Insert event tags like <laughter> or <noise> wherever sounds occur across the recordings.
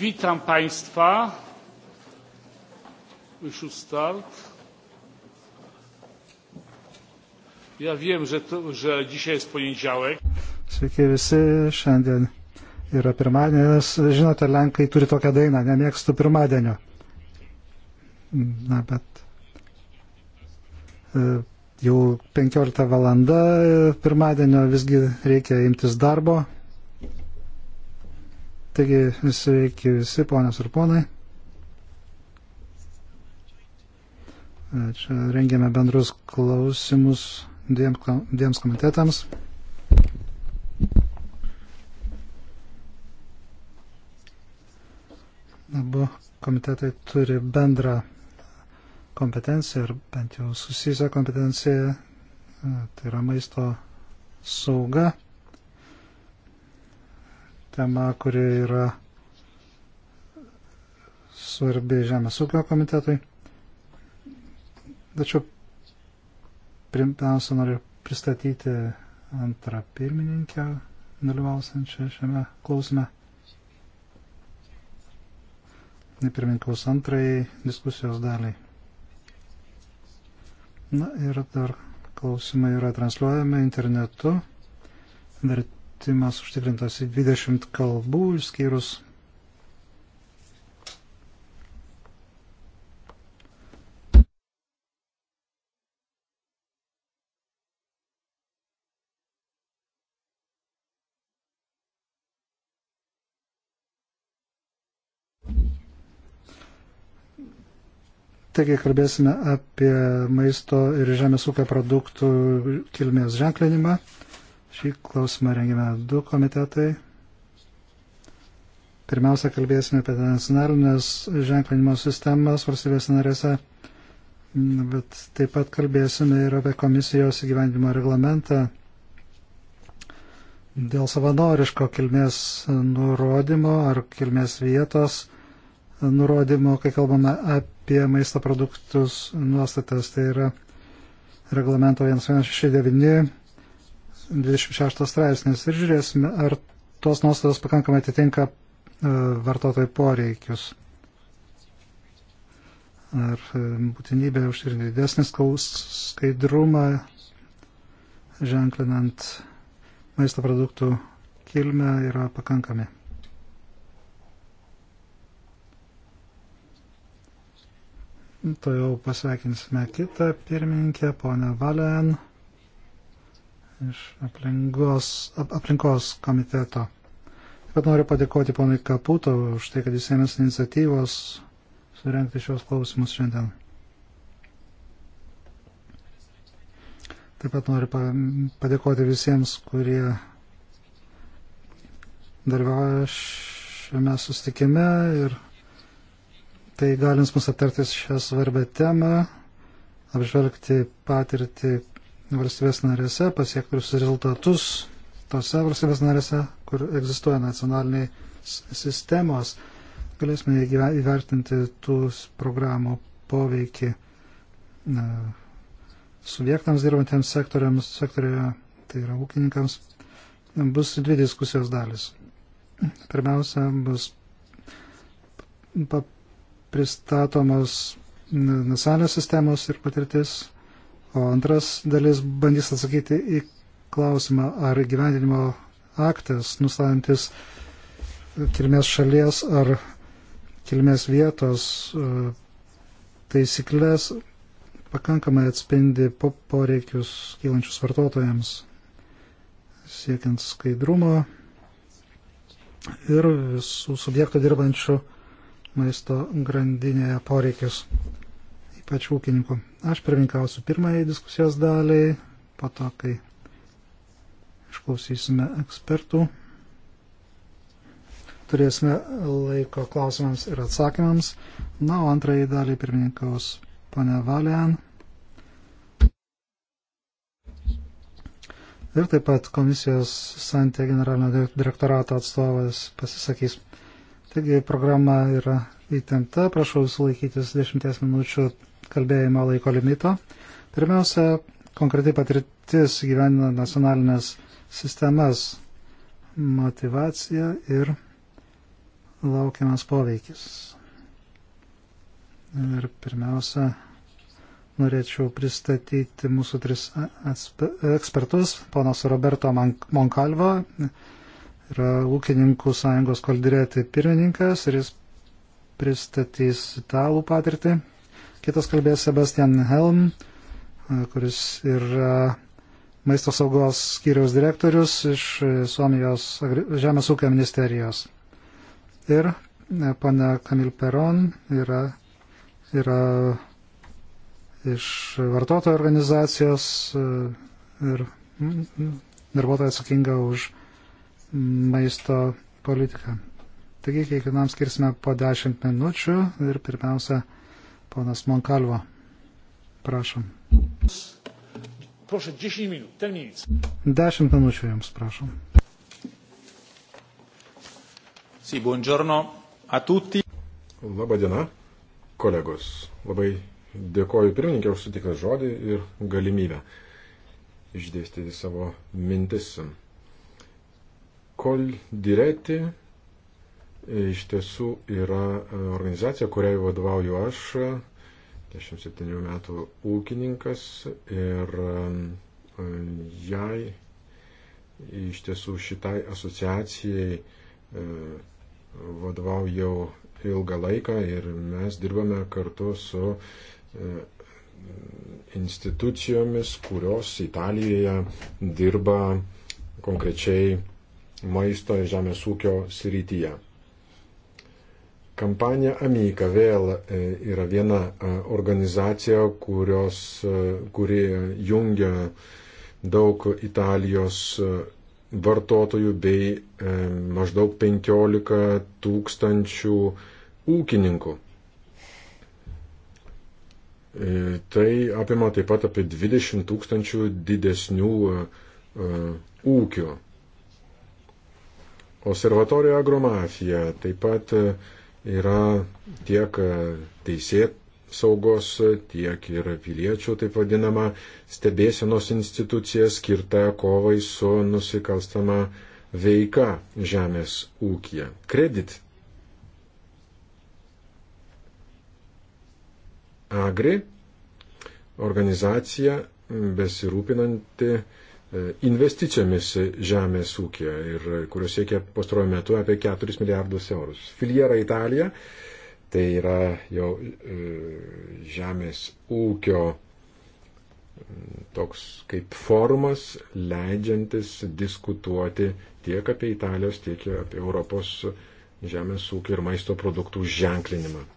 Witam Państwa. We should start. Ja wiem, że, to, że dzisiaj jest poniedziałek. Sveiki visi, šiandien yra pirmadienis. Žinote, Lenkai turi tokią dainą, nemėgstu pirmadienio. Na, bet e, jau 15 valanda pirmadienio visgi reikia imtis darbo. Taigi sveiki visi, ponios ir ponai. Čia rengėme bendrus klausimus dviems komitetams. Abu komitetai turi bendrą kompetenciją ir bent jau susijusią kompetenciją, e, tai yra maisto sauga tema, kuri yra svarbi Žemės ūkio komitetui. Tačiau pirmiausia noriu pristatyti antrą pirmininkę dalyvausiančią šiame klausime. Nepirmininkaus antrai diskusijos daliai. Na ir dar klausimai yra transliuojami internetu. Dar vertimas užtikrintas į 20 kalbų, išskyrus Taigi kalbėsime apie maisto ir žemės ūkio produktų kilmės ženklinimą. Šį klausimą rengėme du komitetai. Pirmiausia, kalbėsime apie nacionalinės ženklinimo sistemas valstybės narėse, bet taip pat kalbėsime ir apie komisijos įgyvendimo reglamentą dėl savanoriško kilmės nurodymo ar kilmės vietos nurodymo, kai kalbame apie maisto produktus nuostatas, tai yra reglamento 1169 26 straipsnis ir žiūrėsime, ar tos nuostatos pakankamai atitinka e, vartotojų poreikius. Ar e, būtinybė užtikrinti didesnį skaidrumą, ženklinant maisto produktų kilmę, yra pakankami. To jau pasveikinsime kitą pirmininkę, ponę Valen iš aplinkos, aplinkos komiteto. Taip pat noriu padėkoti ponai Kaputo už tai, kad jis ėmėsi iniciatyvos surenkti šios klausimus šiandien. Taip pat noriu padėkoti visiems, kurie dalyvauja šiame sustikime ir tai galins mus aptarti šią svarbę temą, apžvelgti patirtį, valstybės narėse pasiektus rezultatus tose valstybės narėse, kur egzistuoja nacionaliniai sistemos. Galėsime įvertinti tų programų poveikį subjektams dirbantiems sektoriams, sektorioje, tai yra ūkininkams, bus dvi diskusijos dalis. Pirmiausia, bus pristatomos nacionalinės sistemos ir patirtis O antras dalis bandys atsakyti į klausimą, ar gyvendinimo aktas, nustatantis kilmės šalies ar kilmės vietos e, taisyklės, pakankamai atspindi poreikius kylančius vartotojams, siekiant skaidrumo ir visų subjektų dirbančių maisto grandinėje poreikius pačių ūkininkų. Aš pirmininkausiu pirmąjį diskusijos daliai, po to, kai išklausysime ekspertų, turėsime laiko klausimams ir atsakymams. Na, o antrąjį dalį pirmininkaus pane Valian. Ir taip pat komisijos santė generalinio direktorato atstovas pasisakys. Taigi programa yra įtempta, prašau jūsų laikytis 10 minučių kalbėjimo laiko limito. Pirmiausia, konkreti patirtis gyvenina nacionalinės sistemas, motivacija ir laukiamas poveikis. Ir pirmiausia, norėčiau pristatyti mūsų tris ekspertus. Ponas Roberto Monkalvo yra ūkininkų sąjungos koldirėti pirmininkas ir jis pristatys italų patirtį. Kitas kalbės Sebastian Helm, kuris yra maisto saugos skyriaus direktorius iš Suomijos žemės ūkio ministerijos. Ir pana Kamil Peron yra, yra iš vartotojų organizacijos ir darbuotoja atsakinga už maisto politiką. Taigi kiekvienam skirsime po 10 minučių ir pirmiausia Ponas Monkalvo, prašom. Proszę, 10 minut, 10 minut. 10 minučių jums, prašom. Sì, si, buongiorno a tutti. Labadiena, kolegos. Labai dėkoju pirmininkė už sutiktą žodį ir galimybę išdėstyti savo mintis. Kol direti iš tiesų yra e, organizacija, kuriai vadovauju aš, 47 metų ūkininkas ir e, jai iš tiesų šitai asociacijai e, vadovaujau ilgą laiką ir mes dirbame kartu su institucijomis, kurios Italijoje dirba konkrečiai maisto ir žemės ūkio srityje. Kampanija Amyka vėl e, yra viena e, organizacija, kurios, e, kuri jungia daug Italijos vartotojų bei maždaug 15 tūkstančių ūkininkų. Tai apima taip pat apie 20 tūkstančių didesnių ūkių. Observatorija agromafija taip pat yra tiek e, teisėt saugos, tiek ir piliečių, taip vadinama, stebėsenos institucija skirta kovai su nusikalstama veika žemės ūkija. Kredit. Agri organizacija besirūpinanti E, investicijomis žemės ūkija ir kurios siekia pastaruoju metu apie 4 milijardus eurus. Filiera Italija, tai yra jau e, žemės ūkio toks kaip formas, leidžiantis diskutuoti tiek apie Italijos, tiek apie Europos žemės ūkio ir maisto produktų ženklinimą.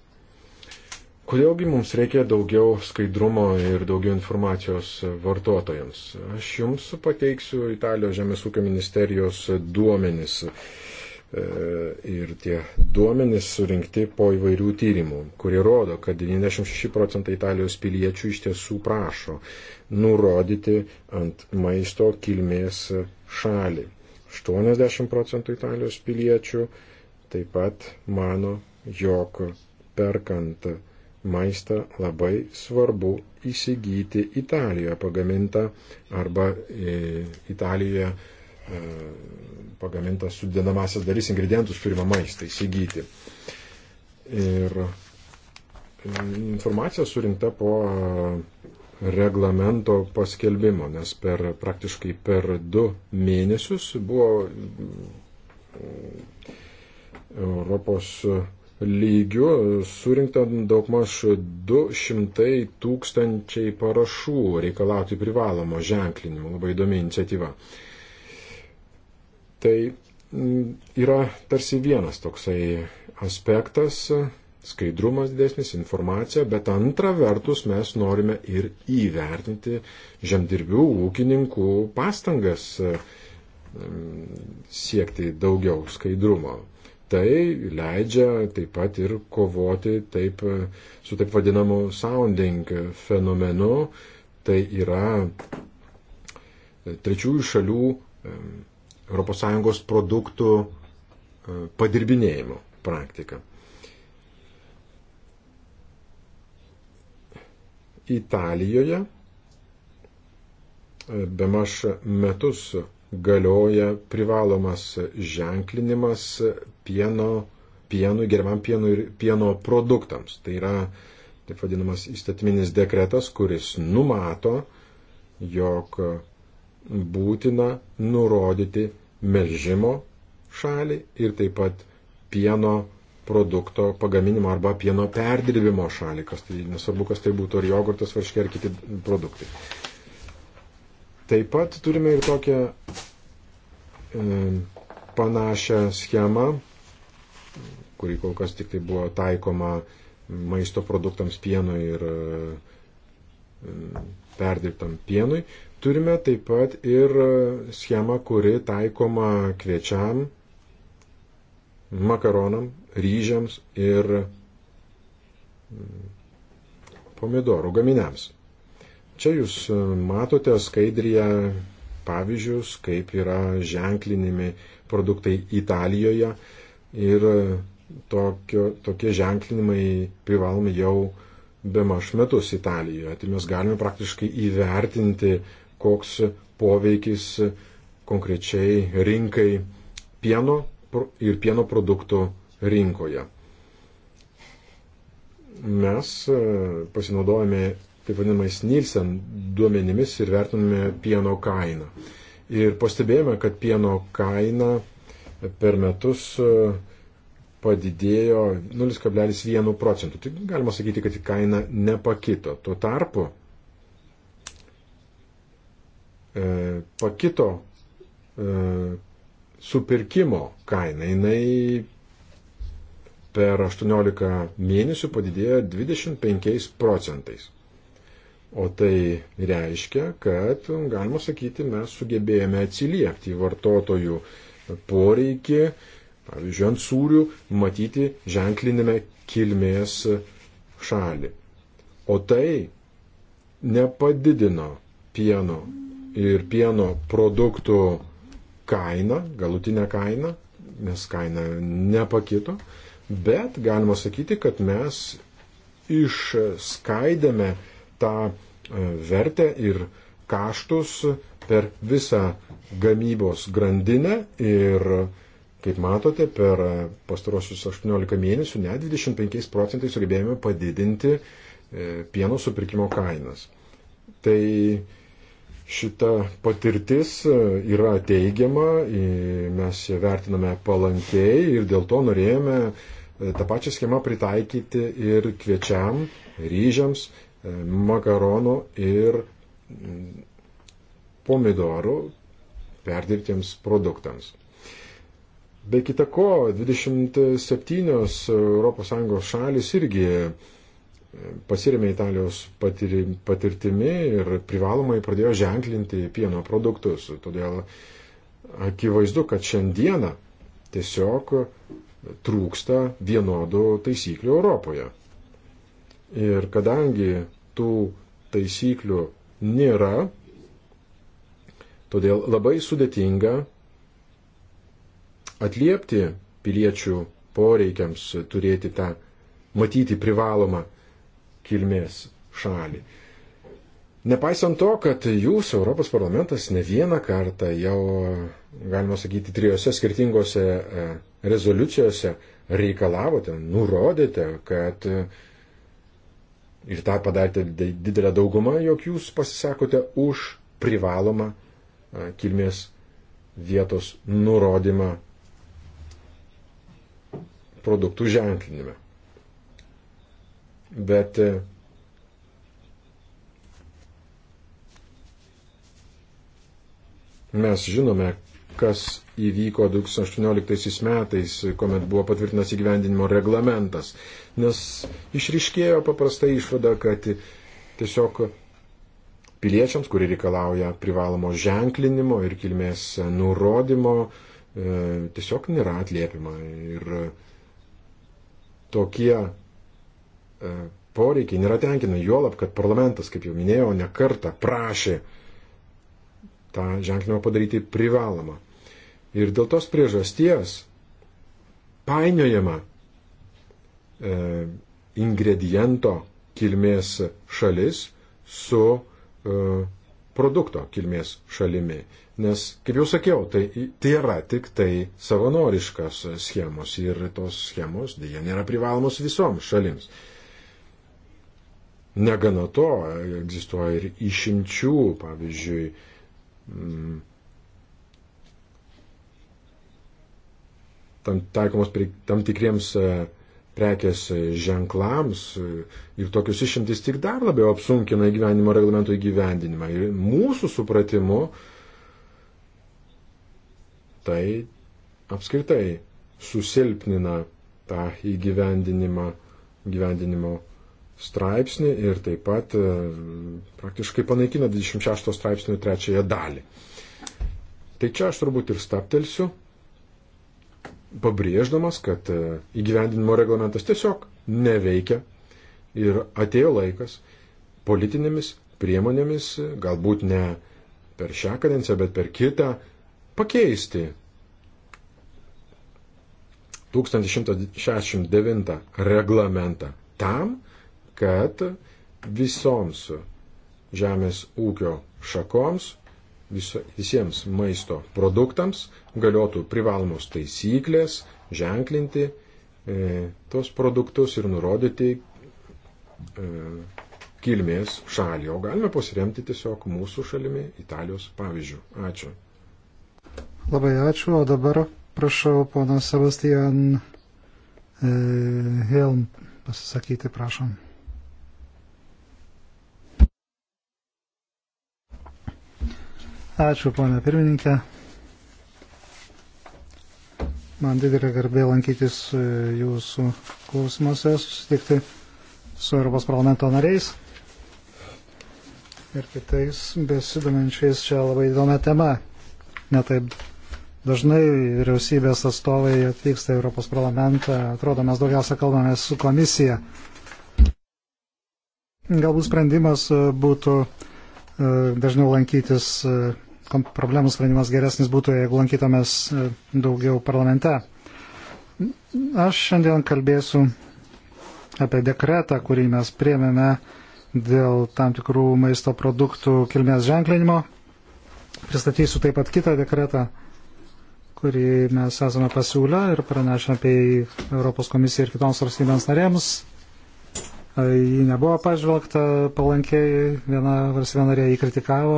Kodėlgi mums reikia daugiau skaidrumo ir daugiau informacijos vartotojams? Aš jums pateiksiu Italijos žemės ūkio ministerijos duomenis. E, ir tie duomenys surinkti po įvairių tyrimų, kurie rodo, kad 96 procentai Italijos piliečių iš tiesų prašo nurodyti ant maisto kilmės šalį. 80 procentų Italijos piliečių taip pat mano, jog perkant maistą labai svarbu įsigyti Italijoje pagamintą arba e, Italijoje e, pagamintą sudėdamasias darys ingredientus turimą maistą įsigyti. Ir e, informacija surinkta po reglamento paskelbimo, nes per praktiškai per du mėnesius buvo Europos lygiu surinkta daugmaž 200 tūkstančiai parašų reikalauti privalomo ženklinimo. Labai įdomi iniciatyva. Tai mm, yra tarsi vienas toksai aspektas - skaidrumas didesnis, informacija, bet antra vertus mes norime ir įvertinti žemdirbių, ūkininkų pastangas mm, siekti daugiau skaidrumo tai leidžia taip pat ir kovoti taip, e, su taip vadinamu sounding fenomenu. Tai yra e, trečiųjų šalių ES produktų e, padirbinėjimo praktika. Italijoje bemaž metus galioja privalomas ženklinimas pieno, pienui, geriamam pienui ir pieno produktams. Tai yra taip vadinamas įstatyminis dekretas, kuris numato, jog būtina nurodyti melžimo šalį ir taip pat pieno produkto pagaminimo arba pieno perdirbimo šalį, kas tai nesvarbu, kas tai būtų, ar jogurtas, varškė, ar kiti produktai. Taip pat turime ir tokią e, panašią schemą, kuri kol kas tik tai buvo taikoma maisto produktams pienui ir e, perdirbtam pienui. Turime taip pat ir e, schemą, kuri taikoma kviečiam, makaronam, ryžiams ir mm, pomidorų gaminiams. Čia jūs e, matote skaidrėje pavyzdžius, kaip yra ženklinimi produktai Italijoje ir e, tokio, tokie ženklinimai privalomi jau be maž metus Italijoje. Tai mes galime praktiškai įvertinti, koks poveikis konkrečiai rinkai pieno ir pieno produktų rinkoje. Mes e, pasinaudojame taip vadinamais Nielsen duomenimis ir vertiname pieno kainą. Ir pastebėjome, kad pieno kaina per metus e, padidėjo 0,1 procentų. Tai galima sakyti, kad kaina nepakito. Tuo tarpu e, pakito e, supirkimo kaina. Jinai per 18 mėnesių padidėjo 25 procentais. O tai reiškia, kad, galima sakyti, mes sugebėjome atsiliepti į vartotojų poreikį, pavyzdžiui, ant sūrių matyti ženklinime kilmės šalį. O tai nepadidino pieno ir pieno produktų kainą, galutinę kainą, nes kaina nepakito, bet galima sakyti, kad mes išskaidėme tą e, vertę ir kaštus per visą gamybos grandinę ir, kaip matote, per pastarosius 18 mėnesių net 25 procentai sugebėjome padidinti e, pieno supirkimo kainas. Tai šita patirtis e, yra teigiama, mes ją vertiname palankiai ir dėl to norėjome tą pačią schemą pritaikyti ir kviečiam, ryžiams makaronų ir pomidorų perdirbtiems produktams. Be kita ko, 27 ES šalis irgi e, pasirėmė Italijos patirtimi ir privalomai pradėjo ženklinti pieno produktus. Todėl akivaizdu, kad šiandieną tiesiog trūksta vienodų taisyklių Europoje. Ir kadangi tų taisyklių nėra, todėl labai sudėtinga atliepti piliečių poreikiams turėti tą matyti privalomą kilmės šalį. Nepaisant to, kad jūs, Europos parlamentas, ne vieną kartą jau, galima sakyti, trijose skirtingose e, rezoliucijose reikalavote, nurodėte, kad ir tą padarėte didelę daugumą, jog jūs pasisakote už privalomą kilmės vietos nurodymą produktų ženklinime. Bet e, mes žinome, kas įvyko 2018 metais, kuomet buvo patvirtinas įgyvendinimo reglamentas. Nes išriškėjo paprasta išvada, kad tiesiog piliečiams, kurie reikalauja privalomo ženklinimo ir kilmės nurodymo, e, tiesiog nėra atliepiama. Ir tokie e, poreikiai nėra tenkinami, juolab, kad parlamentas, kaip jau minėjau, ne kartą prašė tą ženklinimą padaryti privalomą. Ir dėl tos priežasties painiojama e, ingrediento kilmės šalis su e, produkto kilmės šalimi. Nes, kaip jau sakiau, tai, tai yra tik tai savanoriškas schemos ir tos schemos dėja nėra privalomos visoms šalims. Negana to, egzistuoja ir išimčių, pavyzdžiui, Mm. tam, taikomos prie, tam tikriems e, prekės e, ženklams e, ir tokius išimtis tik dar labiau apsunkina gyvenimo reglamento įgyvendinimą. Ir mūsų supratimu tai apskritai susilpnina tą įgyvendinimą, gyvendinimo straipsnį ir taip pat e, praktiškai panaikina 26 straipsnių trečiąją dalį. Tai čia aš turbūt ir staptelsiu, pabrėždamas, kad e, įgyvendinimo reglamentas tiesiog neveikia ir atėjo laikas politinėmis priemonėmis, galbūt ne per šią kadenciją, bet per kitą, pakeisti 1169 reglamentą tam, kad visoms žemės ūkio šakoms, viso, visiems maisto produktams galiotų privalomos taisyklės ženklinti e, tos produktus ir nurodyti e, kilmės šalį, o galime pasiremti tiesiog mūsų šalimi Italijos pavyzdžių. Ačiū. Labai ačiū, o dabar prašau pono Sebastian e, Helm pasisakyti, prašom. Ačiū, ponia pirmininkė. Man didelė garbė lankytis e, jūsų klausimuose, susitikti su Europos parlamento nariais ir kitais besidominčiais čia labai įdomią temą. Netaip dažnai vyriausybės atstovai atvyksta į Europos parlamentą, atrodo, mes daugiausia kalbame su komisija. Galbūt sprendimas būtų uh, E, dažniau lankytis, e, problemų sprendimas geresnis būtų, jeigu lankytumės e, daugiau parlamente. Aš šiandien kalbėsiu apie dekretą, kurį mes priemėme dėl tam tikrų maisto produktų kilmės ženklinimo. Pristatysiu taip pat kitą dekretą, kurį mes esame pasiūlę ir pranešę apie Europos komisiją ir kitoms valstybėms narėms Ji nebuvo pažvelgta palankiai, viena valstybė narė jį kritikavo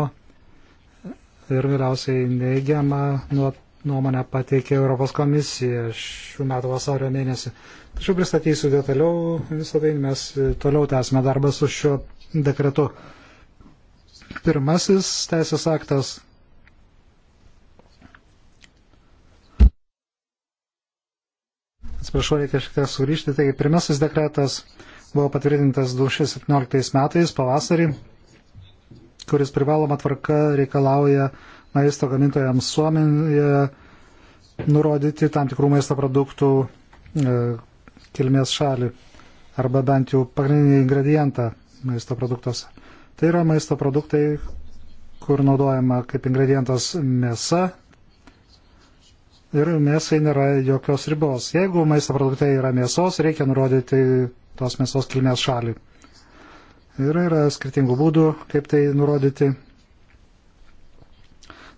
ir galiausiai neigiamą nuomonę pateikė Europos komisija šių metų vasario mėnesį. Tačiau pristatysiu detaliau visą tai, mes toliau tęsime darbą su šiuo dekretu. Pirmasis teisės aktas. Atsiprašau, reikia šiek tiek sugrįžti. Tai pirmasis dekretas buvo patvirtintas 2017 metais pavasarį, kuris privaloma tvarka reikalauja maisto gamintojams Suomijoje nurodyti tam tikrų maisto produktų e, kilmės šalį arba bent jau pagrindinį ingredientą maisto produktuose. Tai yra maisto produktai, kur naudojama kaip ingredientas mėsa ir mėsai nėra jokios ribos. Jeigu maisto produktai yra mėsos, reikia nurodyti tos mėsos kilmės šalį. Ir yra skirtingų būdų, kaip tai nurodyti.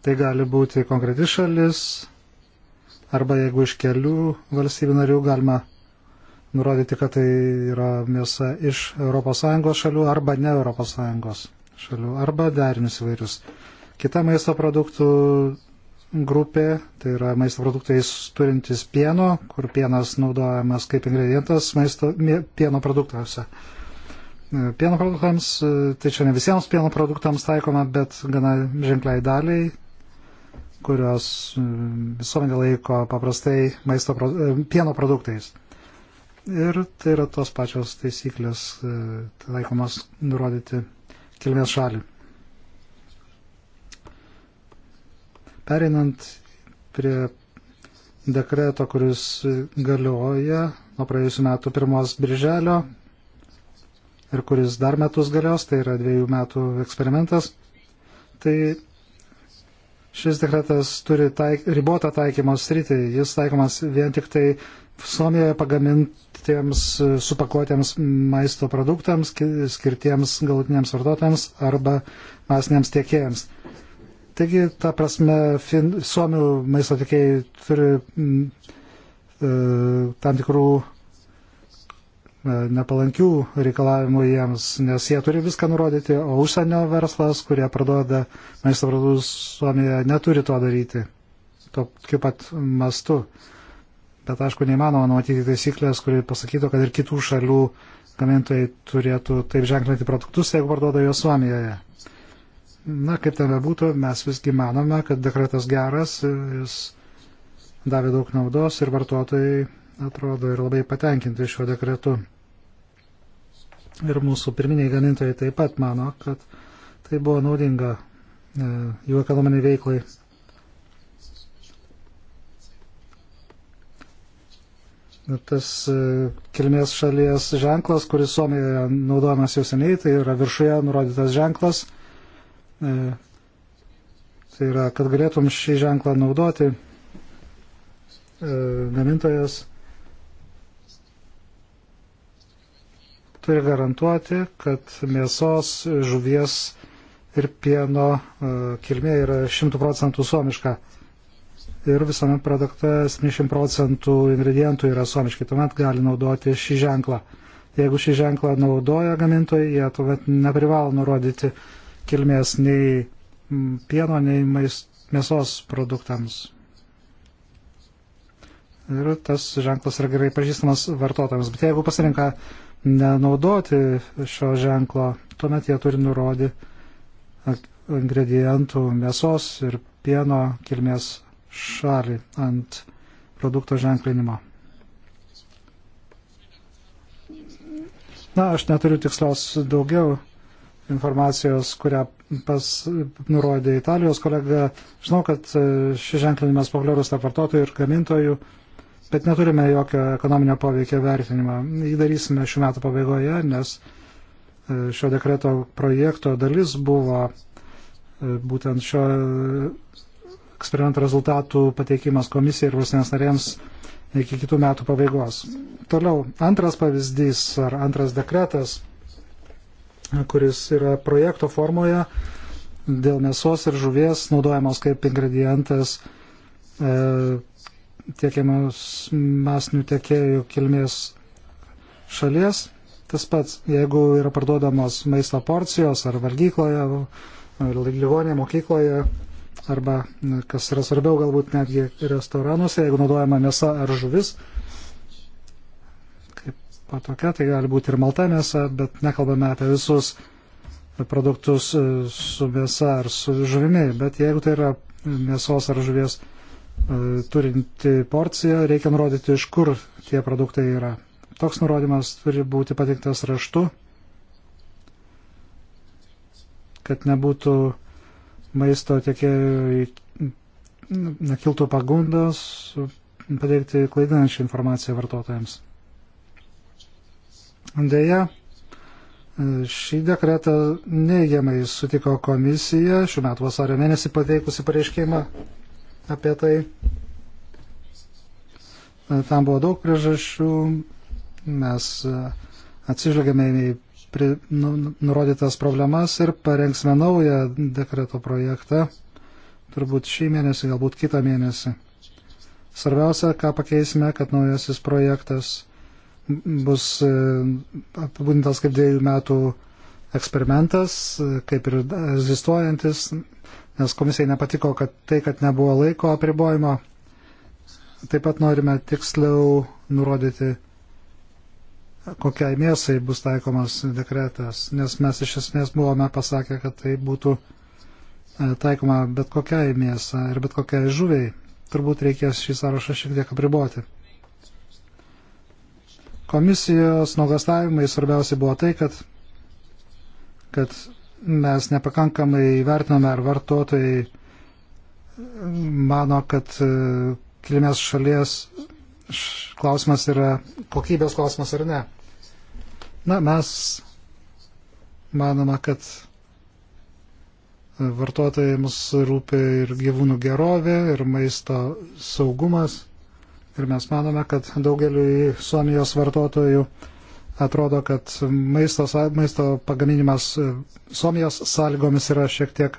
Tai gali būti konkreti šalis, arba jeigu iš kelių valstybių narių galima nurodyti, kad tai yra mėsa iš ES šalių arba ne ES šalių, arba derinius įvairius. Kita maisto produktų grupė, tai yra maisto produktais turintis pieno, kur pienas naudojamas kaip ingredientas maisto, pieno produktuose. E, pieno produktams, e, tai čia ne visiems pieno produktams taikoma, bet gana ženkliai daliai, kurios e, visuomenė laiko paprastai maisto, pieno produktais. Ir tai yra tos pačios taisyklės taikomas nurodyti kilmės šalį. Perinant prie dekreto, kuris galioja nuo praėjusiu metu pirmos birželio ir kuris dar metus galios, tai yra dviejų metų eksperimentas, tai šis dekretas turi taik, ribotą taikymo sritį, jis taikomas vien tik tai Suomijoje pagamintiems supakuotiems maisto produktams, skirtiems galutiniams vartotojams arba masiniams tiekėjams. Taigi, ta prasme, fin, suomių maisto tikėjai turi m, mm, e, tam tikrų e, nepalankių reikalavimų jiems, nes jie turi viską nurodyti, o užsienio verslas, kurie parduoda maisto produktus Suomijoje, neturi to daryti tokiu pat mastu. Bet aišku, neįmanoma numatyti taisyklės, kuri pasakytų, kad ir kitų šalių gamintojai turėtų taip ženklinti produktus, jeigu parduoda juos Suomijoje. Na, kaip tame būtų, mes visgi manome, kad dekretas geras, jis davė daug naudos ir vartotojai atrodo ir labai patenkinti šiuo dekretu. Ir mūsų pirminiai gamintojai taip pat mano, kad tai buvo naudinga e, jų ekonominiai veiklai. Tas e, kilmės šalies ženklas, kuris Suomijoje naudojamas jau seniai, tai yra viršuje nurodytas ženklas – E, tai yra, kad galėtum šį ženklą naudoti, e, gamintojas turi garantuoti, kad mėsos, žuvies ir pieno e, kilmė yra 100 procentų suomiška ir visame produkte 70 procentų ingredientų yra suomiški, tuomet gali naudoti šį ženklą. Jeigu šį ženklą naudoja gamintojai, jie tuomet neprivalo nurodyti kilmės nei pieno, nei mėsos produktams. Ir tas ženklas yra gerai pažįstamas vartotojams. Bet jeigu pasirinka nenaudoti šio ženklo, tuomet jie turi nurodyti ingredientų mėsos ir pieno kilmės šalį ant produkto ženklinimo. Na, aš neturiu tikslios daugiau informacijos, kurią pas, nurodė Italijos kolega. Žinau, kad e, šis ženklinimas populiarus tarp vartotojų ir gamintojų, bet neturime jokio ekonominio poveikio vertinimo. Jį darysime šių metų pabaigoje, nes e, šio dekreto projekto dalis buvo e, būtent šio eksperimento rezultatų pateikimas komisijai ir valstybės narėms iki kitų metų pabaigos. Toliau, antras pavyzdys ar antras dekretas kuris yra projekto formoje dėl mėsos ir žuvies naudojamos kaip ingredientas e, tiekiamos masinių tiekėjų kilmės šalies. Tas pats, jeigu yra parduodamos maisto porcijos ar valgykloje, ar ligonėje, mokykloje, arba, kas yra svarbiau, galbūt netgi restoranuose, jeigu naudojama mėsa ar žuvis, po tokia, tai gali būti ir malta mėsa, bet nekalbame apie visus produktus e, su mėsa ar su žuvimi, bet jeigu tai yra mėsos ar žuvies e, turinti porciją, reikia nurodyti, iš kur tie produktai yra. Toks nurodymas turi būti pateiktas raštu, kad nebūtų maisto tiekėjų, nekiltų pagundos pateikti klaidinančią informaciją vartotojams. Deja, šį dekretą neigiamai sutiko komisija šių metų vasario mėnesį pateikusi pareiškimą apie tai. Tam buvo daug priežasčių. Mes atsižvelgėme į pri, nu, nurodytas problemas ir parengsime naują dekreto projektą. Turbūt šį mėnesį, galbūt kitą mėnesį. Svarbiausia, ką pakeisime, kad naujasis projektas bus e, apibūdintas kaip dviejų metų eksperimentas, e, kaip ir egzistuojantis, nes komisijai nepatiko, kad tai, kad nebuvo laiko apribojimo. Taip pat norime tiksliau nurodyti, kokiai mėsai bus taikomas dekretas, nes mes iš esmės buvome pasakę, kad tai būtų e, taikoma bet kokiai mėsai ir bet kokiai žuviai. Turbūt reikės šį sąrašą šiek tiek apriboti. Komisijos nuogastavimai svarbiausia buvo tai, kad, kad mes nepakankamai vertiname, ar vartotojai mano, kad e, kilmės šalies klausimas yra kokybės klausimas ar ne. Na, mes manoma, kad vartotojams rūpi ir gyvūnų gerovė, ir maisto saugumas. Ir mes manome, kad daugeliu Suomijos vartotojų atrodo, kad maistos, maisto pagaminimas e, Suomijos sąlygomis yra šiek tiek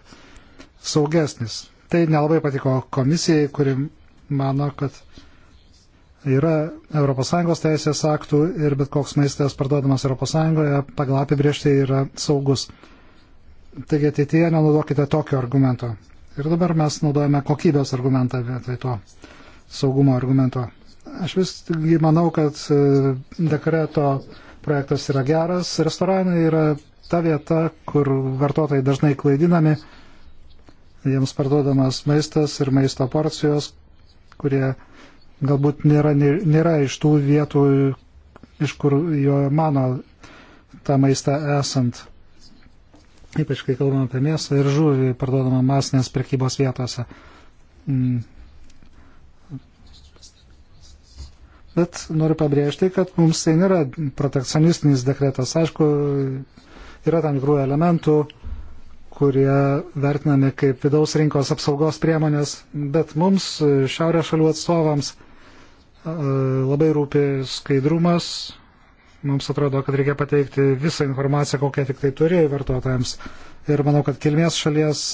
saugesnis. Tai nelabai patiko komisijai, kuri mano, kad yra ES teisės aktų ir bet koks maistas parduodamas ES pagal apibriežtai yra saugus. Taigi ateityje nenaudokite tokio argumento. Ir dabar mes naudojame kokybės argumentą vietoj to saugumo argumento. Aš vis manau, kad e, dekreto projektas yra geras. Restoranai yra ta vieta, kur vartotojai dažnai klaidinami. Jiems parduodamas maistas ir maisto porcijos, kurie galbūt nėra, nėra iš tų vietų, iš kur jo mano tą maistą esant. Ypač kai kalbame apie mėsą ir žuvį parduodamą masinės prekybos vietose. Mm. Bet noriu pabrėžti, kad mums tai nėra protekcionistinis dekretas. Aišku, yra tam tikrų elementų, kurie vertinami kaip vidaus rinkos apsaugos priemonės, bet mums, šiaurės šalių atstovams, labai rūpi skaidrumas. Mums atrodo, kad reikia pateikti visą informaciją, kokią tik tai turi vartotojams. Ir manau, kad kilmės šalies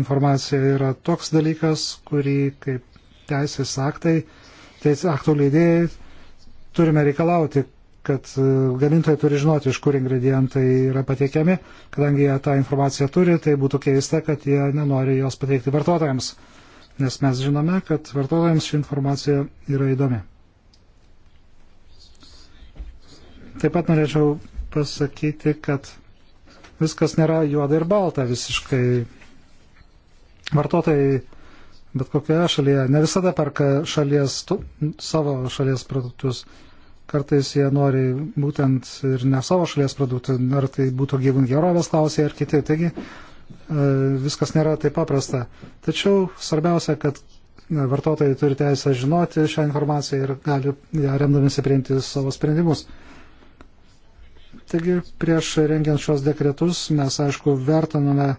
informacija yra toks dalykas, kurį kaip teisės aktai teisės aktų leidėjai turime reikalauti, kad e, gamintojai turi žinoti, iš kur ingredientai yra pateikiami, kadangi jie tą informaciją turi, tai būtų keista, kad jie nenori jos pateikti vartotojams, nes mes žinome, kad vartotojams ši informacija yra įdomi. Taip pat norėčiau pasakyti, kad viskas nėra juoda ir balta visiškai. Vartotojai bet kokioje šalyje. Ne visada perka šalies, tu, savo šalies produktus. Kartais jie nori būtent ir ne savo šalies produktų, ar tai būtų gyvūn gerovės klausė ar kiti. Taigi e, viskas nėra taip paprasta. Tačiau svarbiausia, kad e, vartotojai turi teisę žinoti šią informaciją ir gali ją remdamėsi priimti savo sprendimus. Taigi prieš rengiant šios dekretus mes, aišku, vertiname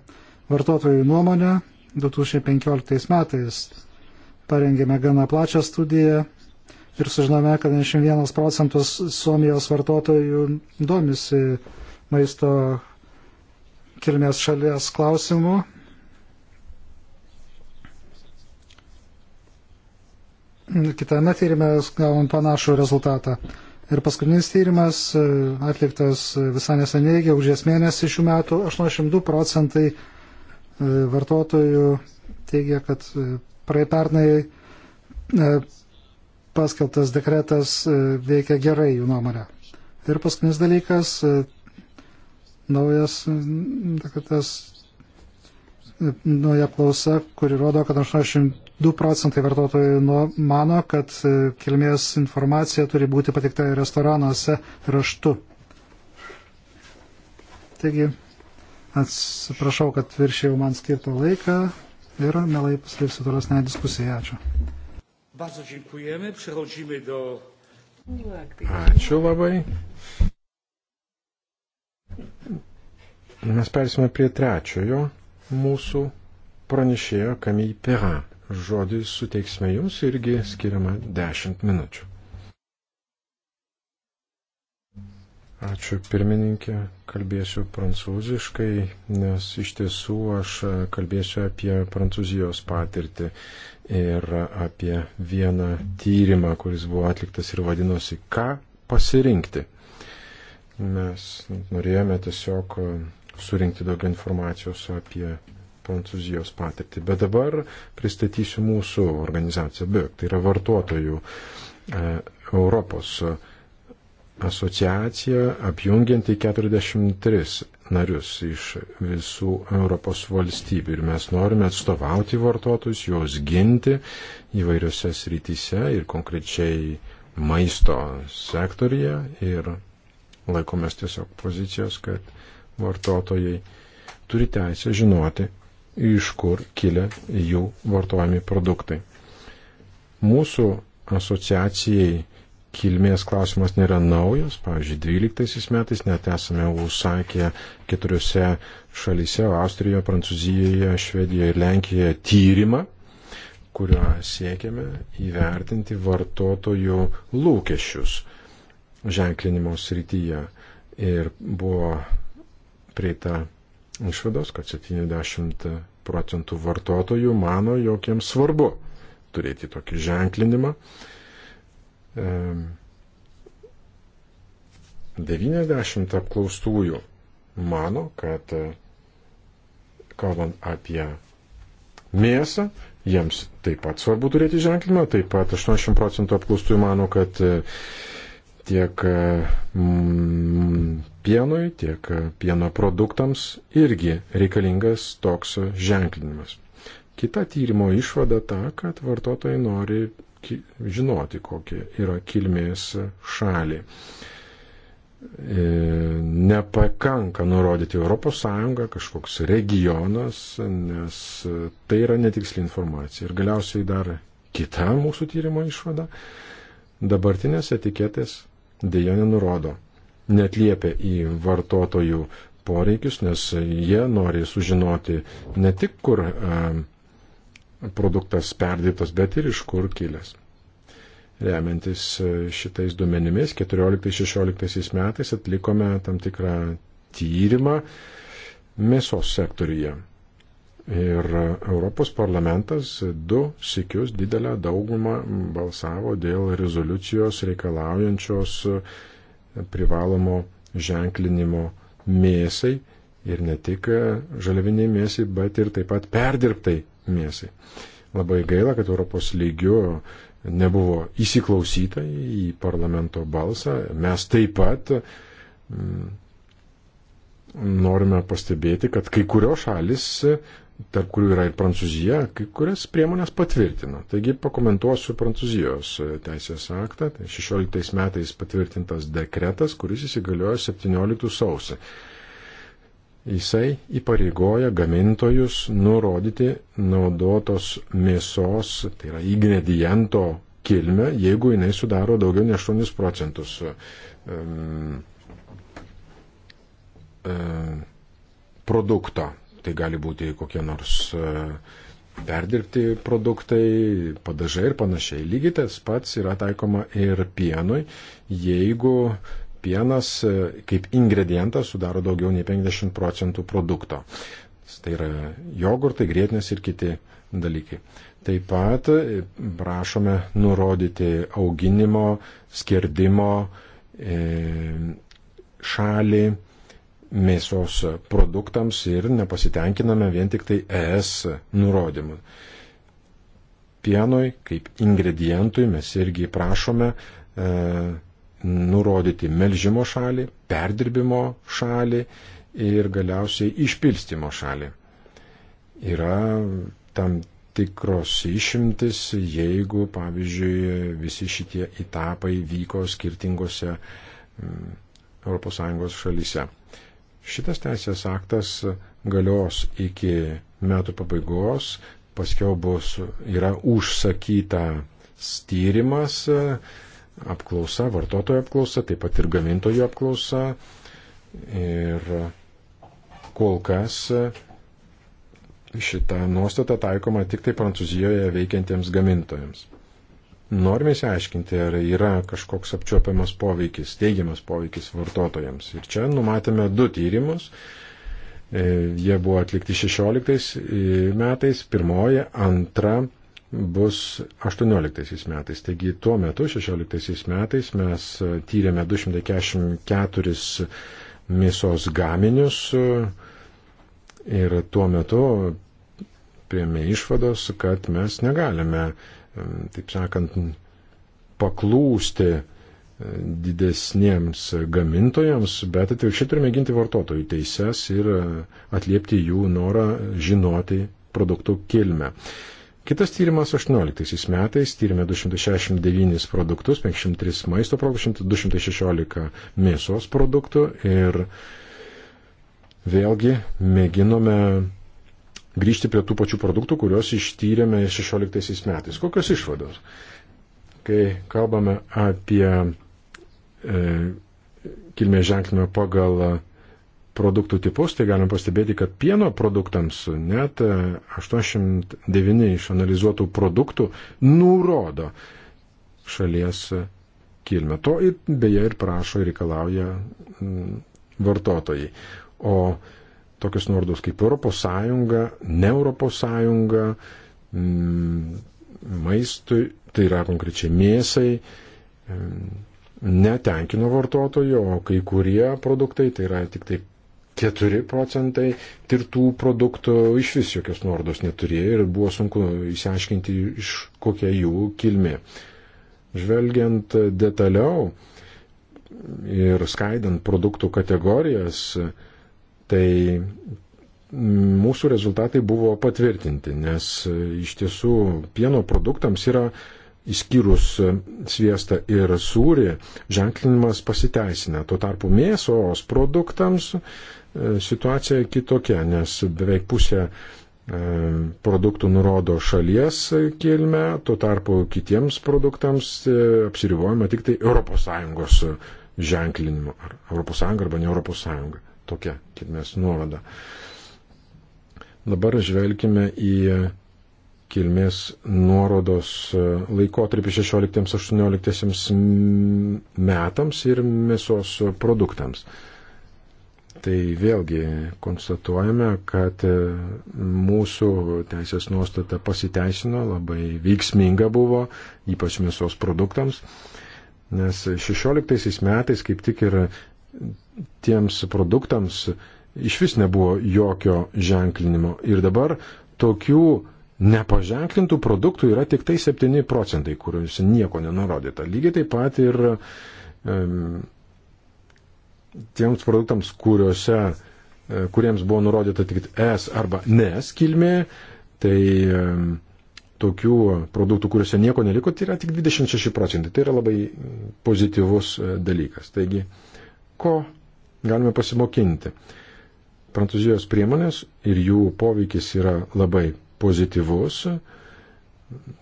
vartotojų nuomonę, 2015 metais parengėme gana plačią studiją ir sužinome, kad 91 procentus Suomijos vartotojų domisi maisto kilmės šalies klausimų. Kitame tyrime gavom panašų rezultatą. Ir paskutinis tyrimas e, atliktas visai neseniai, gegužės mėnesį šių metų, 82 procentai E, vartotojų teigia, kad e, praei pernai e, paskeltas dekretas veikia gerai jų nuomonę. Ir paskutinis dalykas, naujas dekretas, nauja klausa, kuri rodo, kad 82 procentai vartotojų mano, kad kilmės informacija turi būti patikta restoranuose raštu. Taigi, Atsiprašau, kad viršėjau man skirtą laiką ir mielai pasiliksiu tolesnę diskusiją. Ačiū. Ačiū labai. Mes persime prie trečiojo mūsų pranešėjo Kamil Pera. Žodį suteiksime jums irgi skiriama 10 minučių. Ačiū pirmininkė, kalbėsiu prancūziškai, nes iš tiesų aš kalbėsiu apie Prancūzijos patirtį ir apie vieną tyrimą, kuris buvo atliktas ir vadinosi, ką pasirinkti. Mes norėjome tiesiog surinkti daug informacijos apie Prancūzijos patirtį, bet dabar pristatysiu mūsų organizaciją BIOK, tai yra vartotojų e, Europos organizacija asociacija apjungianti 43 narius iš visų Europos valstybių ir mes norime atstovauti vartotojus, juos ginti įvairiose srityse ir konkrečiai maisto sektorija ir laikomės tiesiog pozicijos, kad vartotojai turi teisę žinoti, iš kur kilia jų vartojami produktai. Mūsų asociacijai kilmės klausimas nėra naujas. Pavyzdžiui, 12 metais net esame užsakę keturiose šalyse - Austrijoje, Prancūzijoje, Švedijoje ir Lenkijoje - tyrimą, kuriuo siekiame įvertinti vartotojų lūkesčius ženklinimo srityje. Ir buvo prieita išvados, kad 70 procentų vartotojų mano, jog jiems svarbu turėti tokį ženklinimą. 90 apklaustųjų mano, kad e, kalbant apie mėsą, jiems taip pat svarbu turėti ženklimą, taip pat 80 procentų apklaustųjų mano, kad e, tiek e, pienui, tiek pieno produktams irgi reikalingas toks ženklinimas. Kita tyrimo išvada ta, kad vartotojai nori žinoti, kokia yra kilmės šalį. E, nepakanka nurodyti ES kažkoks regionas, nes tai yra netiksli informacija. Ir galiausiai dar kita mūsų tyrimo išvada. Dabartinės etiketės dėja nenurodo, netliepia į vartotojų poreikius, nes jie nori sužinoti ne tik, kur e, produktas perdirbtas, bet ir iš kur kilęs. Remiantis e, šitais duomenimis, 14-16 metais atlikome tam tikrą tyrimą mėsos sektoriuje. Ir Europos parlamentas du sikius didelę daugumą balsavo dėl rezoliucijos reikalaujančios privalomo ženklinimo mėsai ir ne tik žaliaviniai mėsai, bet ir taip pat perdirbtai mėsai. Labai gaila, kad Europos lygiu nebuvo įsiklausyta į parlamento balsą. Mes taip pat mm, norime pastebėti, kad kai kurios šalis, tarp kurių yra ir Prancūzija, kai kurias priemonės patvirtino. Taigi pakomentuosiu Prancūzijos teisės aktą. Tai 16 metais patvirtintas dekretas, kuris įsigaliojo 17 sausio. Jisai įpareigoja gamintojus nurodyti naudotos mėsos, tai yra ingrediento kilmę, jeigu jinai sudaro daugiau nei 8 procentus. Um, um, produkto. Tai gali būti kokie nors e, perdirbti produktai, padažai ir panašiai. Lygiai tas pats yra taikoma ir pienui, jeigu pienas e, kaip ingredientas sudaro daugiau nei 50 procentų produkto. Tai yra jogurtai, grėtinės ir kiti dalykai. Taip pat e, prašome nurodyti auginimo, skerdimo e, šalį mėsos produktams ir nepasitenkiname vien tik tai ES nurodymu pienui, kaip ingredientui mes irgi prašome e, nurodyti melžimo šalį, perdirbimo šalį ir galiausiai išpilstimo šalį. Yra tam tikros išimtis, jeigu, pavyzdžiui, visi šitie etapai vyko skirtingose mm, ES šalyse. Šitas teisės aktas galios iki metų pabaigos, paskiau bus, yra užsakyta tyrimas, apklausa, vartotojo apklausa, taip pat ir gamintojų apklausa. Ir kol kas šitą nuostatą taikoma tik tai Prancūzijoje veikiantiems gamintojams. Norime įsiaiškinti, ar yra kažkoks apčiopiamas poveikis, teigiamas poveikis vartotojams. Ir čia numatėme du tyrimus. E, jie buvo atlikti 16 metais. Pirmoji, antra bus 18 metais. Taigi tuo metu, 16 metais, mes e, tyrėme 244 mėsos gaminius e, ir tuo metu priemė išvados, kad mes negalime, e, taip sakant, paklūsti didesniems gamintojams, bet atvirkščiai turime ginti vartotojų teises ir atliepti jų norą žinoti produktų kilmę. Kitas tyrimas 18 metais tyrime 269 produktus, 503 maisto produktų, 216 mėsos produktų ir vėlgi mėginome grįžti prie tų pačių produktų, kuriuos ištyrėme 16 metais. Kokios išvados? Kai kalbame apie e, kilmės ženklinimą pagal produktų tipus, tai galim pastebėti, kad pieno produktams net 89 e, iš analizuotų produktų nurodo šalies kilmę. To ir, beje ir prašo ir reikalauja mm, vartotojai. O tokius nuorodos kaip ES, ne ES, mm, maistui, tai yra konkrečiai mėsai, mm, netenkino vartotojo, o kai kurie produktai, tai yra tik tai 4 procentai tirtų produktų iš vis jokios nuorodos neturėjo ir buvo sunku įsiaiškinti, iš kokia jų kilmė. Žvelgiant detaliau ir skaidant produktų kategorijas, tai mūsų rezultatai buvo patvirtinti, nes iš tiesų pieno produktams yra Įskyrus sviestą ir sūrį, ženklinimas pasiteisina. Tuo tarpu mėsos produktams E, situacija kitokia, nes beveik pusė e, produktų nurodo šalies kilmę, tuo tarpu kitiems produktams e, apsiribuojama tik tai ES ženklinimu. Ar ES arba ne ES. Tokia kilmės nuoroda. Dabar žvelgime į kilmės nuorodos laikotarpį 16-18 metams ir mėsos produktams. Tai vėlgi konstatuojame, kad e, mūsų teisės nuostata pasiteisino, labai veiksminga buvo, ypač mėsos produktams, nes 16 metais kaip tik ir tiems produktams iš vis nebuvo jokio ženklinimo. Ir dabar tokių nepaženklintų produktų yra tik tai 7 procentai, kuriuose nieko nenurodyta. Lygiai taip pat ir um, tiems produktams, kuriuose, e, kuriems buvo nurodyta tik es arba nes kilmė, tai e, tokių produktų, kuriuose nieko neliko, tai yra tik 26 procentai. Tai yra labai pozityvus e, dalykas. Taigi, ko galime pasimokinti? Prancūzijos priemonės ir jų poveikis yra labai pozityvus,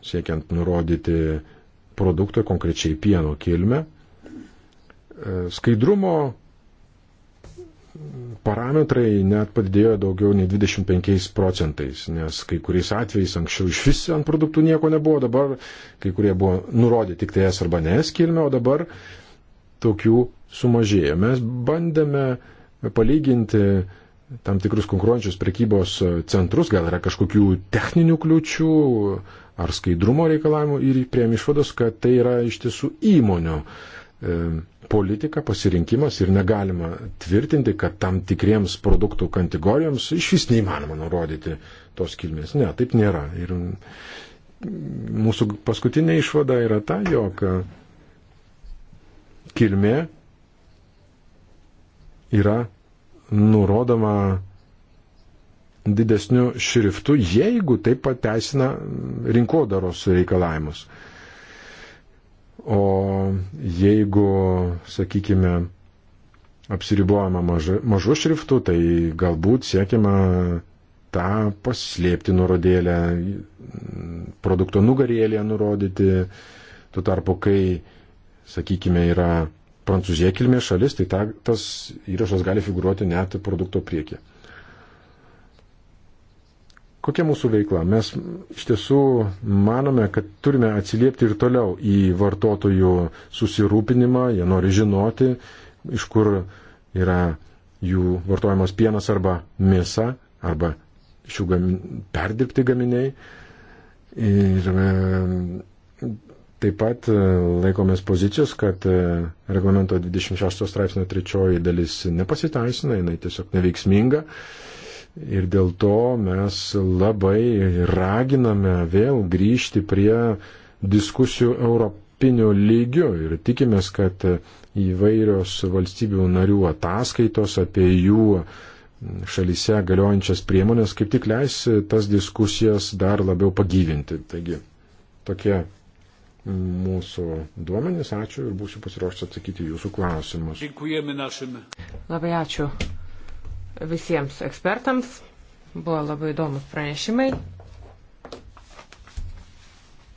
siekiant nurodyti produktą konkrečiai pieno kilmę. Skaidrumo parametrai net padidėjo daugiau nei 25 procentais, nes kai kuriais atvejais anksčiau iš vis ant produktų nieko nebuvo, dabar kai kurie buvo nurodyti tik tai S arba ne S kilmė, o dabar tokių sumažėjo. Mes bandėme palyginti tam tikrus konkuruojančius prekybos centrus, gal yra kažkokių techninių kliučių ar skaidrumo reikalavimų ir prieim išvados, kad tai yra iš tiesų įmonių politika, pasirinkimas ir negalima tvirtinti, kad tam tikriems produktų kategorijoms iš vis neįmanoma nurodyti tos kilmės. Ne, taip nėra. Ir mūsų paskutinė išvada yra ta, jog kilmė yra nurodoma didesniu šriftu, jeigu tai pateisina rinkodaros reikalavimus. O jeigu, sakykime, apsiribuojama mažu, mažu šriftu, tai galbūt siekiama tą paslėpti nurodėlę, produkto nugarėlėje nurodyti. Tuo tarpu, kai, sakykime, yra prancūzija kilmės šalis, tai ta, tas įrašas gali figuruoti net produkto priekyje. Kokia mūsų veikla? Mes iš tiesų manome, kad turime atsiliepti ir toliau į vartotojų susirūpinimą, jie nori žinoti, iš kur yra jų vartojamas pienas arba mėsa, arba šių gamin, perdirbti gaminiai. Ir taip pat e, laikomės pozicijos, kad e, reglamento 26 straipsnio trečioji dalis nepasiteisina, jinai tiesiog neveiksminga. Ir dėl to mes labai raginame vėl grįžti prie diskusijų europinių lygių ir tikimės, kad įvairios valstybių narių ataskaitos apie jų šalyse galiojančias priemonės kaip tik leis tas diskusijas dar labiau pagyvinti. Taigi, tokie mūsų duomenys. Ačiū ir būsiu pasiruošęs atsakyti jūsų klausimus. Labai ačiū visiems ekspertams. Buvo labai įdomus pranešimai.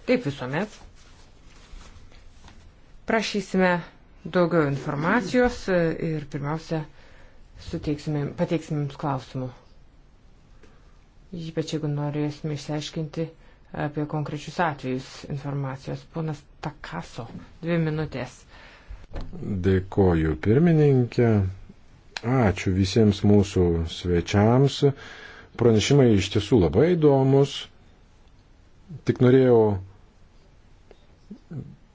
Kaip visuomet. Prašysime daugiau informacijos ir pirmiausia, pateiksime jums klausimų. Ypač jeigu norėsime išsiaiškinti apie konkrečius atvejus informacijos. Ponas Takaso, dvi minutės. Dėkoju pirmininkė. Ačiū visiems mūsų svečiams. Pranešimai iš tiesų labai įdomus. Tik norėjau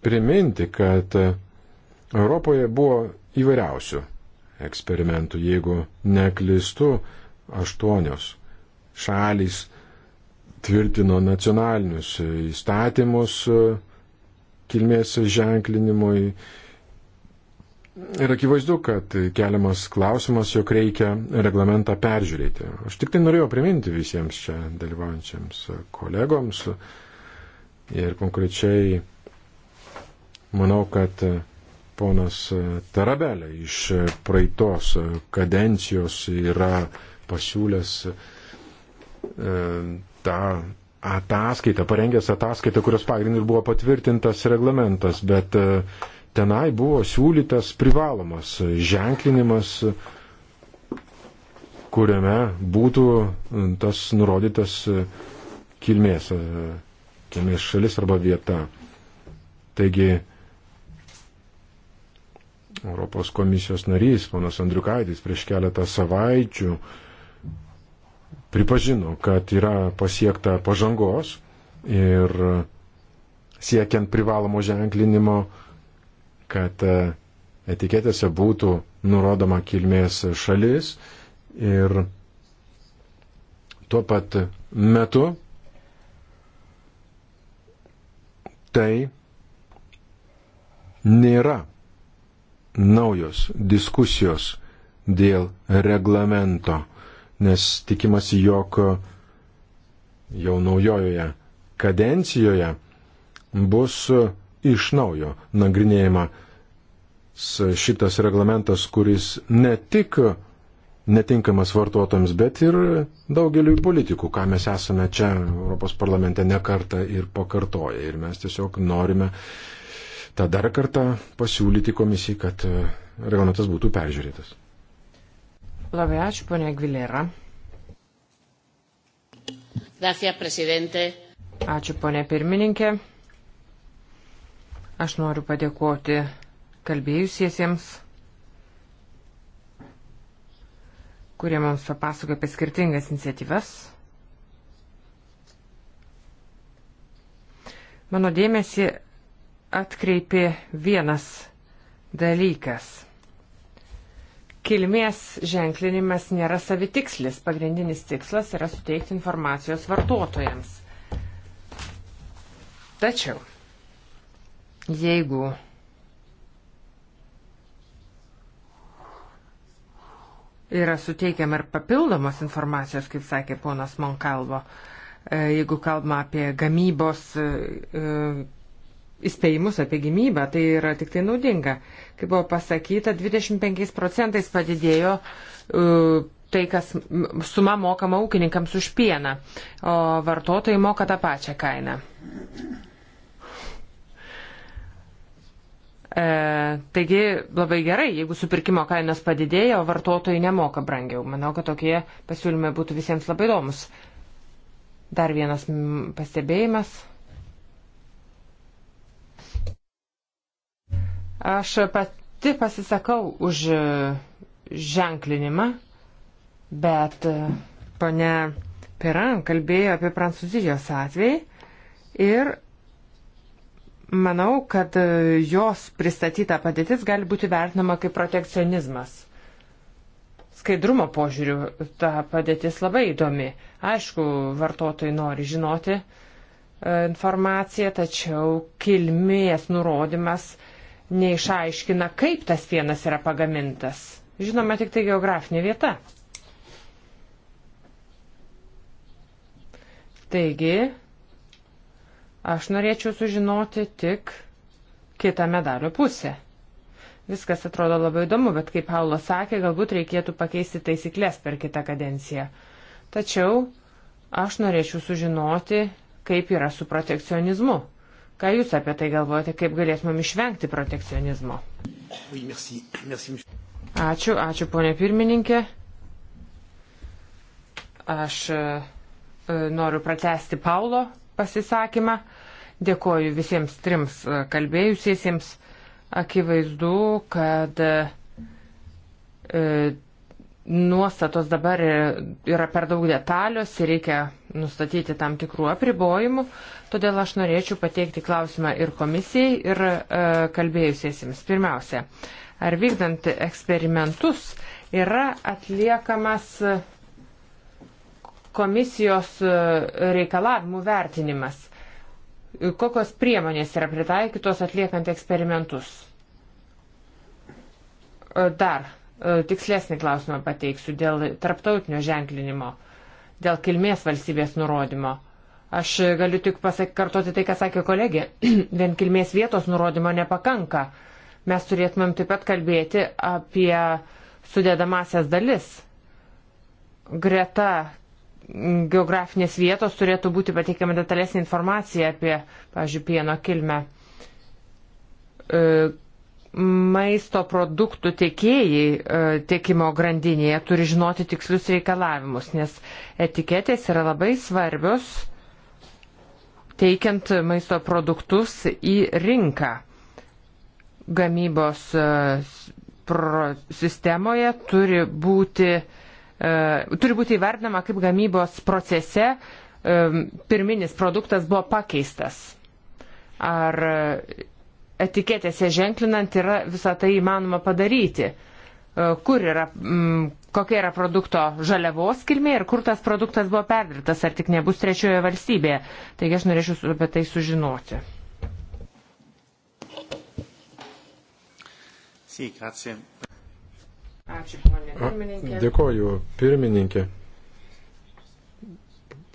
priminti, kad Europoje buvo įvairiausių eksperimentų, jeigu neklistu, aštuonios šalys tvirtino nacionalinius įstatymus kilmės ženklinimui Ir akivaizdu, kad keliamas klausimas, jog reikia reglamentą peržiūrėti. Aš tik tai norėjau priminti visiems čia dalyvaujančiams kolegoms ir konkrečiai manau, kad ponas Tarabelė iš praeitos kadencijos yra pasiūlęs e, tą ataskaitą, parengęs ataskaitą, kurios pagrindų buvo patvirtintas reglamentas, bet uh, tenai buvo siūlytas privalomas ženklinimas, kuriame būtų e, tas nurodytas e, kilmės, e, kilmės šalis arba vieta. Taigi Europos komisijos narys, ponas Andriukaitis, prieš keletą savaičių pripažino, kad yra pasiekta pažangos ir siekiant privalomo ženklinimo kad e, etiketėse būtų nurodoma kilmės šalis ir tuo pat metu tai nėra naujos diskusijos dėl reglamento, nes tikimasi, jog jau naujojoje kadencijoje bus iš naujo nagrinėjama šitas reglamentas, kuris ne tik netinkamas vartotojams, bet ir daugeliui politikų, ką mes esame čia Europos parlamente nekarta ir pakartoja. Ir mes tiesiog norime tą dar kartą pasiūlyti komisijai, kad e, reglamentas būtų peržiūrėtas. Labai ačiū, ponia Gvilera. Gracias, presidente. Ačiū, ponia pirmininkė. Aš noriu padėkoti kalbėjusiesiems, kurie mums papasakoja apie skirtingas iniciatyvas. Mano dėmesį atkreipė vienas dalykas. Kilmės ženklinimas nėra savitikslis. Pagrindinis tikslas yra suteikti informacijos vartotojams. Tačiau Jeigu yra suteikiama ir papildomos informacijos, kaip sakė ponas Monkalvo, e, jeigu kalbama apie gamybos e, e, įspėjimus apie gimybą, tai yra tik tai naudinga. Kaip buvo pasakyta, 25 procentais padidėjo tai, kas suma mokama ūkininkams už pieną, o vartotojai moka tą pačią kainą. E, taigi labai gerai, jeigu supirkimo kainos padidėjo, vartotojai nemoka brangiau. Manau, kad tokie pasiūlymai būtų visiems labai įdomus. Dar vienas pastebėjimas. Aš pati pasisakau už ženklinimą, bet ponia Piran kalbėjo apie Prancūzijos atvejį ir Manau, kad e, jos pristatyta padėtis gali būti vertinama kaip protekcionizmas. Skaidrumo požiūrių ta padėtis labai įdomi. Aišku, vartotojai nori žinoti e, informaciją, tačiau kilmės nurodymas neišaiškina, kaip tas pienas yra pagamintas. Žinoma, tik tai geografinė vieta. Taigi, Aš norėčiau sužinoti tik kitą medalio pusę. Viskas atrodo labai įdomu, bet kaip Paulo sakė, galbūt reikėtų pakeisti taisyklės per kitą kadenciją. Tačiau aš norėčiau sužinoti, kaip yra su protekcionizmu. Ką Jūs apie tai galvojate, kaip galėtumėm išvengti protekcionizmo? Ačiū, ačiū ponė pirmininkė. Aš e, noriu pratesti Paulo pasisakymą. Dėkoju visiems trims kalbėjusiesiems. Akivaizdu, kad e, nuostatos dabar yra per daug detalios ir reikia nustatyti tam tikrų apribojimų, todėl aš norėčiau pateikti klausimą ir komisijai, ir e, kalbėjusiesiems. Pirmiausia, ar vykdant eksperimentus yra atliekamas komisijos e, reikalavimų vertinimas. Kokios priemonės yra pritaikytos atliekant eksperimentus? E, dar e, tikslesnį klausimą pateiksiu dėl tarptautinio ženklinimo, dėl kilmės valstybės nurodymo. Aš galiu tik pasak, kartoti tai, ką sakė kolegė. <clears throat> Vien kilmės vietos nurodymo nepakanka. Mes turėtumėm taip pat kalbėti apie sudėdamasias dalis. Greta geografinės vietos turėtų būti pateikiama detalesnė informacija apie, pavyzdžiui, pieno kilmę. E, maisto produktų tiekėjai e, tiekimo grandinėje turi žinoti tikslius reikalavimus, nes etiketės yra labai svarbios teikiant maisto produktus į rinką. Gamybos e, sistemoje turi būti uh, E, turi būti įvertinama, kaip gamybos procese e, pirminis produktas buvo pakeistas. Ar etiketėse ženklinant yra visą tai įmanoma padaryti. E, kur yra, kokia yra produkto žaliavos kilmė ir kur tas produktas buvo perdirbtas, ar tik nebus trečioje valstybėje. Taigi aš norėčiau apie tai sužinoti. Sì, grazie. Ačiū, ponė pirmininkė. Dėkoju, pirmininkė.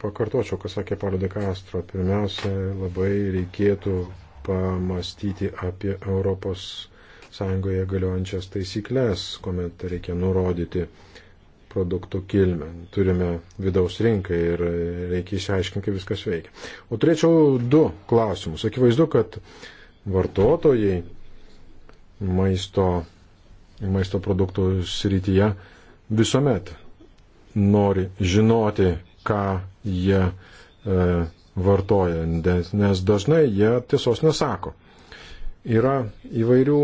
Pakartočiau, ką sakė Paulo de Castro. Pirmiausia, labai reikėtų pamastyti apie Europos Sąjungoje galiojančias taisyklės, kuomet reikia nurodyti produktų kilmę. Turime vidaus rinką ir reikia išaiškinti, kaip viskas veikia. O turėčiau du klausimus. Akivaizdu, kad vartotojai maisto maisto produktų srityje visuomet nori žinoti, ką jie e, vartoja, nes dažnai jie tiesos nesako. Yra įvairių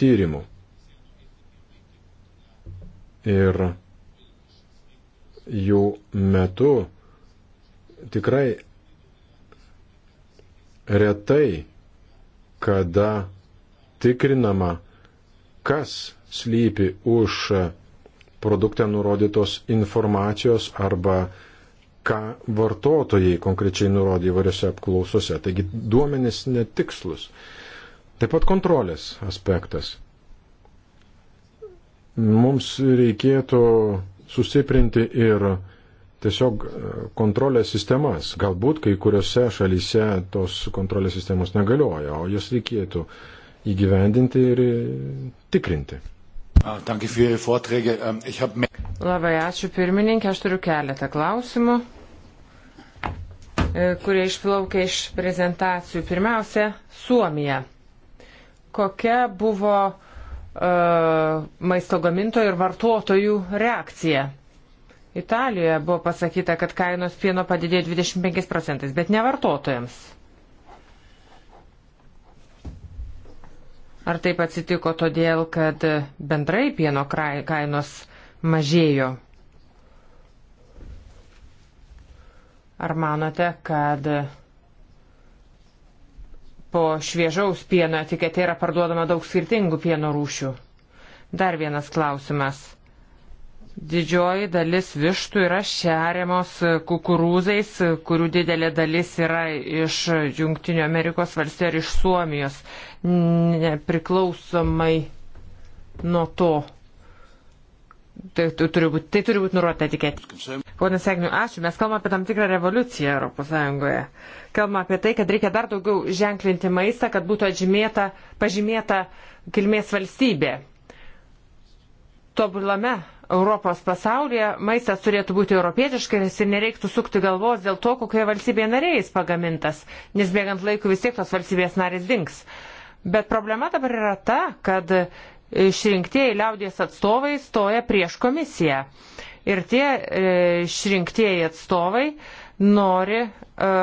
tyrimų. Ir jų metu tikrai retai kada tikrinama, kas slypi už produkte nurodytos informacijos arba ką vartotojai konkrečiai nurodė įvairiose apklausose. Taigi duomenys netikslus. Taip pat kontrolės aspektas. Mums reikėtų sustiprinti ir tiesiog e, kontrolės sistemas. Galbūt kai kuriuose šalyse tos kontrolės sistemos negalioja, o jas reikėtų įgyvendinti ir e, tikrinti. Ah, ähm, Labai ačiū pirmininkė, aš turiu keletą klausimų, e, kurie išplaukia iš prezentacijų. Pirmiausia, Suomija. Kokia buvo uh, maisto gamintojų ir vartotojų reakcija? Italijoje buvo pasakyta, kad kainos pieno padidėjo 25 procentais, bet ne vartotojams. Ar taip atsitiko todėl, kad bendrai pieno kainos mažėjo? Ar manote, kad po šviežaus pieno etiketė yra parduodama daug skirtingų pieno rūšių? Dar vienas klausimas. Didžioji dalis vištų yra šeriamos kukurūzais, kurių didelė dalis yra iš Junktinio Amerikos valstijų ir iš Suomijos, priklausomai nuo to. Tai, tai turi būti, tai turi būti nurodyta etiketė. Ponas Segniu, ačiū. Mes kalbame apie tam tikrą revoliuciją ES. Kalbame apie tai, kad reikia dar daugiau ženklinti maistą, kad būtų atžymėta, pažymėta kilmės valstybė. Tobulame Europos pasaulyje maistas turėtų būti europietiškas ir nereiktų sukti galvos dėl to, kokioje valstybėje narėjais pagamintas, nes bėgant laiku vis tiek tos valstybės narės dinks. Bet problema dabar yra ta, kad išrinktieji liaudies atstovai stoja prieš komisiją. Ir tie e, išrinktieji atstovai nori, e,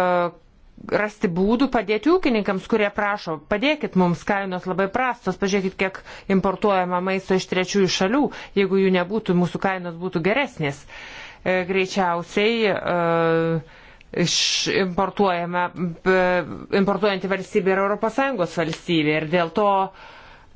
rasti būdų padėti ūkininkams, kurie prašo, padėkit mums, kainos labai prastos, pažiūrėkit, kiek importuojama maisto iš trečiųjų šalių, jeigu jų nebūtų, mūsų kainos būtų geresnės. E, greičiausiai e, importuojama, e, importuojanti valstybė yra ES valstybė ir dėl to e,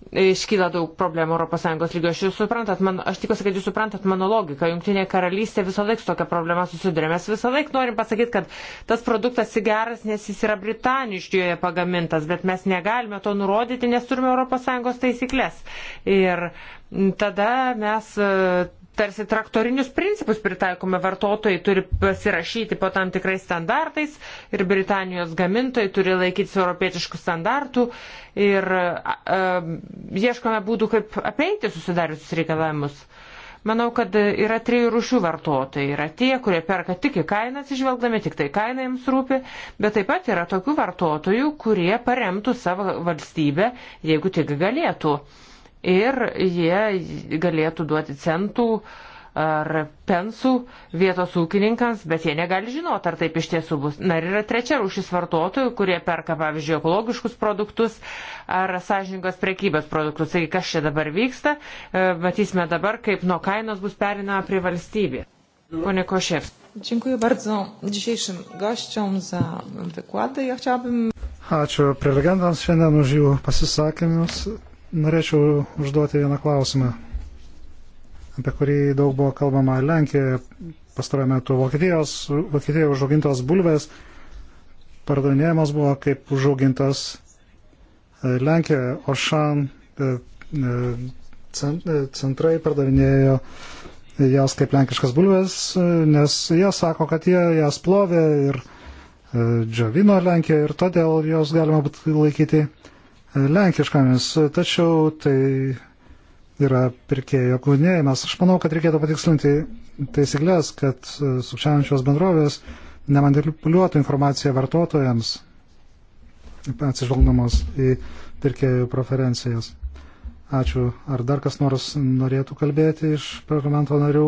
iškyla daug problemų ES lygio. Aš, suprantat, man, aš tikiuosi, kad jūs suprantat mano logiką. Junktinė karalystė visą laiką su tokia problema susiduria. Mes visą laiką norim pasakyti, kad tas produktas geras, nes jis yra Britanijoje pagamintas, bet mes negalime to nurodyti, nes turime ES taisyklės. Ir tada mes tarsi traktorinius principus pritaikome, vartotojai turi pasirašyti po tam tikrais standartais ir Britanijos gamintojai turi laikytis europietiškų standartų ir a, a, ieškome būdų, kaip apeiti susidariusius reikalavimus. Manau, kad yra trijų rušių vartotojai. Yra tie, kurie perka tik į kainą atsižvelgdami, tik tai kaina jiems rūpi, bet taip pat yra tokių vartotojų, kurie paremtų savo valstybę, jeigu tik galėtų. Uh, ir jie galėtų duoti centų ar pensų vietos ūkininkams, bet jie negali žinoti, ar taip iš tiesų bus. Na ir yra trečia rūšis vartotojų, kurie perka, pavyzdžiui, ekologiškus produktus ar sąžininkos prekybės produktus. Taigi, kas čia dabar vyksta, e, matysime dabar, kaip nuo kainos bus perinama prie valstybė. Pone Košev. Dziękuję bardzo dzisiejszym gościom za wykłady. Ja chciałabym... Ačiū prelegentams šiandien už jų pasisakymus. Norėčiau užduoti vieną klausimą, apie kurį daug buvo kalbama Lenkijoje pastarojame metu. Vokietijos, Vokietijoje užaugintos bulvės pardavinėjimas buvo kaip užaugintas e, Lenkijoje. Ošan e, e, centrai pardavinėjo jas kaip lenkiškas bulves, nes jie sako, kad jie jas plovė ir džiovino Lenkijoje ir todėl jos galima būtų laikyti lenkiškomis, tačiau tai yra pirkėjo klaudinėjimas. Aš manau, kad reikėtų patikslinti taisyklės, kad sukčiaujančios bendrovės nemanipuliuotų informaciją vartotojams, atsižvelgdamos į pirkėjų preferencijas. Ačiū. Ar dar kas nors norėtų kalbėti iš parlamento narių?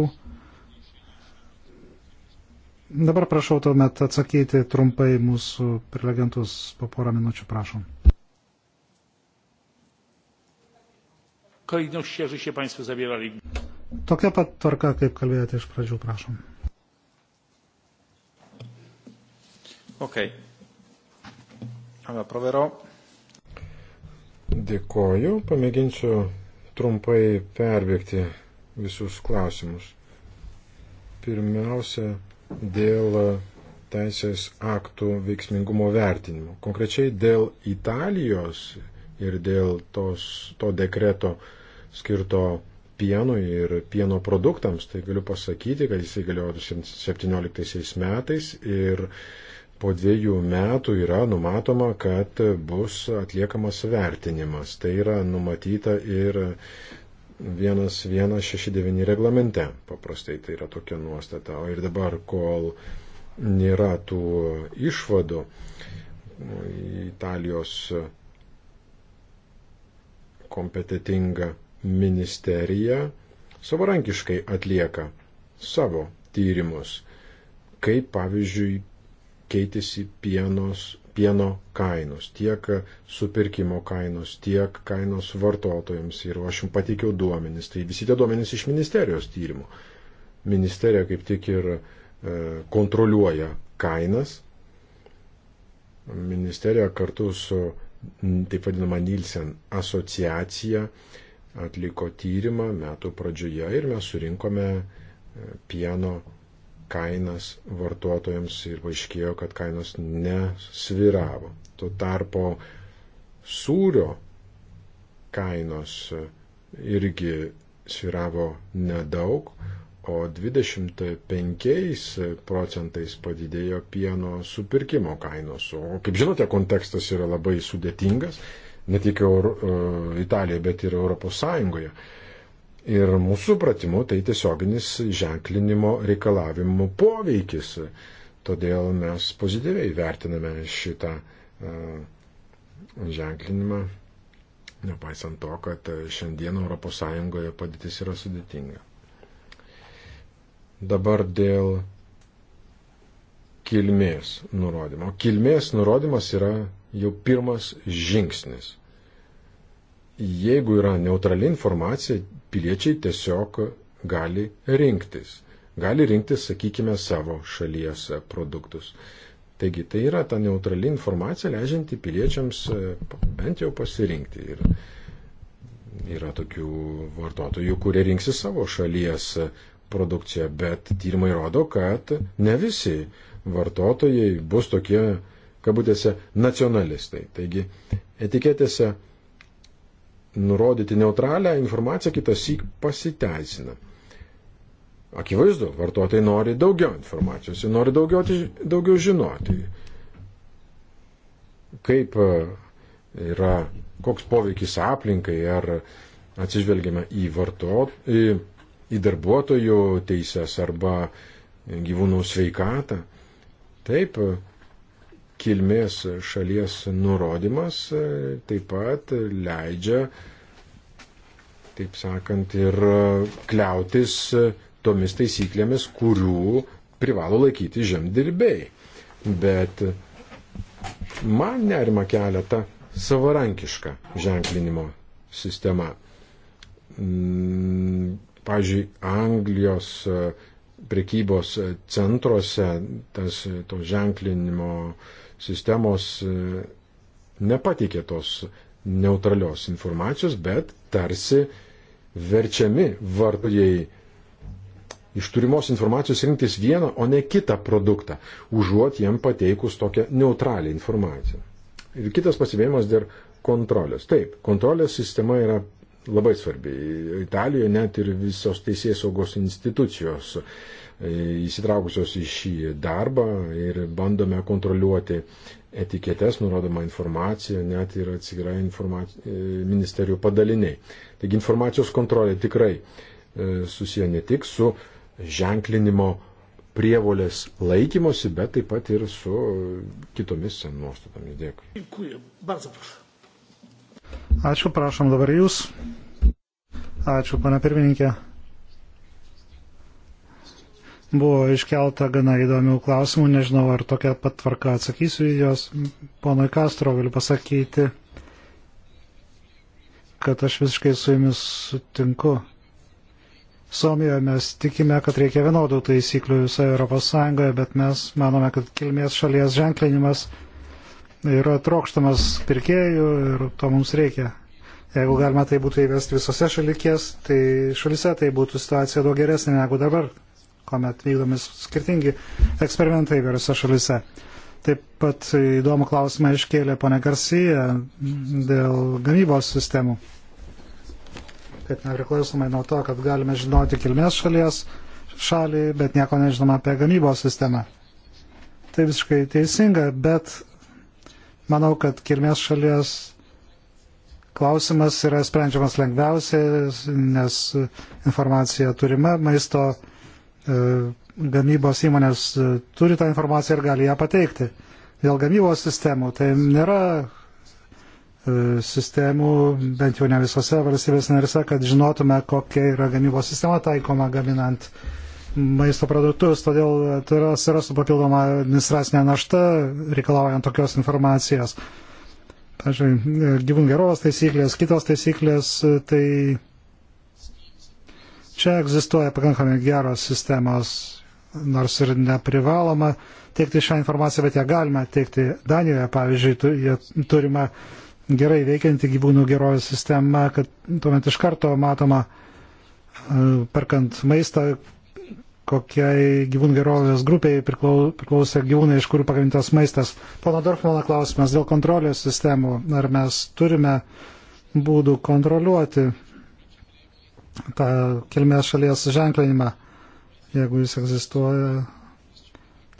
Dabar prašau tuomet atsakyti trumpai mūsų prelegentus po porą minučių, prašom. kolejności, jakże się Państwo zabierali. Tokia pat tvarka, kaip kalbėjote iš pradžių, prašom. Ok. Allora, proverò. Dėkoju, pamėginsiu trumpai perbėgti visus klausimus. Pirmiausia, dėl teisės aktų veiksmingumo vertinimo. Konkrečiai dėl Italijos ir dėl tos, to dekreto skirto pienui ir pieno produktams, tai galiu pasakyti, kad jisai galiojo 2017 metais ir po dviejų metų yra numatoma, kad bus atliekamas vertinimas. Tai yra numatyta ir 1169 reglamente. Paprastai tai yra tokia nuostata. O ir dabar, kol nėra tų išvadų, nu, Italijos kompetitinga ministerija savarankiškai atlieka savo tyrimus, kaip pavyzdžiui keitėsi pienos, pieno kainos, tiek supirkimo kainos, tiek kainos vartotojams. Ir aš jums pateikiau duomenys, tai visi tie duomenys iš ministerijos tyrimų. Ministerija kaip tik ir e, kontroliuoja kainas. Ministerija kartu su taip vadinama Nilsen asociacija atliko tyrimą metų pradžioje ir mes surinkome e, pieno kainas vartotojams ir paaiškėjo, kad kainos nesviravo. Tuo tarpu sūrio kainos e, irgi sviravo nedaug, o 25 procentais padidėjo pieno supirkimo kainos. O kaip žinote, kontekstas yra labai sudėtingas ne tik Euro, e, Italijoje, bet ir Europos Sąjungoje. Ir mūsų supratimu tai tiesioginis ženklinimo reikalavimų poveikis. Todėl mes pozityviai vertiname šitą e, ženklinimą, nepaisant to, kad šiandien ES padėtis yra sudėtinga. Dabar dėl kilmės nurodymo. Kilmės nurodymas yra jau pirmas žingsnis. Jeigu yra neutrali informacija, piliečiai tiesiog gali rinktis. Gali rinktis, sakykime, savo šalies produktus. Taigi tai yra ta neutrali informacija, leidžianti piliečiams e, bent jau pasirinkti. Ir yra tokių vartotojų, kurie rinksi savo šalies produkciją, bet tyrimai rodo, kad ne visi vartotojai bus tokie kabutėse, nacionalistai. Taigi etiketėse nurodyti neutralią informaciją kitas įk pasiteisina. Akivaizdu, vartotojai nori daugiau informacijos, jie nori daugiau, daugiau žinoti, kaip e, yra, koks poveikis aplinkai, ar atsižvelgiame į, vartot, į, į darbuotojų teises arba gyvūnų sveikatą. Taip, kilmės šalies nurodymas e, taip pat leidžia, taip sakant, ir kliautis tomis taisyklėmis, kurių privalo laikyti žemdirbėjai. Bet man nerima kelia ta savarankiška ženklinimo sistema. Mm, pavyzdžiui, Anglijos e, prekybos centruose tas to ženklinimo uh, sistemos e, nepatikė tos neutralios informacijos, bet tarsi verčiami vartojai iš turimos informacijos rinktis vieną, o ne kitą produktą, užuot jiem pateikus tokią neutralią informaciją. Ir kitas pasivėjimas dėl kontrolės. Taip, kontrolės sistema yra labai svarbi. Italijoje net ir visos teisės saugos institucijos įsitraukusios į šį darbą ir bandome kontroliuoti etiketes, nurodoma informacija, net ir atskirai e, ministerijų padaliniai. Taigi informacijos kontrolė tikrai e, susiję ne tik su ženklinimo prievolės laikymosi, bet taip pat ir su kitomis nuostatomis. Dėkui. Ačiū, prašom dabar jūs. Ačiū, pana pirmininkė. Buvo iškelta gana įdomių klausimų, nežinau, ar tokia pat tvarka atsakysiu į juos. Ponui Kastro galiu pasakyti, kad aš visiškai su jumis sutinku. Suomijoje mes tikime, kad reikia vienodų taisyklių visoje Europos Sąjungoje, bet mes manome, kad kilmės šalies ženklinimas yra trokštamas pirkėjų ir to mums reikia. Jeigu galima tai būtų įvesti visose šalikės, tai šalise tai būtų situacija daug geresnė negu dabar kuomet vykdomi skirtingi eksperimentai įvairiose šalise. Taip pat įdomų klausimą iškėlė ponė Garcija dėl gamybos sistemų. Kad nepriklausomai nuo to, kad galime žinoti kilmės šalies šalį, bet nieko nežinoma apie gamybos sistemą. Tai visiškai teisinga, bet manau, kad kilmės šalies klausimas yra sprendžiamas lengviausiai, nes informacija turima, maisto E, gamybos įmonės e, turi tą informaciją ir gali ją pateikti. Dėl gamybos sistemų tai nėra e, sistemų, bent jau ne visose valstybės narise, kad žinotume, kokia yra gamybos sistema taikoma gaminant maisto produktus, todėl tai atsirastų papildoma administracinė našta reikalaujant tokios informacijos. Pavyzdžiui, gyvūn gerovos taisyklės, kitos taisyklės, tai Čia egzistuoja pakankamai geros sistemos, nors ir neprivaloma teikti šią informaciją, bet ją galima teikti Danijoje, pavyzdžiui, tu, jie turima gerai veikianti gyvūnų gerovės sistema, kad tuomet iš karto matoma, e, perkant maistą, kokiai gyvūnų gerovės grupiai priklausė gyvūnai, iš kurių pagamintas maistas. Pono Dorfmano klausimas dėl kontrolės sistemų. Ar mes turime būdų kontroliuoti tą kilmės šalies ženklinimą, jeigu jis egzistuoja.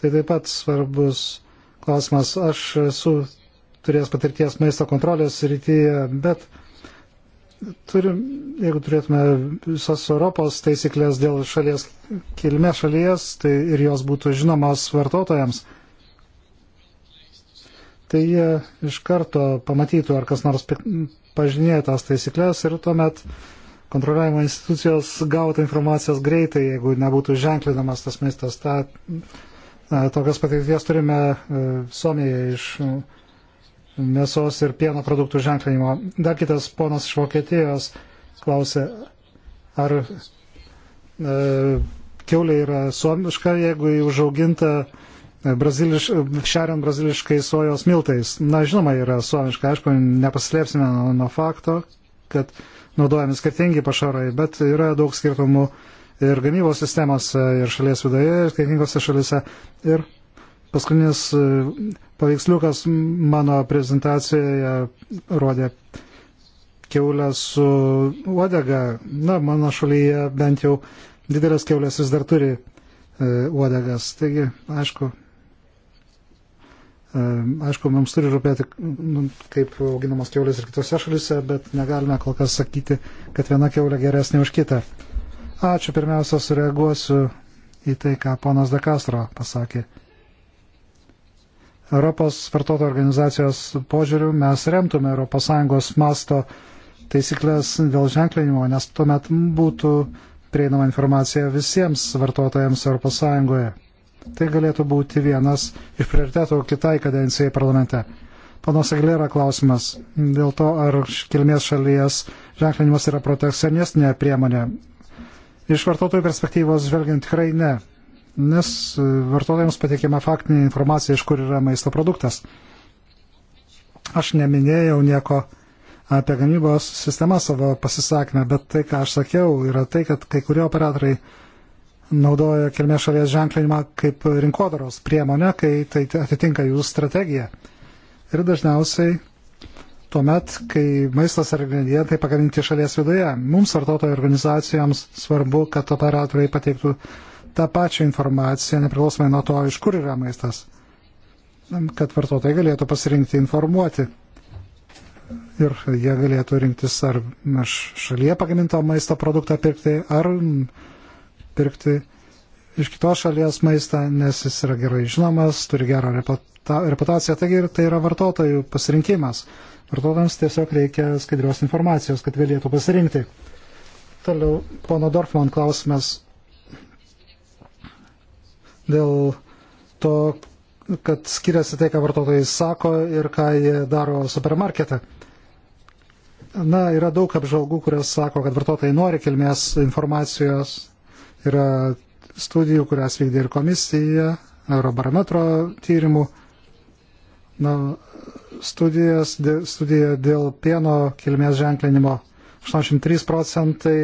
Tai taip pat svarbus klausimas. Aš esu turėjęs patirties maisto kontrolės rytyje, bet turim, jeigu turėtume visos Europos taisyklės dėl šalies kilmės šalies, tai ir jos būtų žinomos vartotojams, tai jie iš karto pamatytų, ar kas nors pažinėjo tas taisyklės ir tuomet uh, kontroliavimo institucijos gautų informacijos greitai, jeigu nebūtų ženklinamas tas maistas. Ta, tokios patirties turime e, Suomijoje iš e, mėsos ir pieno produktų ženklinimo. Dar kitas ponas iš Vokietijos klausė, ar e, kiaulė yra suomiška, jeigu jį užauginta e, braziliš, šeriant braziliškai sojos miltais. Na, žinoma, yra suomiška, aišku, nepaslėpsime nuo, nuo fakto, kad naudojami skirtingi pašarai, bet yra daug skirtumų ir gamybos sistemos, e, ir šalies viduje, ir skirtingose šalise. Ir paskutinis e, paveiksliukas mano prezentacijoje rodė keulę su uodega. Na, mano šalyje bent jau didelės keulės vis dar turi e, uodegas. Taigi, aišku, Aišku, mums turi rūpėti, nu, kaip auginamos keulės ir kitose šalise, bet negalime kol kas sakyti, kad viena keulė geresnė už kitą. Ačiū, pirmiausia, sureaguosiu į tai, ką ponas De Castro pasakė. Europos vartotojų organizacijos požiūrių mes remtume ES masto taisyklės dėl ženklinimo, nes tuomet būtų prieinama informacija visiems vartotojams ES. Tai galėtų būti vienas iš prioritetų kitai kadencijai parlamente. Panos Aglera klausimas. Dėl to, ar kilmės šalies ženklinimas yra protekcionistinė priemonė. Iš vartotojų perspektyvos žvelgiant tikrai ne, nes vartotojams pateikiama faktinė informacija, iš kur yra maisto produktas. Aš neminėjau nieko apie gamybos sistemą savo pasisakymę, bet tai, ką aš sakiau, yra tai, kad kai kurie operatoriai naudoja kilmės šalies ženklinimą kaip rinkodaros priemonę, kai tai atitinka jų strategiją. Ir dažniausiai tuomet, kai maistas ar ingredientai pagaminti šalies viduje. Mums vartotojų organizacijoms svarbu, kad operatoriai pateiktų tą pačią informaciją, nepriklausomai nuo to, iš kur yra maistas, kad vartotojai galėtų pasirinkti informuoti. Ir jie galėtų rinktis ar šalyje pagamintą maisto produktą pirkti, ar pirkti iš kitos šalies maistą, nes jis yra gerai žinomas, turi gerą reputa reputaciją, taigi tai yra vartotojų pasirinkimas. Vartotojams tiesiog reikia skaidrios informacijos, kad galėtų pasirinkti. Toliau, pono Dorfman klausimas dėl to, kad skiriasi tai, ką vartotojai sako ir ką jie daro supermarkete. Na, yra daug apžvalgų, kurios sako, kad vartotojai nori kilmės informacijos, Yra studijų, kurias vykdė ir komisija, Eurobarometro tyrimų. Na, studijas, studija dėl pieno kilmės ženklinimo. 83 procentai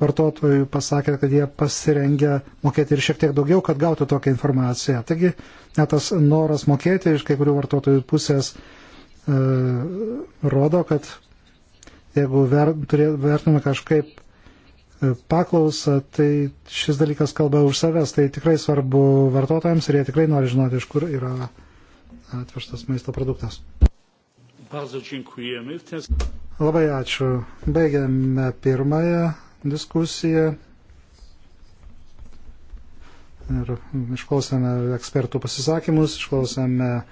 vartotojų pasakė, kad jie pasirengė mokėti ir šiek tiek daugiau, kad gautų tokią informaciją. Taigi net tas noras mokėti iš kai kurių vartotojų pusės e, rodo, kad jeigu ver, vertiname kažkaip paklausą, tai šis dalykas kalba už savęs, tai tikrai svarbu vartotojams ir jie tikrai nori žinoti, iš kur yra atvežtas maisto produktas. Labai ačiū. Baigiame pirmąją diskusiją ir išklausėme ekspertų pasisakymus, išklausėme e,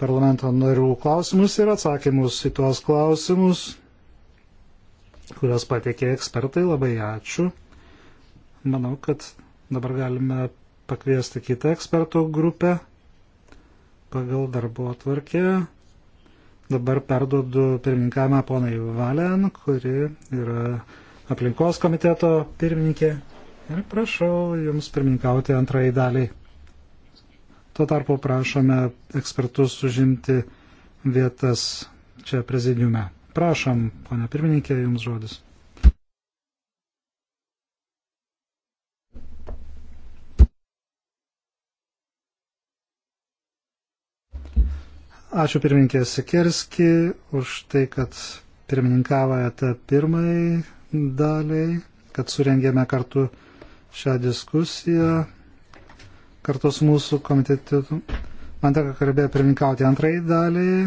parlamento narių klausimus ir atsakymus į tuos klausimus kurios pateikė ekspertai. Labai ačiū. Manau, kad dabar galime pakviesti kitą ekspertų grupę pagal darbo atvarkę. Dabar perduodu pirmininkamą ponai Valen, kuri yra aplinkos komiteto pirmininkė. Ir prašau jums pirmininkauti antrąjį dalį. Tuo tarpu prašome ekspertus užimti vietas čia prezidiume. Prašom, ponia pirmininkė, jums žodis. Ačiū pirmininkė Sikerski už tai, kad pirmininkavote pirmai daliai, kad surengėme kartu šią diskusiją kartu su mūsų komitetu. Man teko kalbėti pirmininkauti antrai daliai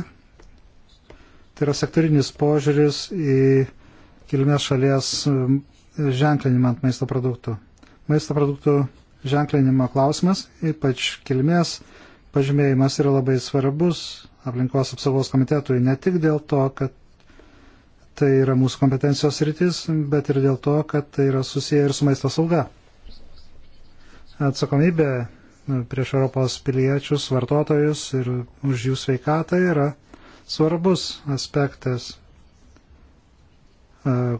Tai yra sektorinis požiūris į kilmės šalies e, ženklinimą ant maisto produktų. Maisto produktų ženklinimo klausimas, ypač kilmės pažymėjimas yra labai svarbus aplinkos apsaugos komitetui ne tik dėl to, kad tai yra mūsų kompetencijos rytis, bet ir dėl to, kad tai yra susiję ir su maisto sauga. Atsakomybė e, prieš Europos piliečius, vartotojus ir už jų sveikatą yra svarbus aspektas, e,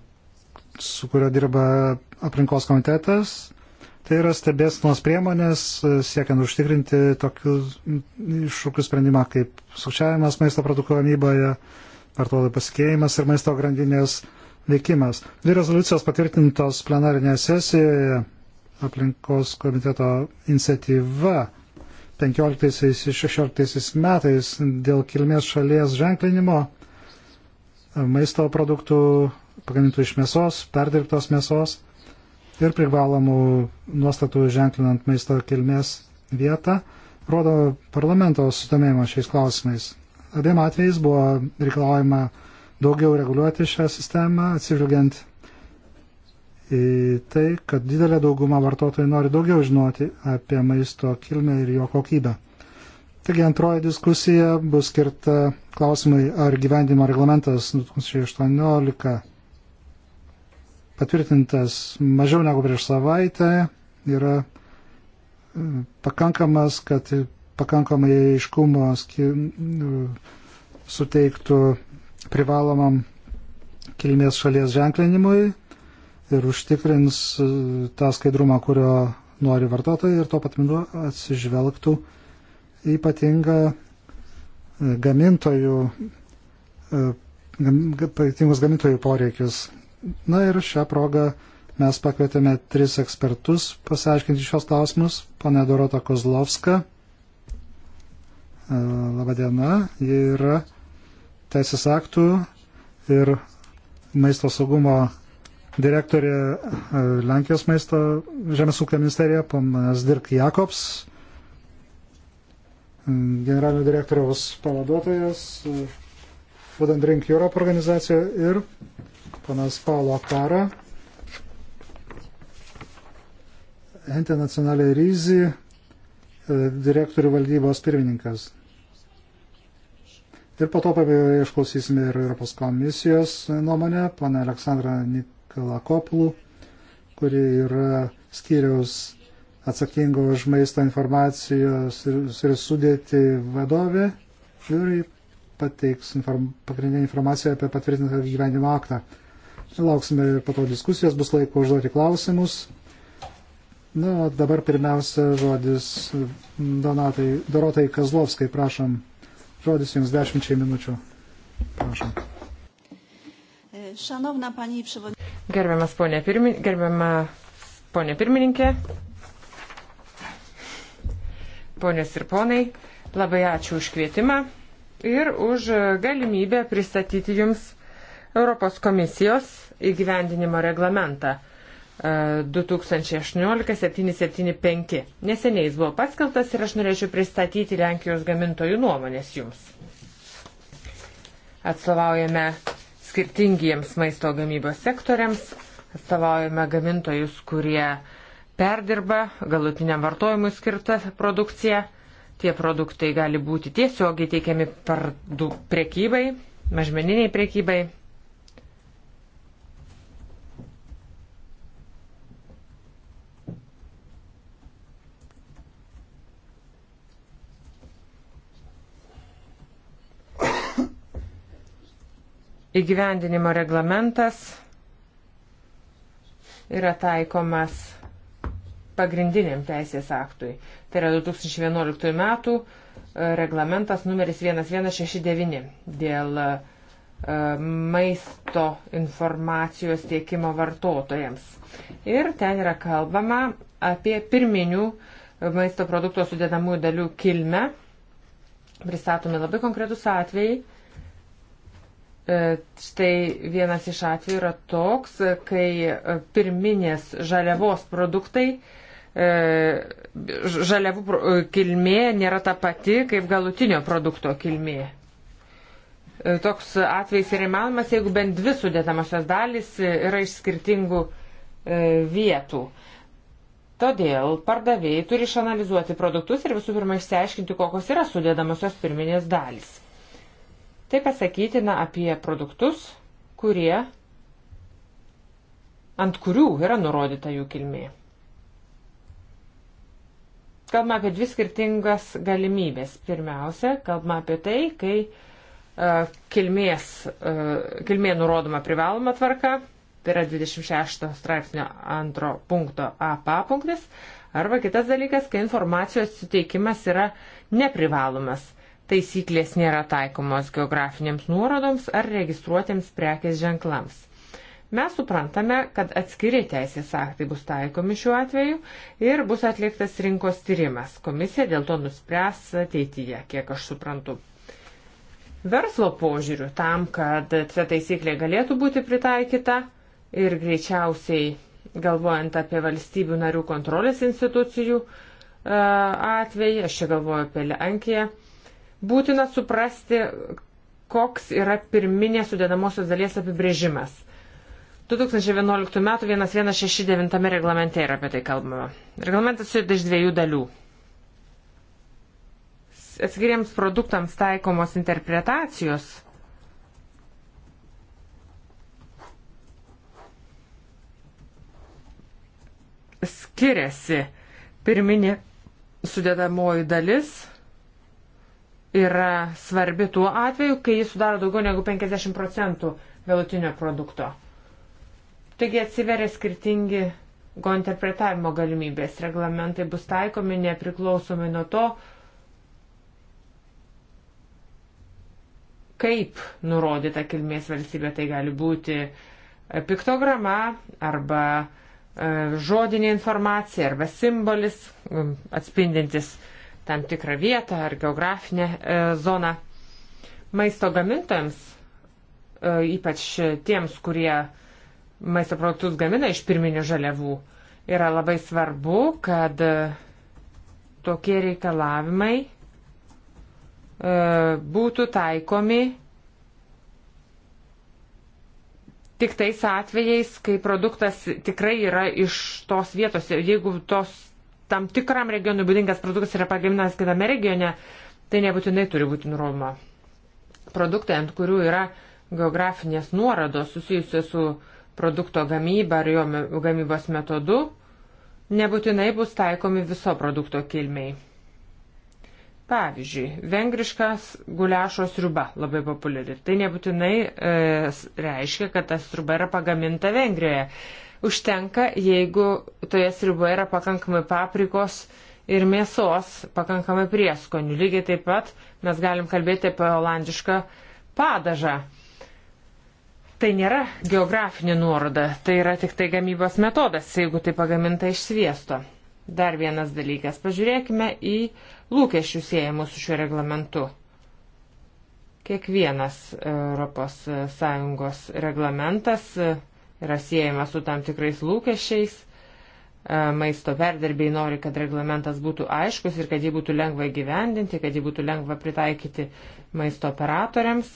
su kurio dirba aplinkos komitetas. Tai yra stebėsnos priemonės, e, siekiant užtikrinti tokius iššūkių sprendimą kaip sukčiavimas maisto produktų gamyboje, vartotojų pasikeimas ir maisto grandinės veikimas. Dvi rezoliucijos patvirtintos plenarinėje sesijoje aplinkos komiteto iniciatyva 15-16 metais dėl kilmės šalies ženklinimo e, maisto produktų pagamintų iš mėsos, perdirbtos mėsos ir privalomų nuostatų ženklinant maisto kilmės vietą, rodo parlamento sudomėjimą šiais klausimais. Abiem atvejais buvo reikalaujama daugiau reguliuoti šią sistemą, atsižvelgiant į tai, kad didelė dauguma vartotojų nori daugiau žinoti apie maisto kilmę ir jo kokybę. Taigi antroji diskusija bus skirta klausimai, ar gyvendimo reglamentas 2018 patvirtintas mažiau negu prieš savaitę yra e, pakankamas, kad pakankamai aiškumo e, suteiktų privalomam kilmės šalies ženklinimui ir užtikrins e, tą skaidrumą, kurio nori vartotojai ir tuo pat metu atsižvelgtų ypatingą e, gamintojų, e, ypatingus gamintojų poreikius. Na ir šią progą mes pakvietėme tris ekspertus pasiaiškinti šios klausimus. Pane Dorota Kozlovska. Labadiena, ji yra teisės aktų ir maisto saugumo direktorė e, Lenkijos maisto žemės ūkio ministerija, ponas Dirk Jakobs, e, generalinio direktoriaus pavaduotojas e, Food and Drink Europe organizacija ir panas Paulo Kara, internacionaliai ryzį direktorių valdybos pirmininkas. Ir po to išklausysime ir Europos komisijos nuomonę, pana Aleksandra Nit Kalakopulų, kuri yra skyriaus atsakingo už maisto informacijos ir, ir sudėti vadovė ir pateiks inform, pagrindinę informaciją apie patvirtintą gyvenimo aktą. Lauksime po to diskusijos, bus laiko užduoti klausimus. Na, o dabar pirmiausia žodis Donatai, Dorotai Kazlovskai, prašom. Žodis jums dešimčiai minučių. Prašom. Šanovna panį Pšivonė. Gerbiamas ponė, pirmin... Gerbiama ponė pirmininkė, ponės ir ponai, labai ačiū už kvietimą ir už galimybę pristatyti Jums Europos komisijos įgyvendinimo reglamentą 2018-775. E, Neseniai jis buvo paskeltas ir aš norėčiau pristatyti Lenkijos gamintojų nuomonės Jums. Atstovaujame skirtingiems maisto gamybos sektoriams, atstovaujame gamintojus, kurie perdirba galutiniam vartojimui skirtą produkciją. Tie produktai gali būti tiesiogiai teikiami prekybai, mažmeniniai prekybai, Įgyvendinimo reglamentas yra taikomas pagrindiniam teisės aktui. Tai yra 2011 metų e, reglamentas numeris 1169 dėl e, maisto informacijos tiekimo vartotojams. Ir ten yra kalbama apie pirminių maisto produkto sudėdamųjų dalių kilmę. Pristatomi labai konkretus atvejai E, štai vienas iš atvejų yra toks, kai e, pirminės žaliavos produktai, e, žaliavų kilmė nėra ta pati kaip galutinio produkto kilmė. Toks atvejs yra įmanomas, jeigu bent dvi sudėtamosios dalys yra iš skirtingų vietų. Todėl pardavėjai turi išanalizuoti produktus ir visų pirma išsiaiškinti, kokios yra sudėdamosios pirminės dalys. Tai pasakytina apie produktus, kurie, ant kurių yra nurodyta jų kilmė. Kalbame apie dvi skirtingas galimybės. Pirmiausia, kalbame apie tai, kai uh, kilmės, uh, kilmė nurodoma privaloma tvarka, tai yra 26 straipsnio antro punkto A papunktis, arba kitas dalykas, kai informacijos suteikimas yra neprivalomas taisyklės nėra taikomos geografinėms nuorodoms ar registruotiems prekės ženklams. Mes suprantame, kad atskiri teisės aktai bus taikomi šiuo atveju ir bus atliktas rinkos tyrimas. Komisija dėl to nuspręs ateityje, kiek aš suprantu. Verslo požiūriu tam, kad ta taisyklė galėtų būti pritaikyta ir greičiausiai galvojant apie valstybių narių kontrolės institucijų e, atvejį, aš čia galvoju apie Lenkiją, Būtina suprasti, koks yra pirminės sudėdamosios dalies apibrėžimas. 2011 m. 1169 reglamente yra apie tai kalbama. Reglamentas susideda iš dviejų dalių. Atskiriems produktams taikomos interpretacijos skiriasi pirminė sudėdamoji dalis yra svarbi tuo atveju, kai jis sudaro daugiau negu 50 procentų galutinio produkto. Taigi atsiveria skirtingi go interpretavimo galimybės. Reglamentai bus taikomi nepriklausomai nuo to, kaip nurodyta kilmės valstybė. Tai gali būti e, piktograma arba e, žodinė informacija arba simbolis e, atspindintis tam tikrą vietą ar geografinę e, zoną. Maisto gamintojams, e, ypač tiems, kurie maisto produktus gamina iš pirminių žaliavų, yra labai svarbu, kad e, tokie reikalavimai e, būtų taikomi tik tais atvejais, kai produktas tikrai yra iš tos vietos, jeigu tos tam tikram regionui būdingas produktas yra pagaminamas kitame regione, tai nebūtinai turi būti nurodoma. Produktai, ant kurių yra geografinės nuorados susijusios su produkto gamyba ar jo gamybos metodu, nebūtinai bus taikomi viso produkto kilmiai. Pavyzdžiui, vengriškas guliašo sriuba labai populiari. Tai nebūtinai e, reiškia, kad ta sriuba yra pagaminta Vengrijoje. Užtenka, jeigu toje sriboje yra pakankamai paprikos ir mėsos, pakankamai prieskonių. Lygiai taip pat mes galim kalbėti apie olandišką padažą. Tai nėra geografinė nuoroda, tai yra tik tai gamybos metodas, jeigu tai pagaminta iš sviesto. Dar vienas dalykas. Pažiūrėkime į lūkesčių siejamus su šiuo reglamentu. Kiekvienas ES reglamentas yra siejama su tam tikrais lūkesčiais. E, maisto perdirbiai nori, kad reglamentas būtų aiškus ir kad jį būtų lengva gyvendinti, kad jį būtų lengva pritaikyti maisto operatoriams.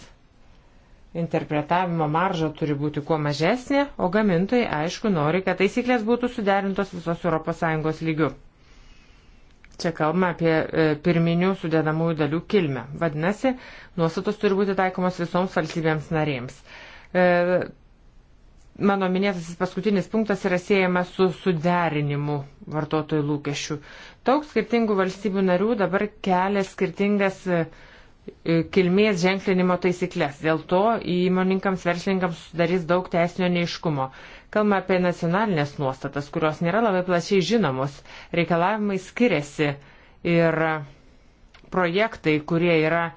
Interpretavimo marža turi būti kuo mažesnė, o gamintojai aišku nori, kad taisyklės būtų suderintos visos ES lygių. Čia kalbame apie e, pirminių sudėdamųjų dalių kilmę. Vadinasi, nuostatos turi būti taikomos visoms valstybėms narėms e, mano minėtasis paskutinis punktas yra siejamas su suderinimu vartotojų lūkesčių. Daug skirtingų valstybių narių dabar kelia skirtingas e, e, kilmės ženklinimo taisyklės. Dėl to įmoninkams, verslininkams sudarys daug teisinio neiškumo. Kalba apie nacionalinės nuostatas, kurios nėra labai plačiai žinomos. Reikalavimai skiriasi ir projektai, kurie yra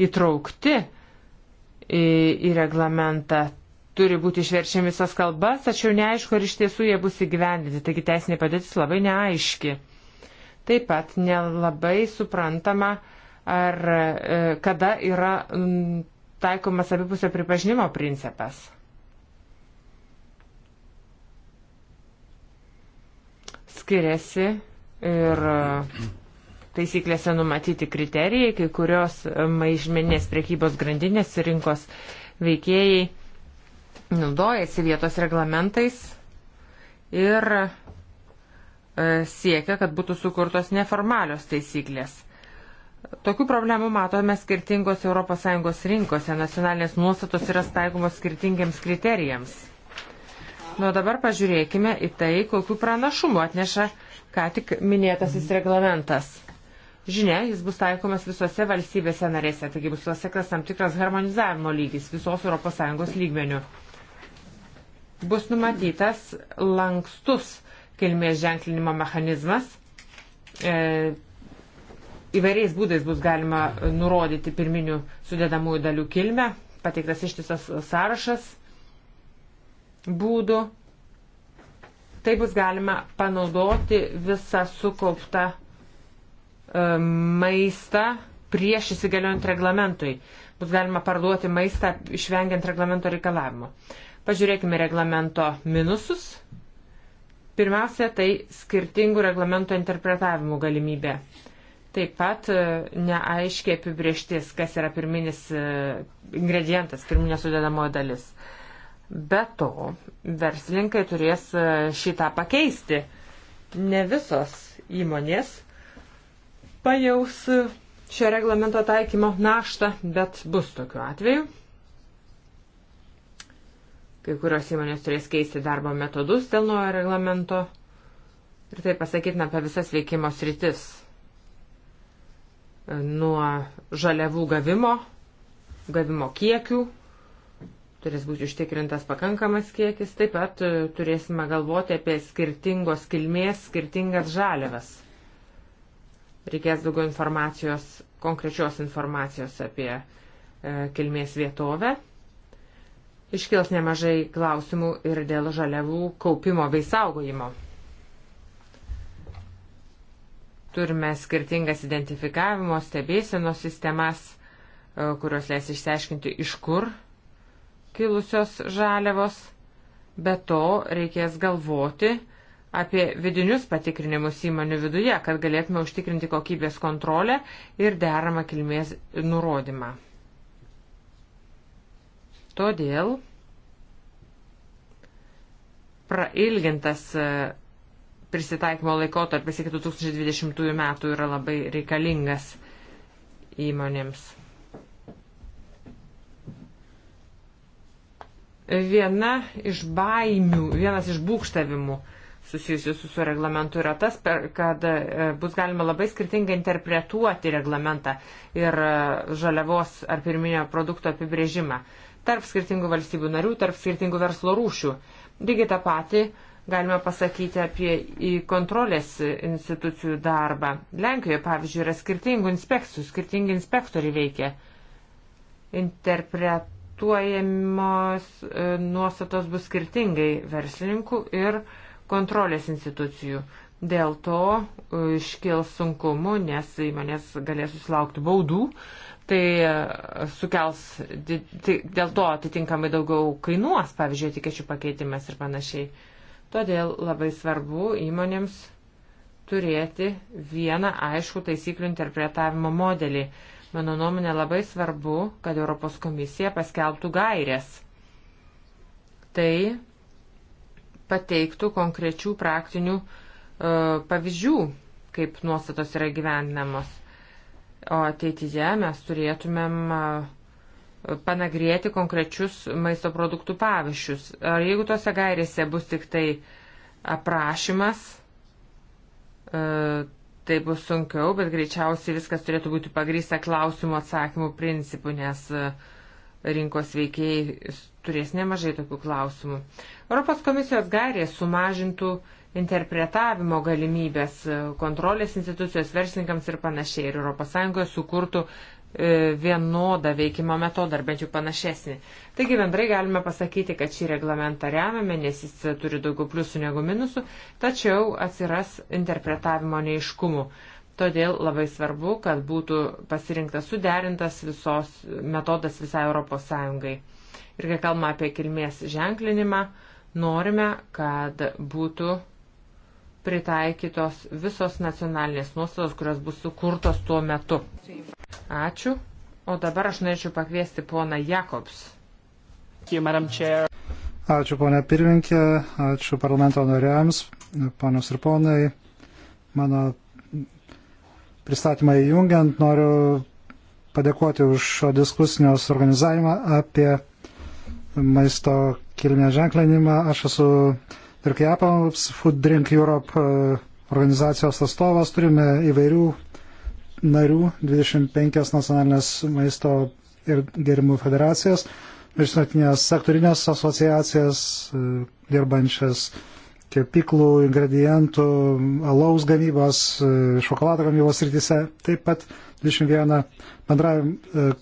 įtraukti į, į reglamentą, turi būti išverčiami visas kalbas, tačiau neaišku, ar iš tiesų jie bus įgyvendinti, taigi teisinė padėtis labai neaiški. Taip pat nelabai suprantama, ar e, kada yra taikomas abipusio pripažinimo principas. Skiriasi ir e, taisyklėse numatyti kriterijai, kai kurios e, maižmenės priekybos grandinės rinkos veikėjai naudojasi vietos reglamentais ir e, siekia, kad būtų sukurtos neformalios taisyklės. Tokių problemų matome skirtingos ES rinkose, nacionalinės nuostatos yra staigumos skirtingiams kriterijams. Nuo dabar pažiūrėkime į tai, kokiu pranašumu atneša ką tik minėtasis reglamentas. Žinia, jis bus taikomas visose valstybėse narėse, taigi bus pasiektas tam tikras harmonizavimo lygis visos ES lygmenių bus numatytas lankstus kilmės ženklinimo mechanizmas. E, įvairiais būdais bus galima nurodyti pirminių sudėdamųjų dalių kilmę, pateiktas ištisas sąrašas būdų. Tai bus galima panaudoti visą sukauptą e, maistą prieš įsigaliojant reglamentui. Bus galima parduoti maistą išvengiant reglamento reikalavimo. E, Pažiūrėkime reglamento minusus. Pirmiausia, tai skirtingų reglamento interpretavimų galimybė. Taip pat e, neaiškiai apibrieštis, kas yra pirminis e, ingredientas, pirminė sudėdamoji dalis. Be to, verslininkai turės e, šitą pakeisti. Ne visos įmonės pajaus šio reglamento taikymo naštą, bet bus tokiu atveju. Kai kurios įmonės turės keisti darbo metodus dėl naujo reglamento. Ir tai pasakytina apie visas veikimo sritis. Nuo žaliavų gavimo, gavimo kiekių, turės būti užtikrintas pakankamas kiekis, taip pat e, turėsime galvoti apie skirtingos kilmės, skirtingas žaliavas. Reikės daugiau informacijos, konkrečios informacijos apie e, kilmės vietovę iškils nemažai klausimų ir dėl žaliavų kaupimo bei saugojimo. Turime skirtingas identifikavimo, stebėsenos sistemas, e, kurios leis išsiaiškinti, iš kur kilusios žaliavos. Be to reikės galvoti apie vidinius patikrinimus įmonių viduje, kad galėtume užtikrinti kokybės kontrolę ir deramą kilmės nurodymą. Todėl prailgintas e, prisitaikymo laikotarpis iki 2020 metų yra labai reikalingas įmonėms. Viena iš baimių, vienas iš būkštavimų susijusių su, su reglamentu yra tas, kad e, bus galima labai skirtingai interpretuoti reglamentą ir e, žaliavos ar pirminio produkto apibrėžimą tarp skirtingų valstybių narių, tarp skirtingų verslo rūšių. Lygiai tą patį galime pasakyti apie kontrolės institucijų darbą. Lenkijoje, pavyzdžiui, yra skirtingų inspekcijų, skirtingi inspektoriai veikia. Interpretuojamos e, nuostatos bus skirtingai verslininkų ir kontrolės institucijų. Dėl to e, iškils sunkumu, nes įmonės galės susilaukti baudų, uh, tai e, sukels, tai dėl to atitinkamai daugiau kainuos, pavyzdžiui, etikečių pakeitimas ir panašiai. Todėl labai svarbu įmonėms turėti vieną aišku taisyklių interpretavimo modelį. Mano nuomonė labai svarbu, kad Europos komisija paskelbtų gairės. Tai pateiktų konkrečių praktinių e, pavyzdžių, kaip nuostatos yra gyvendinamos. O ateityje mes turėtumėm e, panagrėti konkrečius maisto produktų pavyzdžius. Ar jeigu tose gairėse bus tik tai aprašymas, e, tai bus sunkiau, bet greičiausiai viskas turėtų būti pagrįsta klausimų atsakymų principu, nes e, rinkos veikėjai turės nemažai tokių klausimų. Europos komisijos gairės sumažintų uh, interpretavimo galimybės e, kontrolės institucijos verslininkams ir panašiai. Ir ES sukurtų e, vienodą veikimo metodą, ar bent jau panašesnį. Taigi bendrai galime pasakyti, kad šį reglamentą remiame, nes jis e, turi daugiau pliusų negu minusų, tačiau atsiras interpretavimo neiškumų. Todėl labai svarbu, kad būtų pasirinktas suderintas visos metodas visai ES. Ir kai kalbame apie kilmės ženklinimą, norime, kad būtų pritaikytos visos nacionalinės nuostatos, kurios bus sukurtos tuo metu. Ačiū. O dabar aš norėčiau pakviesti poną Jakobs. Ačiū ponė pirminkė, ačiū parlamento nariams, ponios ir ponai. Mano pristatymą įjungiant noriu padėkoti už šio diskusijos organizavimą apie maisto kilmės ženklinimą. Aš esu ir kai Apple's Food Drink Europe e, organizacijos atstovas turime įvairių narių, 25 nacionalinės maisto ir gerimų federacijas, viršinatinės sektorinės asociacijas, e, dirbančias kirpiklų, ingredientų, alaus gamybos, e, šokolado gamybos rytise, taip pat 21 bendra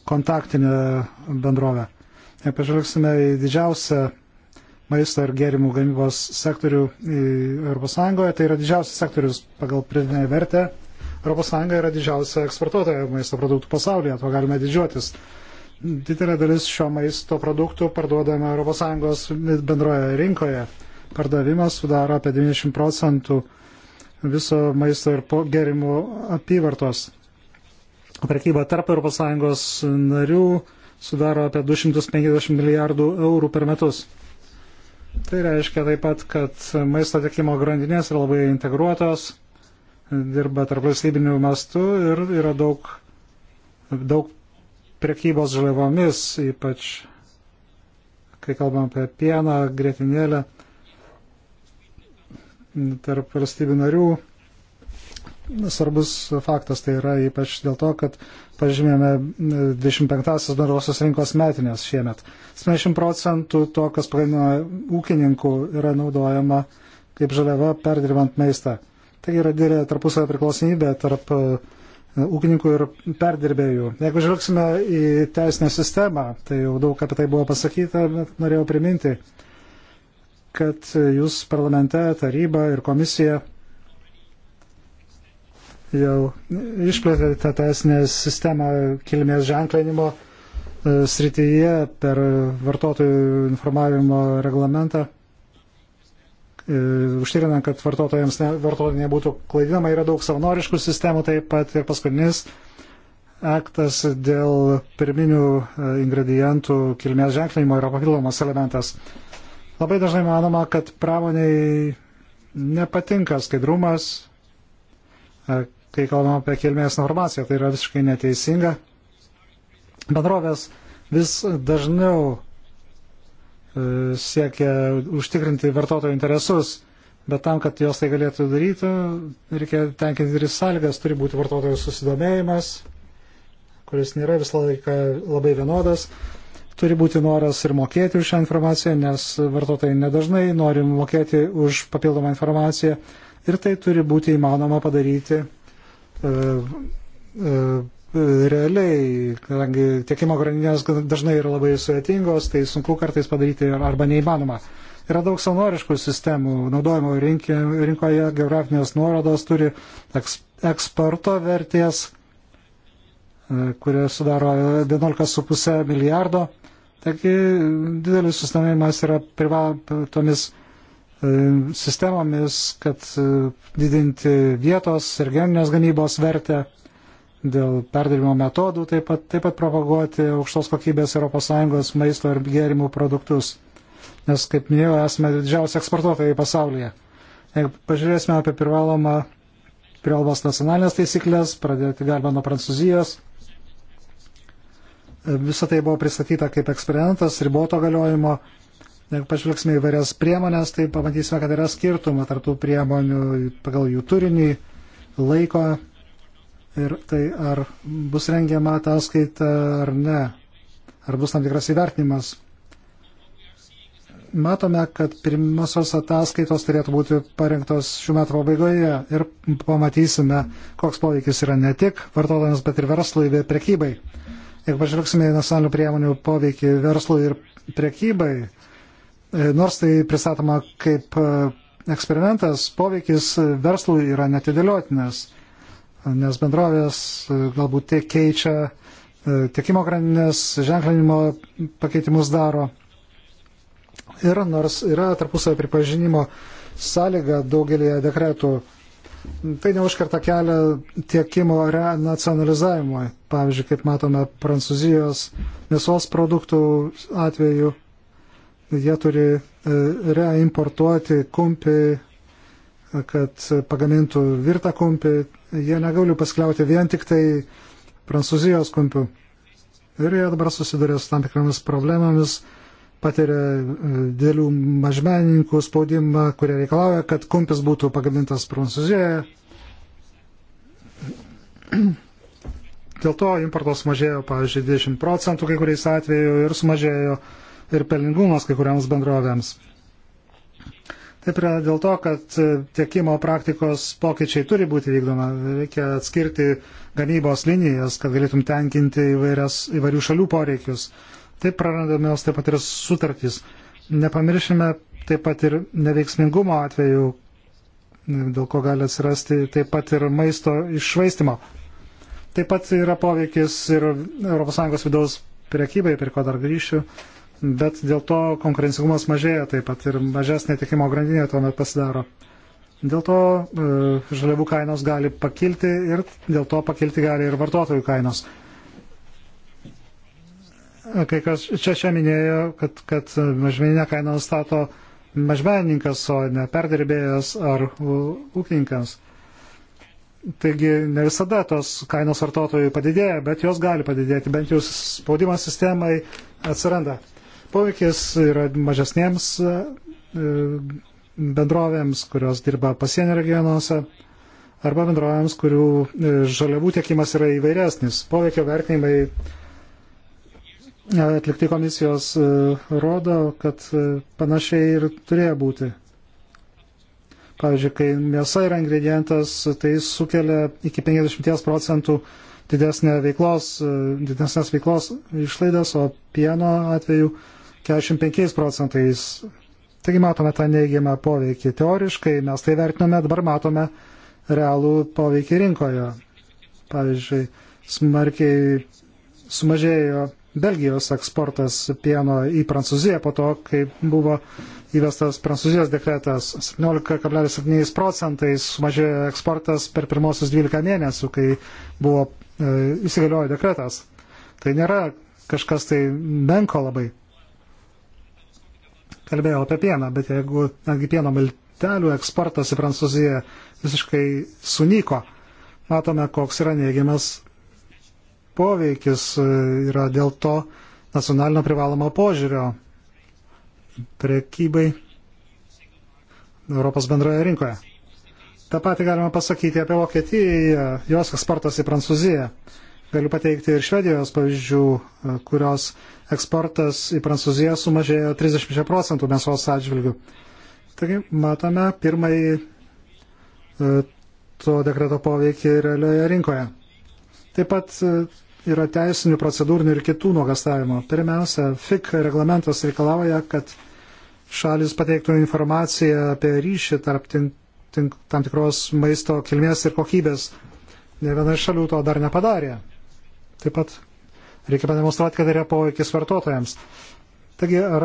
kontaktinė bendrovė. Jei pažvelgsime į didžiausią maisto ir gėrimų gamybos sektorių ES. Tai yra didžiausias sektorius pagal pridinę vertę. ES yra didžiausia eksportuotoja maisto produktų pasaulyje, to galime didžiuotis. Didelė dalis šio maisto produktų parduodama ES bendroje rinkoje. Pardavimas sudaro apie 90 procentų viso maisto ir gėrimų apyvartos. Prekyba tarp ES narių sudaro apie 250 milijardų eurų per metus. Tai reiškia taip pat, kad maisto tiekimo grandinės yra labai integruotos, dirba tarp valstybinių mastų ir yra daug, daug prekybos žaliavomis, ypač kai kalbam apie pieną, grietinėlę tarp valstybių narių svarbus faktas, tai yra ypač dėl to, kad pažymėjome 25-asias bendrosios rinkos metinės šiemet. 70 procentų to, kas pagamina ūkininkų, yra naudojama kaip žaliava perdirbant maistą. Tai yra didelė tarpusavio priklausomybė tarp e, ūkininkų ir perdirbėjų. Jeigu žvelgsime į teisinę sistemą, tai jau daug apie tai buvo pasakyta, bet norėjau priminti, kad jūs parlamente, taryba ir komisija jau išplėtė tą teisinę sistemą kilmės ženklinimo e, srityje per vartotojų informavimo reglamentą, e, užtikrinant, kad vartotojams ne, vartotojai nebūtų klaidinama, yra daug savanoriškų sistemų, taip pat ir paskutinis aktas dėl pirminių e, ingredientų kilmės ženklinimo yra papildomas elementas. Labai dažnai manoma, kad pramoniai nepatinka skaidrumas, kai kalbam apie kilmės informaciją, tai yra visiškai neteisinga. Bendrovės vis dažniau e, siekia užtikrinti vartotojų interesus, bet tam, kad jos tai galėtų daryti, reikia tenkinti ir sąlygas, turi būti vartotojų susidomėjimas, kuris nėra visą laiką labai vienodas, turi būti noras ir mokėti už šią informaciją, nes vartotojai nedažnai nori mokėti už papildomą informaciją ir tai turi būti įmanoma padaryti realiai, kadangi tiekimo grandinės dažnai yra labai sudėtingos, tai sunku kartais padaryti arba neįmanoma. Yra daug savanoriškų sistemų naudojimo rinkė, rinkoje, geografinės nuorodos turi eks, eksporto vertės, e, kurie sudaro 11,5 milijardo. Taigi didelis sustamėjimas yra priva, tomis E, sistemomis, kad e, didinti vietos ir geninės gamybos vertę, dėl perdirbimo metodų, taip pat, taip pat propaguoti aukštos kokybės ES maisto ir gėrimų produktus. Nes, kaip minėjau, esame didžiausi eksportuotojai pasaulyje. Jeigu pažiūrėsime apie privalomą privalomas nacionalinės taisyklės, pradėti galima nuo Prancūzijos. Visą tai buvo pristatyta kaip eksperimentas riboto galiojimo Jeigu pažvelgsime į varias priemonės, tai pamatysime, kad yra skirtumų tarptų priemonių pagal jų turinį, laiko ir tai ar bus rengiama ataskaita ar ne, ar bus tam tikras įvertinimas. Matome, kad pirmosios ataskaitos turėtų būti parengtos šių metų pabaigoje ir pamatysime, koks poveikis yra ne tik vartotojams, bet ir verslui bei prekybai. Jeigu pažvelgsime į nacionalinių priemonių poveikį verslui ir prekybai, E, nors tai pristatoma kaip e, eksperimentas, poveikis verslui yra netidėliotinas, nes bendrovės e, galbūt tiek keičia tiekimo grandinės, ženklinimo pakeitimus daro. Ir nors yra tarpusavio pripažinimo sąlyga daugelį dekretų, tai neužkarta kelią tiekimo renacionalizavimui. Pavyzdžiui, kaip matome Prancūzijos mėsos produktų atveju jie turi e, reimportuoti kumpį, e, kad pagamintų virtą kumpį. Jie negaliu paskliauti vien tik tai prancūzijos kumpių. Ir jie dabar susiduria su tam tikromis problemomis, patiria e, dėlių mažmenininkų spaudimą, kurie reikalauja, kad kumpis būtų pagamintas prancūzijoje. Dėl to importos mažėjo, pavyzdžiui, 20 procentų kai kuriais atveju ir sumažėjo uh, ir pelningumas kai kuriams bendrovėms. Taip yra dėl to, kad tiekimo praktikos pokyčiai turi būti vykdoma. Reikia atskirti gamybos linijas, kad galėtum tenkinti įvairias, įvairių šalių poreikius. Taip prarandamios taip pat ir sutartys. Nepamiršime taip pat ir neveiksmingumo atveju, dėl ko gali atsirasti taip pat ir maisto išvaistimo. Taip pat yra poveikis ir ES vidaus priekybai, prie ko dar grįšiu bet dėl to konkurencingumas mažėja taip pat ir mažesnė tikimo grandinė tuomet pasidaro. Dėl to e, žaliavų kainos gali pakilti ir dėl to pakilti gali ir vartotojų kainos. Kai kas čia čia minėjo, kad, kad mažmeninę kainą nustato mažmenininkas, o ne perdirbėjas ar ūkininkas. Taigi ne visada tos kainos vartotojų padidėja, bet jos gali padidėti, bent jau spaudimas sistemai atsiranda. Poveikis yra mažesniems e, bendrovėms, kurios dirba pasienio regionuose, arba bendrovėms, kurių e, žaliavų tiekimas yra įvairesnis. Poveikio vertinimai e, atlikti komisijos rodo, kad panašiai ir turėjo būti. Pavyzdžiui, kai mėsa yra ingredientas, tai sukelia iki 50 procentų didesnė veiklos, didesnės veiklos išlaidas, o pieno atveju 45 procentais. Taigi matome tą neigiamą poveikį teoriškai, mes tai vertiname, dabar matome realų poveikį rinkoje. Pavyzdžiui, smarkiai sumažėjo Belgijos eksportas pieno į Prancūziją po to, kai buvo įvestas Prancūzijos dekretas 17,7 procentais sumažėjo eksportas per pirmosius 12 mėnesių, kai buvo e, įsigaliojo dekretas. Tai nėra kažkas tai menko labai kalbėjau apie pieną, bet jeigu netgi pieno miltelių eksportas į Prancūziją visiškai sunyko, matome, koks yra neigiamas poveikis e, yra dėl to nacionalinio privalomo požiūrio prekybai Europos bendroje rinkoje. Ta pati galima pasakyti apie Vokietiją, jos eksportas į Prancūziją. Galiu pateikti ir Švedijos pavyzdžių, e, kurios eksportas į Prancūziją sumažėjo 30 procentų mėsos atžvilgių. Taigi matome pirmąjį e, to dekreto poveikį realioje rinkoje. Taip pat e, yra teisinių, procedūrinių ir kitų nuogastavimų. Pirmiausia, FIC reglamentas reikalauja, kad šalis pateiktų informaciją apie ryšį tarp tink, tink, tam tikros maisto kilmės ir kokybės. Ne viena iš šalių to dar nepadarė. Taip pat reikia pademonstruoti, kad yra poveikis vartotojams. Taigi, ar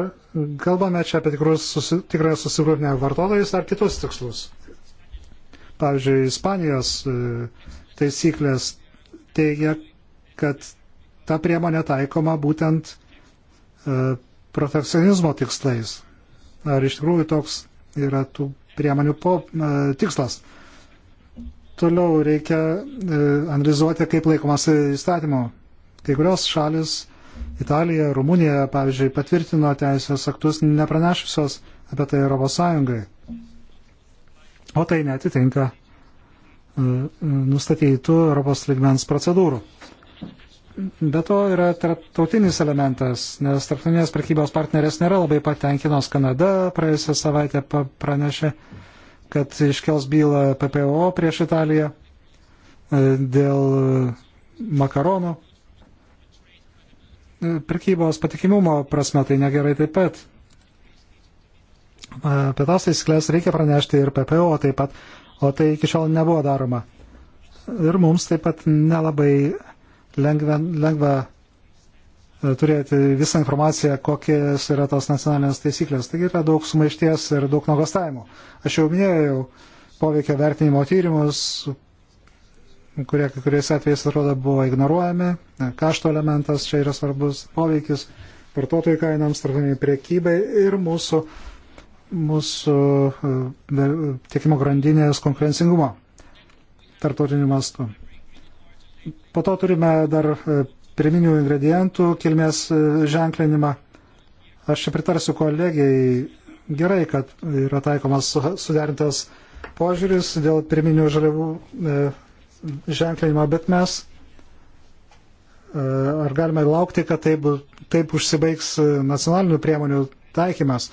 kalbame čia apie tikrus, susi, tikrai susigrūpinę vartotojus ar kitus tikslus? Pavyzdžiui, Ispanijos e, taisyklės teigia, kad ta priemonė taikoma būtent e, protekcionizmo tikslais. Ar iš tikrųjų toks yra tų priemonių po, e, tikslas? Toliau reikia e, analizuoti, kaip laikomasi įstatymo. Kai kurios šalis, Italija, Rumunija, pavyzdžiui, patvirtino teisės aktus nepranešusios apie tai Europos Sąjungai. O tai netitinka e, nustatytų Europos ligmens procedūrų. Be to yra tarptautinis elementas, nes tarptautinės prekybos partnerės nėra labai patenkinos. Kanada praėjusią savaitę pranešė, kad iškels bylą PPO prieš Italiją e, dėl makaronų. E, prekybos patikimumo prasme tai negerai taip pat. E, apie tas taisyklės reikia pranešti ir PPO taip pat, o tai iki šiol nebuvo daroma. Ir mums taip pat nelabai lengva, lengva E, turėti visą informaciją, kokios yra tos nacionalinės taisyklės. Taigi yra daug sumaišties ir daug nuogastavimų. Aš jau minėjau poveikio vertinimo tyrimus, kurie kai kuriais atvejais atrodo buvo ignoruojami. E, Kašto elementas čia yra svarbus poveikis vartotojų kainams, tarptautiniai priekybai ir mūsų, mūsų e, tiekimo grandinės konkurencingumo tarptautiniu mastu. Po to turime dar pirminių ingredientų kilmės e, ženklinimą. Aš čia pritarsiu kolegijai gerai, kad yra taikomas suderintas požiūris dėl pirminių žaliavų e, ženklinimo, bet mes e, ar galime laukti, kad taip, taip užsibaigs e, nacionalinių priemonių taikymas.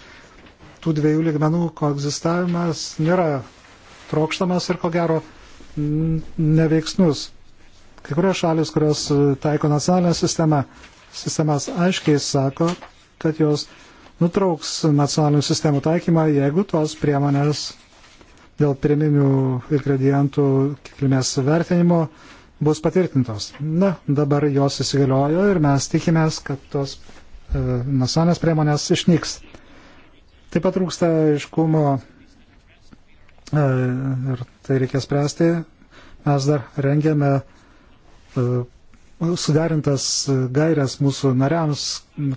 Tų dviejų ligmenų koegzistavimas nėra trokštamas ir ko gero neveiksnus. Kai kurios šalis, kurios e, taiko nacionalinę sistemą, sistemas aiškiai sako, kad jos nutrauks nacionalinių sistemų taikymą, jeigu tos priemonės dėl primimių ingredientų kilmės vertinimo bus patvirtintos. Na, dabar jos įsigaliojo ir mes tikimės, kad tos e, nacionalinės priemonės išnyks. Taip pat trūksta aiškumo e, ir tai reikės spręsti. Mes dar rengiame E, suderintas e, gairias mūsų nariams,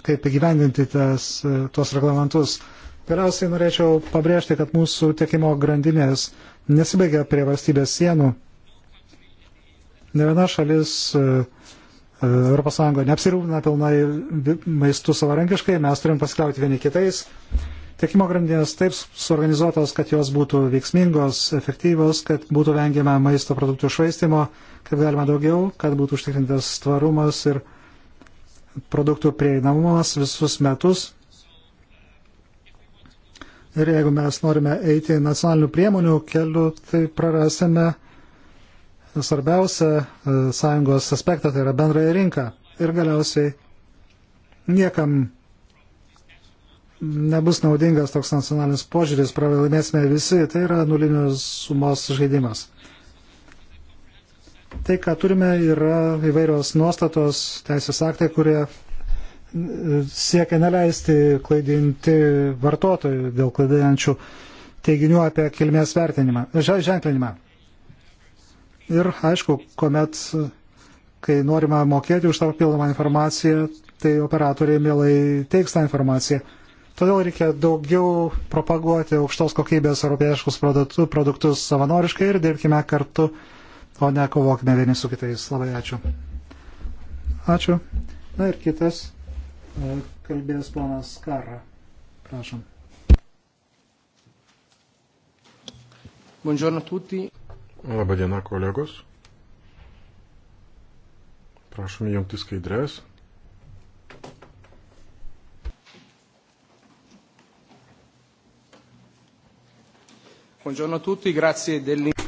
kaip įgyvendinti tas, e, tuos reglamentus. Galiausiai norėčiau pabrėžti, kad mūsų tiekimo grandinės nesibaigia prie valstybės sienų. Ne viena šalis ES neapsirūpina pilnai maistų savarankiškai, mes turim pasikliauti vieni kitais. Tiekimo grandinės taip suorganizuotos, kad jos būtų veiksmingos, efektyvos, kad būtų vengiama maisto produktų švaistimo, kaip galima daugiau, kad būtų užtikrintas tvarumas ir produktų prieinamumas visus metus. Ir jeigu mes norime eiti nacionalinių priemonių keliu, tai prarasime svarbiausią e, sąjungos aspektą, tai yra bendrąją rinką. Ir galiausiai niekam nebus naudingas toks nacionalinis požiūris, pralaimėsime visi, tai yra nulinius sumos žaidimas. Tai, ką turime, yra įvairios nuostatos, teisės aktai, kurie siekia neleisti klaidinti vartotojų dėl klaidinančių teiginių apie kilmės vertinimą, ženklinimą. Ir aišku, kuomet, kai norima mokėti už tą papildomą informaciją, tai operatoriai mielai teiks tą informaciją. Todėl reikia daugiau propaguoti aukštos kokybės europieškus produktus savanoriškai ir dirbkime kartu, o ne kovokime vieni su kitais. Labai ačiū. Ačiū. Na ir kitas e, kalbės ponas Kara. Prašom. Buongiorno tutti. Labadiena kolegos. Prašom jungti skaidrės. Buongiorno a tutti, grazie dell'invito.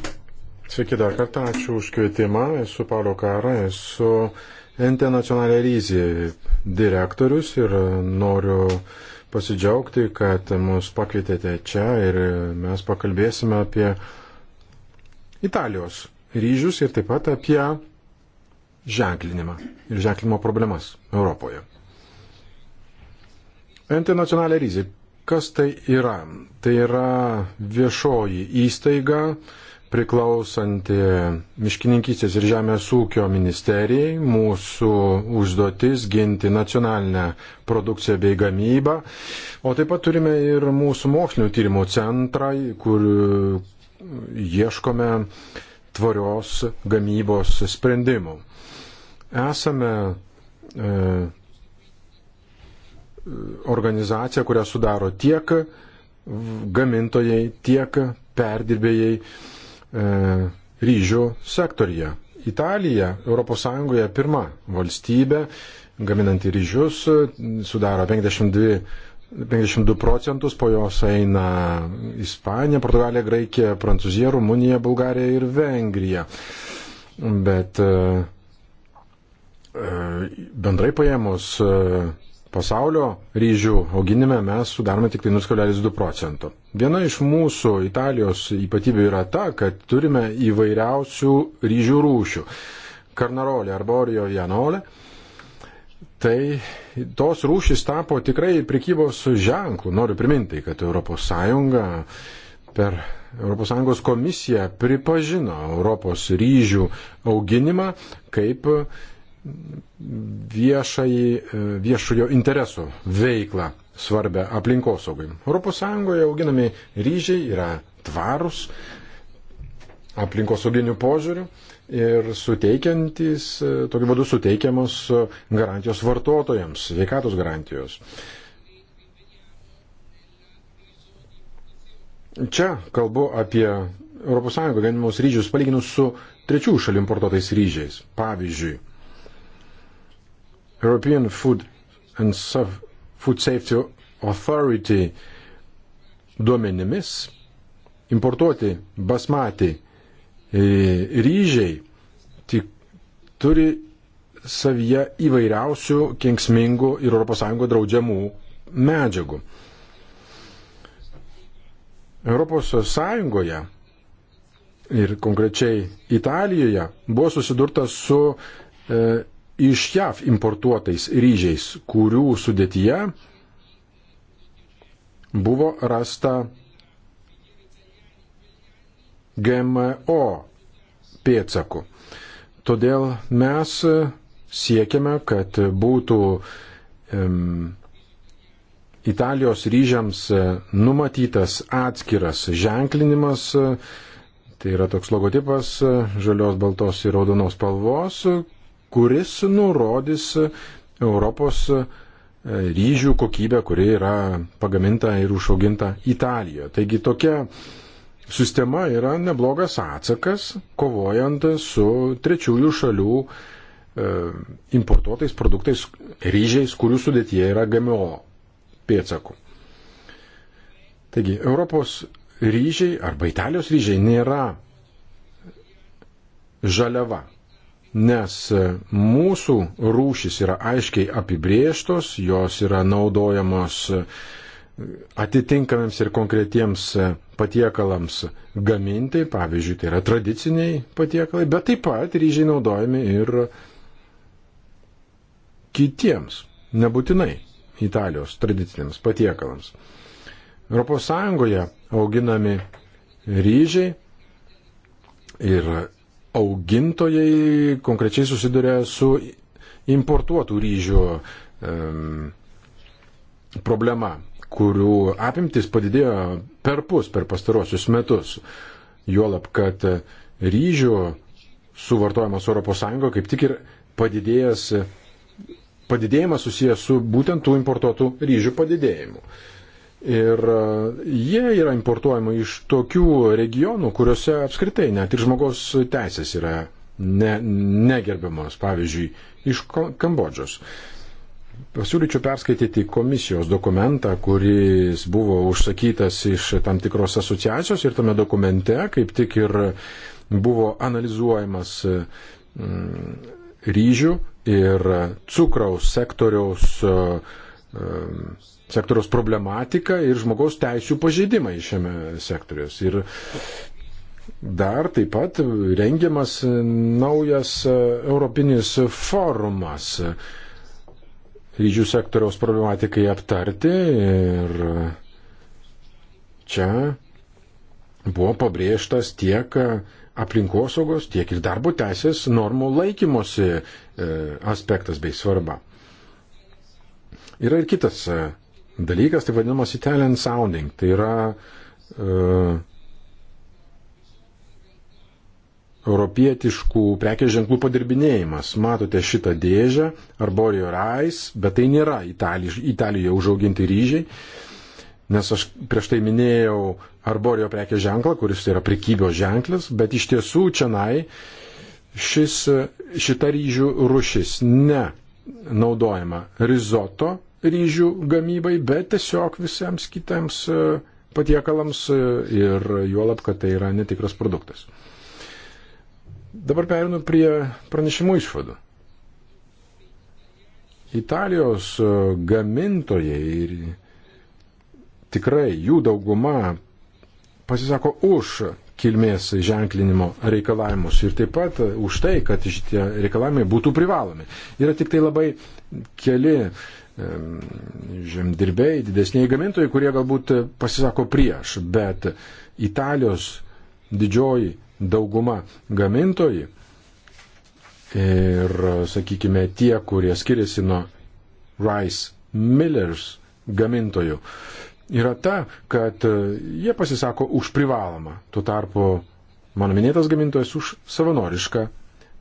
Sveiki dar kartą, ačiū už kvietimą. Esu Paulo Kara, esu Ente Nacionalė Ryzė direktorius ir noriu pasidžiaugti, kad mus pakvietėte čia ir mes pakalbėsime apie Italijos ryžius ir taip pat apie ženklinimą ir ženklinimo problemas Europoje. Ente Nacionalė Ryzė Kas tai yra? Tai yra viešoji įstaiga priklausanti Miškininkystės ir Žemės ūkio ministerijai. Mūsų užduotis ginti nacionalinę produkciją bei gamybą. O taip pat turime ir mūsų mokslinio tyrimų centrą, kur ieškome tvarios gamybos sprendimų. Esame e, organizacija, kurią sudaro tiek gamintojai, tiek perdirbėjai e, ryžių sektorija. Italija ES pirma valstybė, gaminanti ryžius, sudaro 52, 52 procentus, po jos eina Ispanija, Portugalija, Graikija, Prancūzija, Rumunija, Bulgarija ir Vengrija. Bet e, e bendrai paėmus e, pasaulio ryžių auginime mes sudarome tik tai 0,2 procentų. Viena iš mūsų Italijos ypatybių yra ta, kad turime įvairiausių ryžių rūšių. Karnarolė arba Orio Janolė. Tai tos rūšys tapo tikrai prikybos ženklų. Noriu priminti, kad ES per ES komisiją pripažino Europos ryžių auginimą kaip viešai, e, viešojo intereso veiklą svarbę aplinkosaugai. ES auginami ryžiai yra tvarus aplinkosauginių požiūrių ir suteikiantis, e, tokiu būdu suteikiamos garantijos vartotojams, veikatos garantijos. Čia kalbu apie ES gaminamus ryžius palyginus su trečių šalių importuotais ryžiais. Pavyzdžiui, European Food and Food Safety Authority duomenimis importuoti basmatį e, ryžiai tik turi savyje įvairiausių kenksmingų ir ES draudžiamų medžiagų. ES ir konkrečiai Italijoje buvo susidurta su e, iš JAV importuotais ryžiais, kurių sudėtyje buvo rasta GMO pėdsakų. Todėl mes siekiame, kad būtų um, Italijos ryžiams numatytas atskiras ženklinimas, tai yra toks logotipas žalios, baltos ir raudonos spalvos, kuris nurodys Europos e, ryžių kokybę, kuri yra pagaminta ir užauginta Italijoje. Taigi tokia sistema yra neblogas atsakas, kovojant su trečiųjų šalių e, importuotais produktais ryžiais, kurių sudėtyje yra GMO pėdsakų. Taigi, Europos ryžiai arba Italijos ryžiai nėra žaliava nes e, mūsų rūšis yra aiškiai apibrieštos, jos yra naudojamos e, atitinkamiems ir konkretiems e, patiekalams gaminti, pavyzdžiui, tai yra tradiciniai patiekalai, bet taip pat ryžiai naudojami ir kitiems, nebūtinai Italijos tradiciniams patiekalams. ES auginami ryžiai ir augintojai konkrečiai susiduria su importuotų ryžių um, problema, kurių apimtis padidėjo per pus per pastarosius metus. Juolab, kad ryžių suvartojimas ES kaip tik ir padidėjęs, padidėjimas susijęs su būtent tų importuotų ryžių padidėjimu. Uh, Ir e, jie yra importuojami iš tokių regionų, kuriuose apskritai net ir žmogaus teisės yra ne, negerbiamos, pavyzdžiui, iš Kambodžos. Pasiūlyčiau perskaityti komisijos dokumentą, kuris buvo užsakytas iš tam tikros asociacijos ir tame dokumente kaip tik ir buvo analizuojamas mm, ryžių ir cukraus sektoriaus e, sektoriaus problematika ir žmogaus teisų pažeidimai šiame sektorius. Ir dar taip pat rengiamas naujas europinis forumas ryžių sektoriaus problematikai aptarti ir čia buvo pabrėžtas tiek aplinkosaugos, tiek ir darbo teisės normų laikymosi e, aspektas bei svarba. Yra ir kitas e, dalykas, tai vadinamas Italian sounding. Tai yra uh, europietiškų prekės ženklų padirbinėjimas. Matote šitą dėžę, arborio rais, bet tai nėra Itali, Italijoje užauginti ryžiai, nes aš prieš tai minėjau arborio prekės ženklą, kuris yra prikybio ženklas, bet iš tiesų čianai šis, šita ryžių rušis ne naudojama rizoto ryžių gamybai, bet tiesiog visiems kitiems e, patiekalams e, ir juolab, kad tai yra netikras produktas. Dabar perinu prie pranešimų išvadų. Italijos e, gamintojai ir tikrai jų dauguma pasisako už kilmės ženklinimo reikalavimus ir taip pat už tai, kad šitie reikalavimai būtų privalomi. Yra tik tai labai keli žemdirbiai, didesniai gamintojai, kurie galbūt pasisako prieš, bet Italijos didžioji dauguma gamintojai ir, sakykime, tie, kurie skiriasi nuo Rice Millers gamintojų, yra ta, kad jie pasisako už privalomą, tuo tarpu mano minėtas gamintojas už savanorišką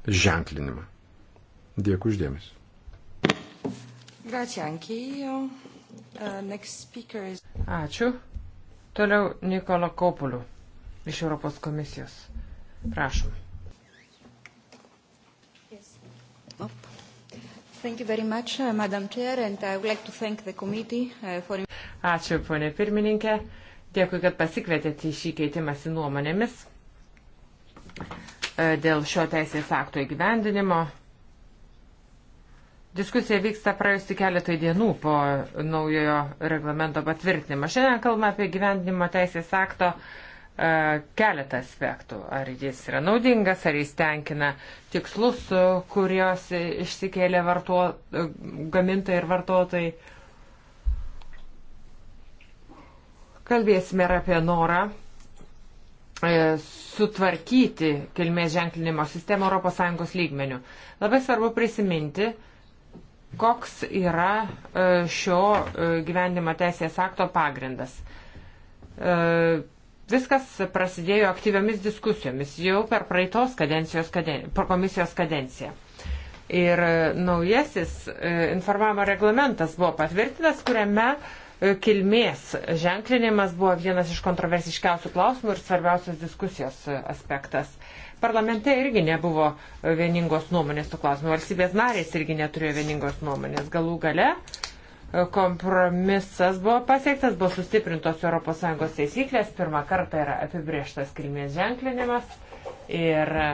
ženklinimą. Dėkui uždėmesi. Grazie anch'io. Uh, next speaker is... Ačiū. Toliau Nikola Kopuliu iš Europos komisijos. Prašom. Yes. Oh. Thank you very much, uh, Madam Chair, and I would like to thank the committee uh, for... Ačiū, ponė pirmininkė. Dėkui, kad pasikvietėte į šį keitimąsi nuomonėmis uh, dėl šio teisės akto įgyvendinimo. Diskusija vyksta praėjusį keletą dienų po naujojo reglamento patvirtinimo. Šiandien kalbame apie gyvendinimo teisės akto e, keletą aspektų. Ar jis yra naudingas, ar jis tenkina tikslus, e, kurios išsikėlė vartuo, e, gamintojai ir vartotojai. Kalbėsime ir apie norą e, sutvarkyti kilmės ženklinimo sistemą ES lygmenių. Labai svarbu prisiminti, koks yra e, šio e, gyvenimo teisės akto pagrindas. E, viskas prasidėjo aktyviomis diskusijomis jau per praeitos kadencijos kaden, komisijos kadenciją. Ir naujasis informavimo reglamentas buvo patvirtintas, kuriame kilmės ženklinimas buvo vienas iš kontroversiškiausių klausimų ir svarbiausios diskusijos aspektas. Parlamente irgi nebuvo vieningos nuomonės to klausimu. Valstybės narės irgi neturėjo vieningos nuomonės. Galų gale e, kompromisas buvo pasiektas, buvo sustiprintos ES taisyklės, pirmą kartą yra apibrieštas kilmės ženklinimas ir e,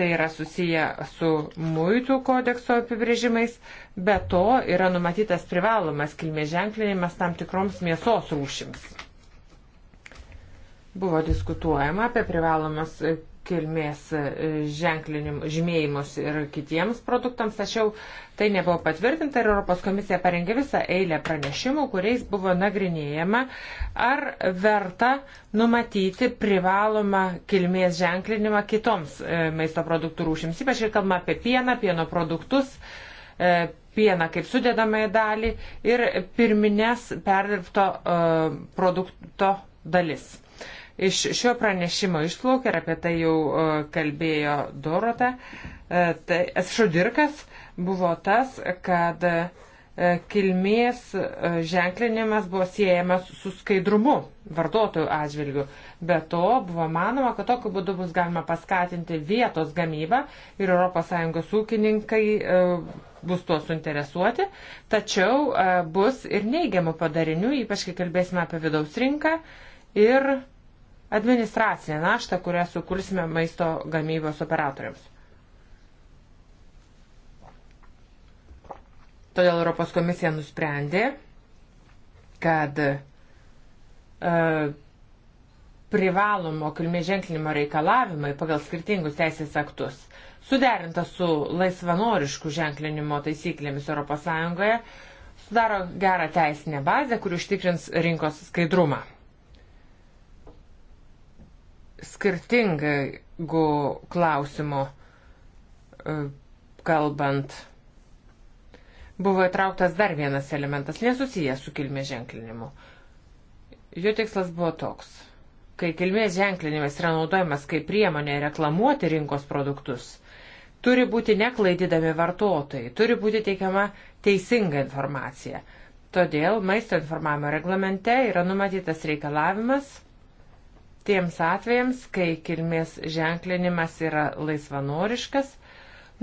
tai yra susiję su muitų kodekso apibrėžimais, be to yra numatytas privalomas kilmės ženklinimas tam tikroms mėsos rūšims. Buvo diskutuojama apie privalomas kilmės e, žymėjimus ir kitiems produktams, tačiau tai nebuvo patvirtinta ir Europos komisija parengė visą eilę pranešimų, kuriais buvo nagrinėjama, ar verta numatyti privalomą kilmės ženklinimą kitoms e, maisto produktų rūšims, ypač ir kalbama apie pieną, pieno produktus e, pieną kaip sudėdamąją dalį ir pirminės perdirbto produkto dalis. Iš šio pranešimo išplaukia ir apie tai jau e, kalbėjo Dorota. E, tai šudirkas buvo tas, kad e, kilmės ženklinimas buvo siejamas su skaidrumu vartotojų atžvilgių. Be to buvo manoma, kad tokiu būdu bus galima paskatinti vietos gamybą ir ES ūkininkai bus tuo suinteresuoti, tačiau bus ir neigiamų padarinių, ypač kai kalbėsime apie vidaus rinką ir administracinę naštą, kurią sukursime maisto gamybos operatoriams. Todėl Europos komisija nusprendė, kad e, privalomo kilmės ženklinimo reikalavimai pagal skirtingus teisės aktus suderinta su laisvanoriškų ženklinimo taisyklėmis ES sudaro gerą teisinę bazę, kuri užtikrins rinkos skaidrumą skirtingų klausimų e, kalbant. Buvo įtrauktas dar vienas elementas, nesusijęs su kilmės ženklinimu. Jo tikslas buvo toks. Kai kilmės ženklinimas yra naudojamas kaip priemonė reklamuoti rinkos produktus, turi būti neklaidydami vartotojai, turi būti teikiama teisinga informacija. Todėl maisto informavimo reglamente yra numatytas reikalavimas tiems atvejams, kai kilmės ženklinimas yra laisvanoriškas,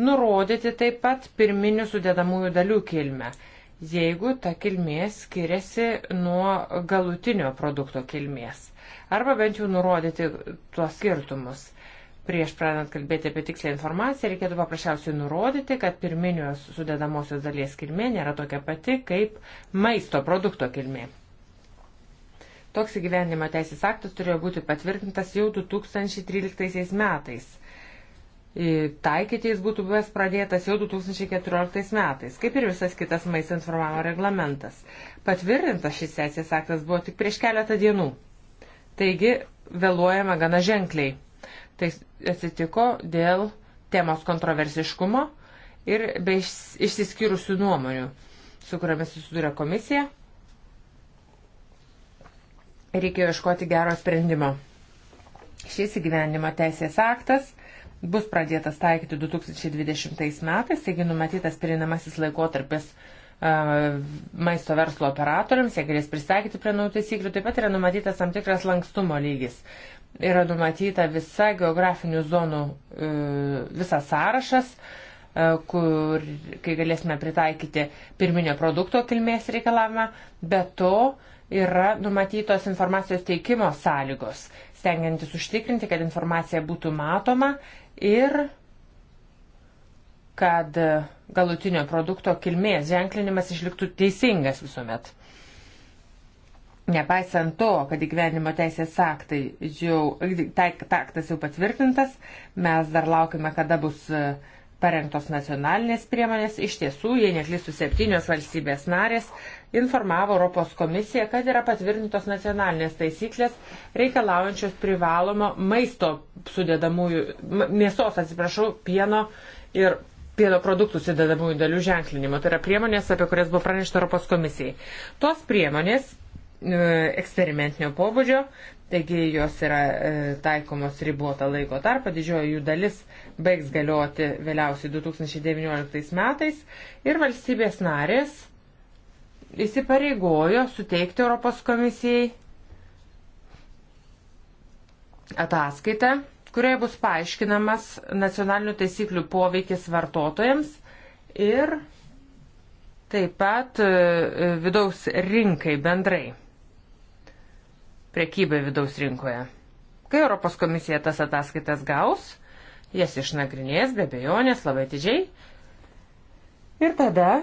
nurodyti taip pat pirminių sudedamųjų dalių kilmę, jeigu ta kilmė skiriasi nuo galutinio produkto kilmės. Arba bent jau nurodyti tuos skirtumus. Prieš pradant kalbėti apie tikslę informaciją, reikėtų paprasčiausiai nurodyti, kad pirminios sudedamosios dalies kilmė nėra tokia pati kaip maisto produkto kilmė. Toks įgyvendimo teisės aktas turėjo būti patvirtintas jau 2013 metais. Taikyti jis būtų buvęs pradėtas jau 2014 metais, kaip ir visas kitas maisto informavimo reglamentas. Patvirtintas šis teisės aktas buvo tik prieš keletą dienų. Taigi vėluojama gana ženkliai. Tai atsitiko dėl temos kontroversiškumo ir be išsiskyrusių nuomonių, su kuriamis susidūrė komisija reikėjo iškoti gero sprendimo. Šis įgyvenimo teisės aktas bus pradėtas taikyti 2020 metais, taigi numatytas perinamasis laikotarpis uh, maisto verslo operatoriams, jie galės pristaikyti prie naujų taisyklių, taip pat yra numatytas tam tikras lankstumo lygis. Yra numatyta visa geografinių zonų, uh, visas sąrašas, uh, kur, kai galėsime pritaikyti pirminio produkto kilmės reikalavimą, bet to yra numatytos informacijos teikimo sąlygos, stengiantis užtikrinti, kad informacija būtų matoma ir kad galutinio produkto kilmės ženklinimas išliktų teisingas visuomet. Nepaisant to, kad įgyvenimo teisės aktai jau, taktas tai, tai jau patvirtintas, mes dar laukime, kada bus e, parengtos nacionalinės priemonės. Iš tiesų, jei neklysiu, septynios valstybės narės informavo Europos komisiją, kad yra patvirtintos nacionalinės taisyklės reikalaujančios privalomo maisto sudėdamųjų, mėsos, atsiprašau, pieno ir pieno produktų sudėdamųjų dalių ženklinimo. Tai yra priemonės, apie kurias buvo pranešta Europos komisijai. Tos priemonės e, eksperimentinio pobūdžio, taigi jos yra e, taikomos ribuotą laiko tarpą, didžioji jų dalis baigs galioti vėliausiai 2019 metais ir valstybės narės įsipareigojo suteikti Europos komisijai ataskaitą, kurioje bus paaiškinamas nacionalinių taisyklių poveikis vartotojams ir taip pat e, vidaus rinkai bendrai, prekybai vidaus rinkoje. Kai Europos komisija tas ataskaitas gaus, jas išnagrinės be bejonės labai didžiai ir tada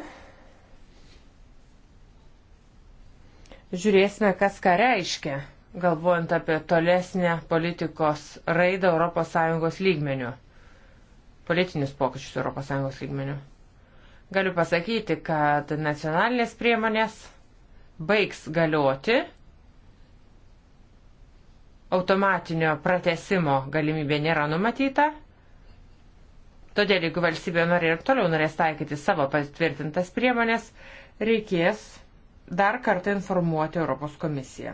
Žiūrėsime, kas ką reiškia, galvojant apie tolesnę politikos raidą ES lygmenių, politinius pokyčius ES lygmenių. Galiu pasakyti, kad nacionalinės priemonės baigs galioti automatinio pratesimo galimybė nėra numatyta. Todėl, jeigu valstybė nori ir toliau norės taikyti savo patvirtintas priemonės, reikės dar kartą informuoti Europos komisiją.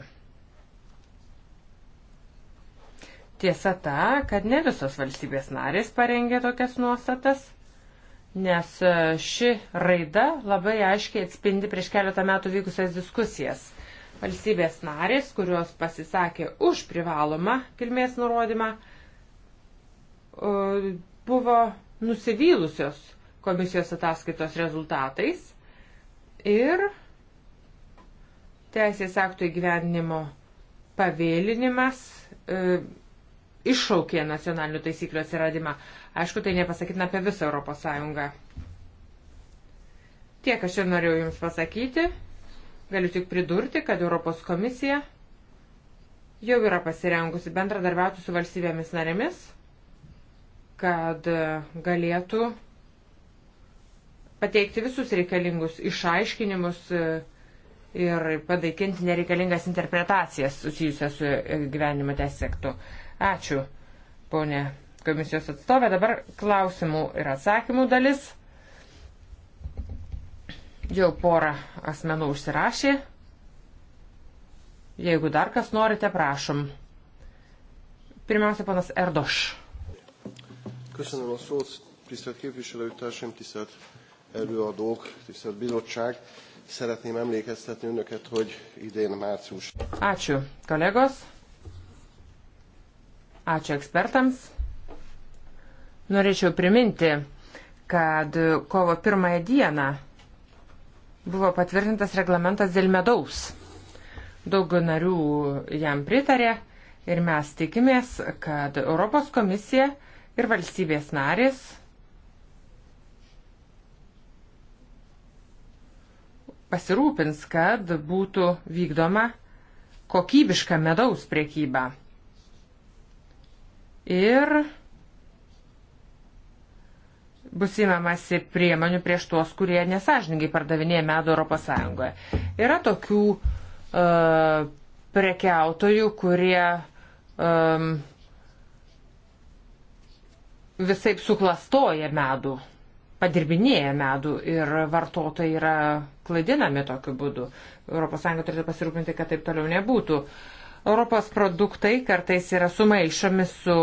Tiesa ta, kad ne visos valstybės narės parengė tokias nuostatas, nes e, ši raida labai aiškiai atspindi prieš keletą metų vykusias diskusijas. Valstybės narės, kurios pasisakė už privalomą kilmės nurodymą, e, buvo nusivylusios komisijos ataskaitos rezultatais ir Teisės aktų įgyvendinimo pavėlinimas e, iššaukė nacionalinių taisyklių atsiradimą. Aišku, tai nepasakytina apie visą Europos Sąjungą. Tiek aš ir norėjau Jums pasakyti. Galiu tik pridurti, kad Europos komisija jau yra pasirengusi bendradarbiauti su valstybėmis narėmis, kad e, galėtų pateikti visus reikalingus išaiškinimus, e, ir padaikinti nereikalingas interpretacijas susijusias su e, gyvenimo teisės aktu. Ačiū, ponė komisijos atstovė. Dabar klausimų ir atsakymų dalis. Jau porą asmenų užsirašė. Jeigu dar kas norite, prašom. Pirmiausia, panas Erdoš. Köszönöm a szót, tisztelt képviselőtársaim, tisztelt előadók, tisztelt bizottság. Szeretném emlékeztetni önöket, hogy idén március. Ačiū, kolegos. Ačiū ekspertams. Norėčiau priminti, kad kovo pirmąją dieną buvo patvirtintas reglamentas dėl medaus. Daug narių jam pritarė ir mes tikimės, kad Europos komisija ir valstybės narės pasirūpins, kad būtų vykdoma kokybiška medaus priekyba. Ir bus įmamasi priemonių prieš tuos, kurie nesažininkai pardavinėja medų Europos Sąjungoje. Yra tokių uh, prekiautojų, kurie um, e, visai suklastoja medų, padirbinėja medų ir vartotojai yra klaidinami tokiu būdu. ES turėtų pasirūpinti, kad taip toliau nebūtų. Europos produktai kartais yra sumaišomi su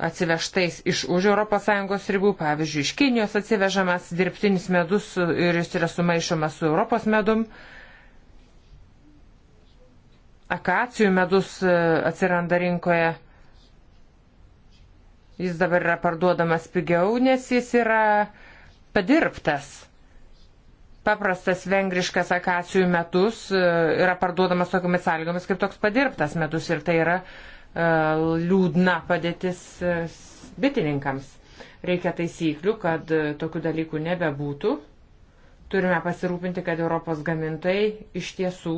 atsivežtais iš už ES ribų, pavyzdžiui, iš Kinijos atsivežamas dirbtinis medus ir jis yra sumaišomas su Europos medum. Akacijų medus e, atsiranda rinkoje. Jis dabar yra parduodamas pigiau, nes jis yra padirbtas paprastas vengriškas akacijų metus e, yra parduodamas tokiamis sąlygomis kaip toks padirbtas metus ir tai yra e, liūdna padėtis e, bitininkams. Reikia taisyklių, kad tokių dalykų nebebūtų. Turime pasirūpinti, kad Europos gamintojai iš tiesų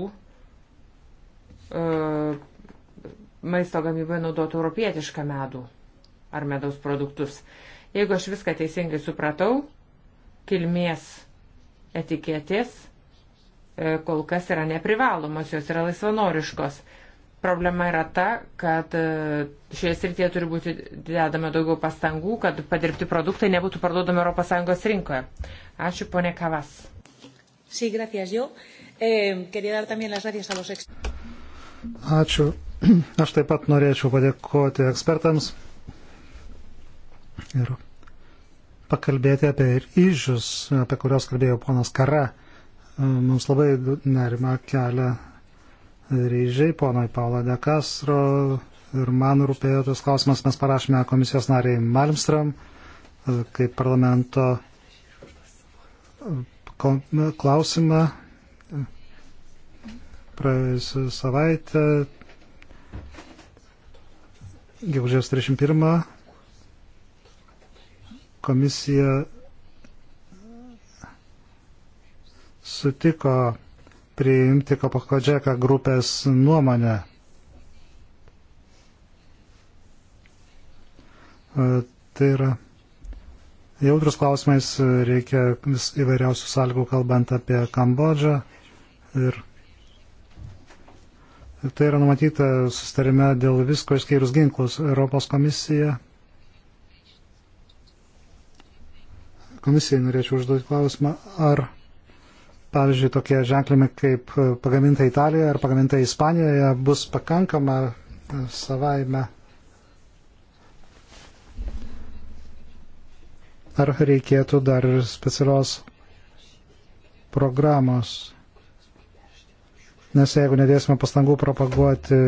maisto gamyboje naudotų europietišką medų ar medaus produktus. Jeigu aš viską teisingai supratau, kilmės etiketės e, kol kas yra neprivalomos, jos yra laisvanoriškos. Problema yra ta, kad e, šioje srityje turi būti dedama daugiau pastangų, kad padirbti produktai nebūtų parduodami ES rinkoje. Ačiū, ponė Kavas. Sí, gracias, yo. Eh, quería dar también las gracias a los expertos. Ačiū. <clears throat> Aš taip pat norėčiau padėkoti ekspertams. Ir pakalbėti apie ir įžius, apie kurios kalbėjo ponas Kara. Mums labai nerima kelia ryžiai, ponoj Paulo de Castro ir man rūpėjo tas klausimas, mes parašėme komisijos nariai Malmström kaip parlamento klausimą praėjusią savaitę, gegužės 31 Komisija sutiko priimti Kopakodžeką grupės nuomonę. E, tai yra jautrus klausimais, reikia vis įvairiausių sąlygų kalbant apie Kambodžą. Ir tai yra numatyta sustarime dėl visko išskyrus ginklus. Europos komisija Komisijai norėčiau užduoti klausimą, ar, pavyzdžiui, tokie ženklimi kaip e, pagaminta Italijoje ar pagaminta Ispanijoje bus pakankama e, savaime. Ar reikėtų dar specialios programos? Nes jeigu nedėsime pastangų propaguoti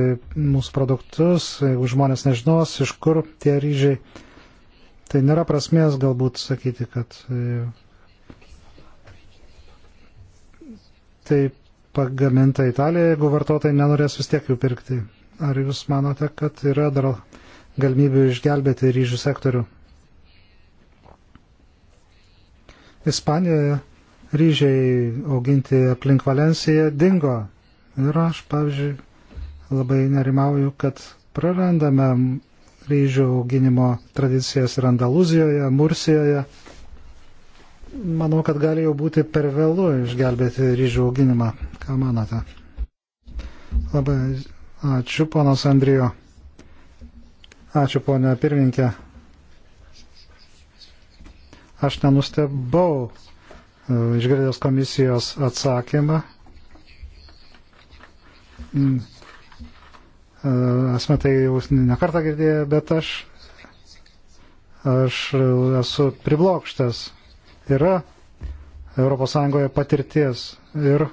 mūsų produktus, jeigu žmonės nežinos, iš kur tie ryžiai Tai nėra prasmės galbūt sakyti, kad e, tai pagaminta Italija, jeigu vartotojai nenorės vis tiek jų pirkti. Ar jūs manote, kad yra dar galimybių išgelbėti ryžių sektorių? Ispanijoje ryžiai auginti aplink Valenciją dingo. Ir aš, pavyzdžiui, labai nerimauju, kad prarandame ryžių auginimo tradicijas ir Andaluzijoje, Mursijoje. Manau, kad gali jau būti per vėlu išgelbėti ryžių auginimą. Ką manote? Labai ačiū, ponas Andrijo. Ačiū, ponia pirminkė. Aš nenustebau e, išgirdęs komisijos atsakymą mm esame tai jau nekartą girdėję, bet aš, aš esu priblokštas. Yra ES patirties ir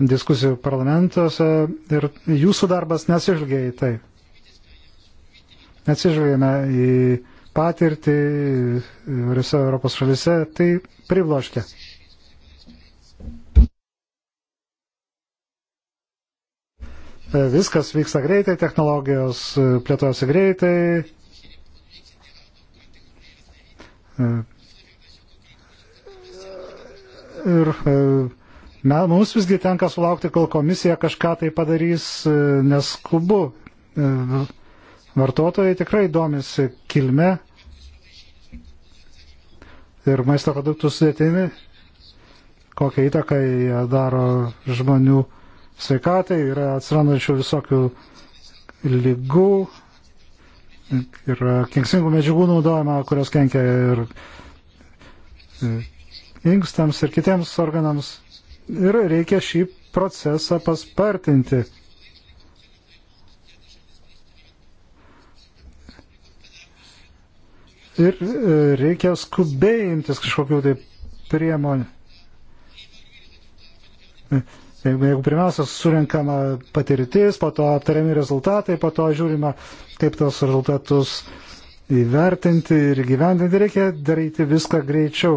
diskusijų parlamentuose ir jūsų darbas nesižvelgia į tai. Nesižvelgiame į patirtį visose Europos šalise, tai pribloškia. viskas vyksta greitai, technologijos plėtojasi greitai. Ir na, mums visgi tenka sulaukti, kol komisija kažką tai padarys, nes klubu e, vartotojai tikrai domisi kilme ir maisto produktų sudėtimi, kokią įtaką jie daro žmonių sveikatai, yra atsirandančių visokių lygų, yra kenksmingų medžiagų naudojama, kurios kenkia ir e, inkstams ir kitiems organams. Ir reikia šį procesą paspartinti. ir e, reikia skubiai imtis kažkokių tai priemonių. E, Jeigu pirmiausia surinkama patirtis, po to aptariami rezultatai, po to žiūrima, kaip tos rezultatus įvertinti ir gyvendinti, reikia daryti viską greičiau.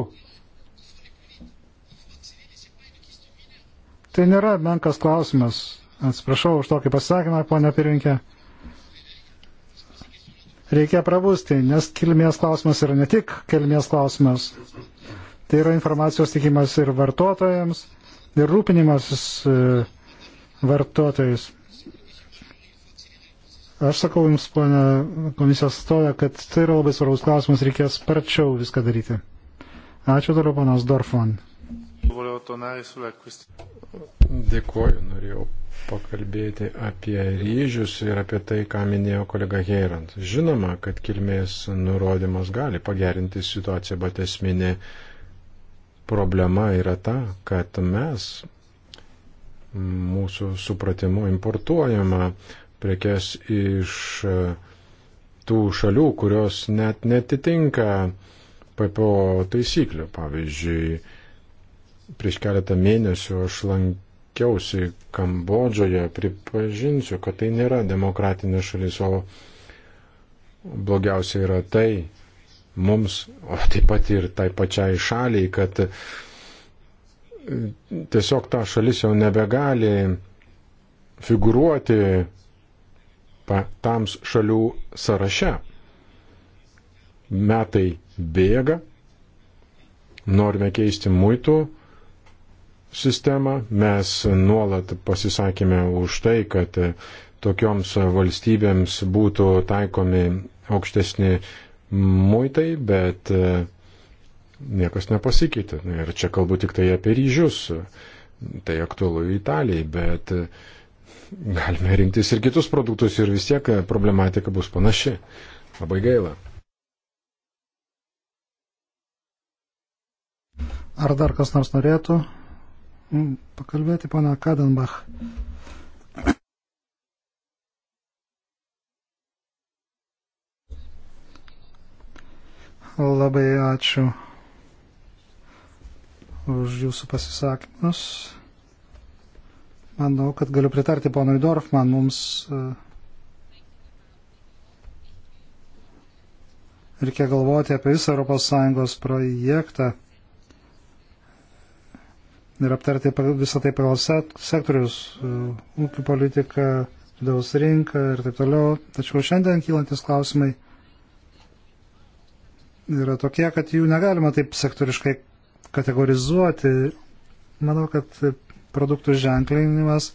Tai nėra menkas klausimas. Atsiprašau už tokį pasakymą, ponia pirinkė. Reikia prabusti, nes kilmės klausimas yra ne tik kilmės klausimas. Tai yra informacijos tikimas ir vartotojams, ir rūpinimasis e, vartotojais. Aš sakau Jums, ponė komisijos stovė, kad tai yra labai svarbus klausimas, reikės sparčiau viską daryti. Ačiū toliau, panas Dorfon. Dėkuoju, norėjau pakalbėti apie ryžius ir apie tai, ką minėjo kolega Heirant. Žinoma, kad kilmės nurodymas gali pagerinti situaciją, bet esminė Problema yra ta, kad mes mūsų supratimu importuojama prekes iš e, tų šalių, kurios net netitinka PPO taisyklių. Pavyzdžiui, prieš keletą mėnesių aš lankiausi Kambodžoje, pripažinsiu, kad tai nėra demokratinė šalis, o blogiausia yra tai, mums, o taip pat ir tai pačiai šaliai, kad e, tiesiog ta šalis jau nebegali figuruoti tams šalių sąraše. Metai bėga, norime keisti muitų sistemą, mes nuolat pasisakėme už tai, kad tokioms valstybėms būtų taikomi aukštesni muitai, bet e, niekas nepasikeitė. Ir čia kalbu tik tai apie ryžius. Tai aktualu Italijai, bet e, galime rinktis ir kitus produktus ir vis tiek problematika bus panaši. Labai gaila. Ar dar kas nors norėtų mm, pakalbėti, pana Kadenbach? Labai ačiū už jūsų pasisakymus. Manau, kad galiu pritarti ponui Dorfman, mums e, reikia galvoti apie visą ES projektą ir aptarti visą tai pagal sektorius, e, ūkių politiką, vidaus rinką ir taip toliau. Tačiau šiandien kylantis klausimai yra tokie, kad jų negalima taip sektoriškai kategorizuoti. Manau, kad produktų ženklinimas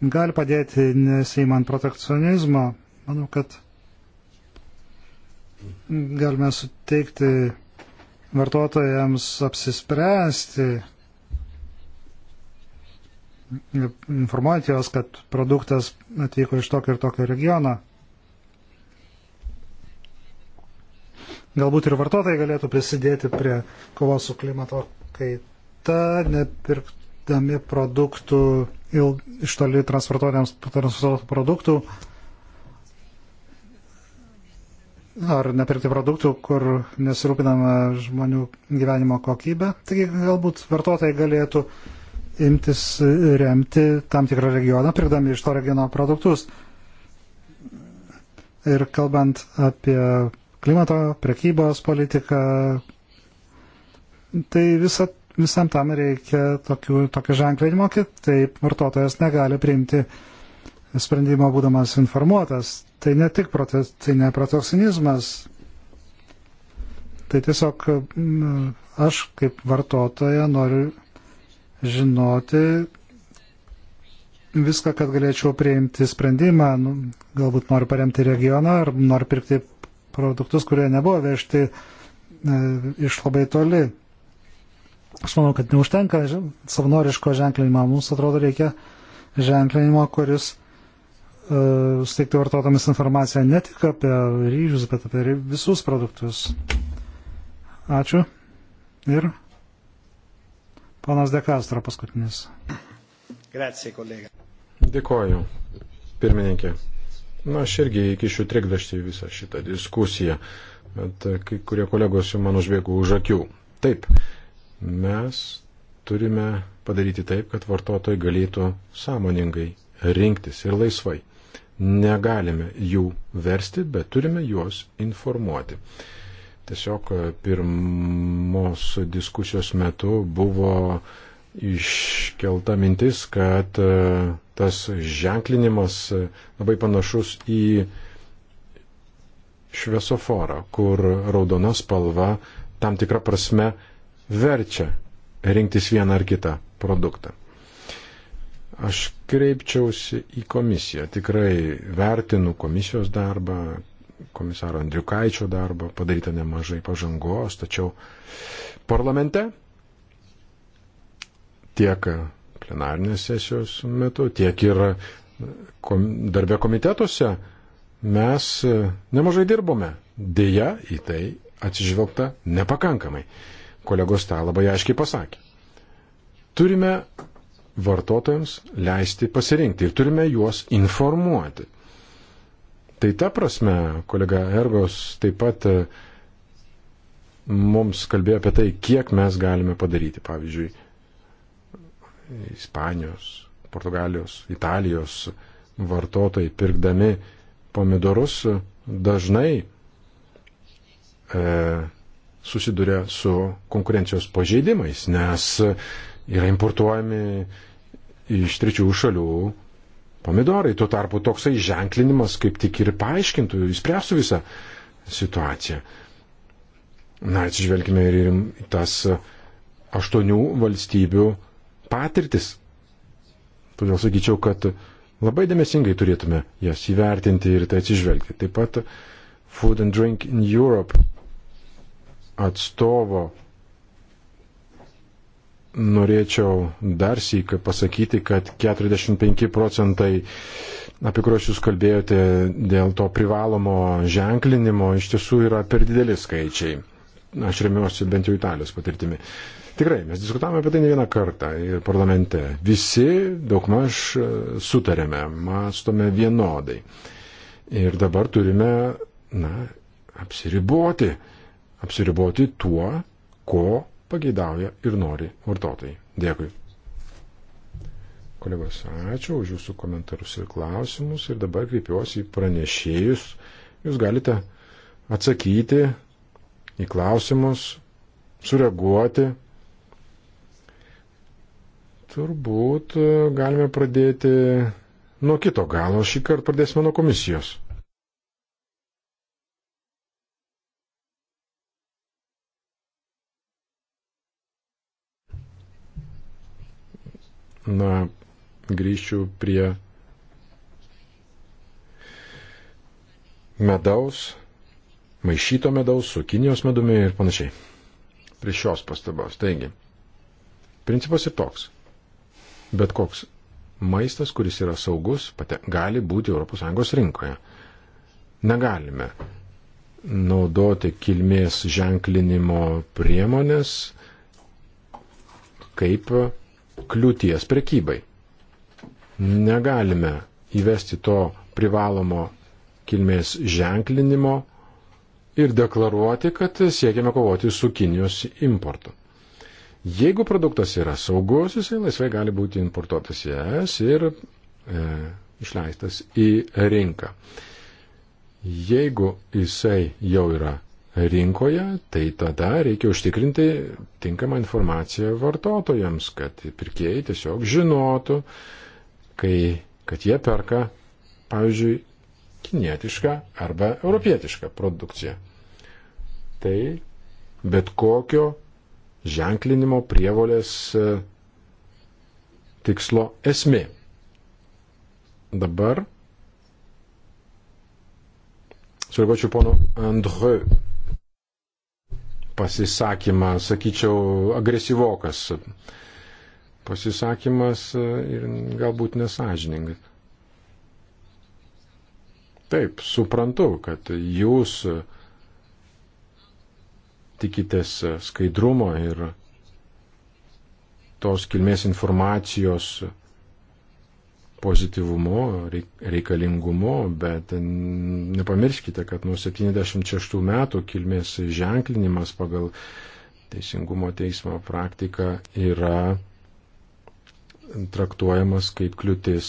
gali padėti nesijimant protekcionizmo. Manau, kad galime suteikti vartotojams apsispręsti, informuoti juos, kad produktas atvyko iš tokio ir tokio regiono. Galbūt ir vartotojai galėtų prisidėti prie kovos su klimato kaita, nepirkdami produktų il, iš toli transportuotėms produktų ar nepirkti produktų, kur nesirūpinama žmonių gyvenimo kokybė. Taigi galbūt vartotojai galėtų imtis remti tam tikrą regioną, pirkdami iš to regiono produktus. Ir kalbant apie klimato, prekybos politika. Tai visa, visam tam reikia tokių, tokio ženklinimo, kitaip vartotojas negali priimti sprendimo būdamas informuotas. Tai ne tik prote, tai ne protoksinizmas. Tai tiesiog aš kaip vartotoja noriu žinoti, viską, kad galėčiau priimti sprendimą. Nu, galbūt noriu paremti regioną, ar noriu pirkti produktus, kurie nebuvo vežti e, iš labai toli. Aš manau, kad neužtenka savanoriško ženklinimo. Mums atrodo reikia ženklinimo, kuris e, suteiktų vartotomis informaciją ne tik apie ryžius, bet apie visus produktus. Ačiū. Ir ponas Dekastro paskutinis. Grazie, kolega. Dėkoju, pirmininkė. Na, aš irgi įkišiu trikdaštį visą šitą diskusiją, bet e, kai kurie kolegos jau man užbėgo už akių. Taip, mes turime padaryti taip, kad vartotojai galėtų sąmoningai rinktis ir laisvai. Negalime jų versti, bet turime juos informuoti. Tiesiog e, pirmos diskusijos metu buvo iškelta mintis, kad e, tas ženklinimas labai panašus į šviesoforą, kur raudona spalva tam tikrą prasme verčia rinktis vieną ar kitą produktą. Aš kreipčiausi į komisiją. Tikrai vertinu komisijos darbą, komisaro Andriukaičio darbą, padaryta nemažai pažangos, tačiau parlamente tiek plenarinės sesijos metu, tiek ir darbė komitetuose mes e, nemažai dirbome. Deja, į tai atsižvelgta nepakankamai. Kolegos tą labai aiškiai pasakė. Turime vartotojams leisti pasirinkti ir turime juos informuoti. Tai ta prasme, kolega Ergos taip pat e, mums kalbėjo apie tai, kiek mes galime padaryti. Pavyzdžiui, Ispanijos, Portugalijos, Italijos vartotojai pirkdami pomidorus dažnai e, susiduria su konkurencijos pažeidimais, nes yra importuojami iš trečiųjų šalių pomidorai. Tuo tarpu toksai ženklinimas kaip tik ir paaiškintų, įspręstų visą situaciją. Na, atsižvelgime ir į tas aštuonių valstybių patirtis. Todėl sakyčiau, kad labai dėmesingai turėtume jas įvertinti ir tai atsižvelgti. Taip pat Food and Drink in Europe atstovo norėčiau dar sįką pasakyti, kad 45 procentai, apie kuriuos jūs kalbėjote, dėl to privalomo ženklinimo iš tiesų yra per dideli skaičiai. Aš remiuosi bent jau italijos patirtimi. Uh, Tikrai, mes diskutavome apie tai ne vieną kartą ir parlamente. Visi daugmaž e, sutarėme, mastome vienodai. Ir dabar turime, na, apsiriboti. Apsiriboti tuo, ko pageidauja ir nori vartotojai. Dėkui. Kolegos, ačiū už jūsų komentarus ir klausimus. Ir dabar kreipiuosi į pranešėjus. Jūs galite atsakyti į klausimus, sureaguoti Turbūt e, galime pradėti nuo kito galo. Šį kartą pradėsime nuo komisijos. Na, grįšiu prie medaus, maišyto medaus su Kinijos medumi ir panašiai. Prie šios pastabos. Taigi, principas ir toks Bet koks maistas, kuris yra saugus, pate, gali būti ES rinkoje. Negalime naudoti kilmės ženklinimo priemonės kaip kliūties prekybai. Negalime įvesti to privalomo kilmės ženklinimo ir deklaruoti, kad siekiame kovoti su Kinijos importu. Jeigu produktas yra saugus, jisai laisvai gali būti importuotas į ES ir e, išleistas į rinką. Jeigu jisai jau yra rinkoje, tai tada reikia užtikrinti tinkamą informaciją vartotojams, kad pirkėjai tiesiog žinotų, kai, kad jie perka, pavyzdžiui, kinietišką arba europietišką produkciją. Tai bet kokio ženklinimo prievolės e, tikslo esmė. Dabar sureaguočiau pono Andreu pasisakymą, sakyčiau, agresyvokas pasisakymas e, ir galbūt nesažiningas. Taip, suprantu, kad jūs uh, tikitės skaidrumo ir tos kilmės informacijos pozityvumu, reikalingumu, bet nepamirškite, kad nuo 76 metų kilmės ženklinimas pagal Teisingumo teismo praktika yra traktuojamas kaip kliūtis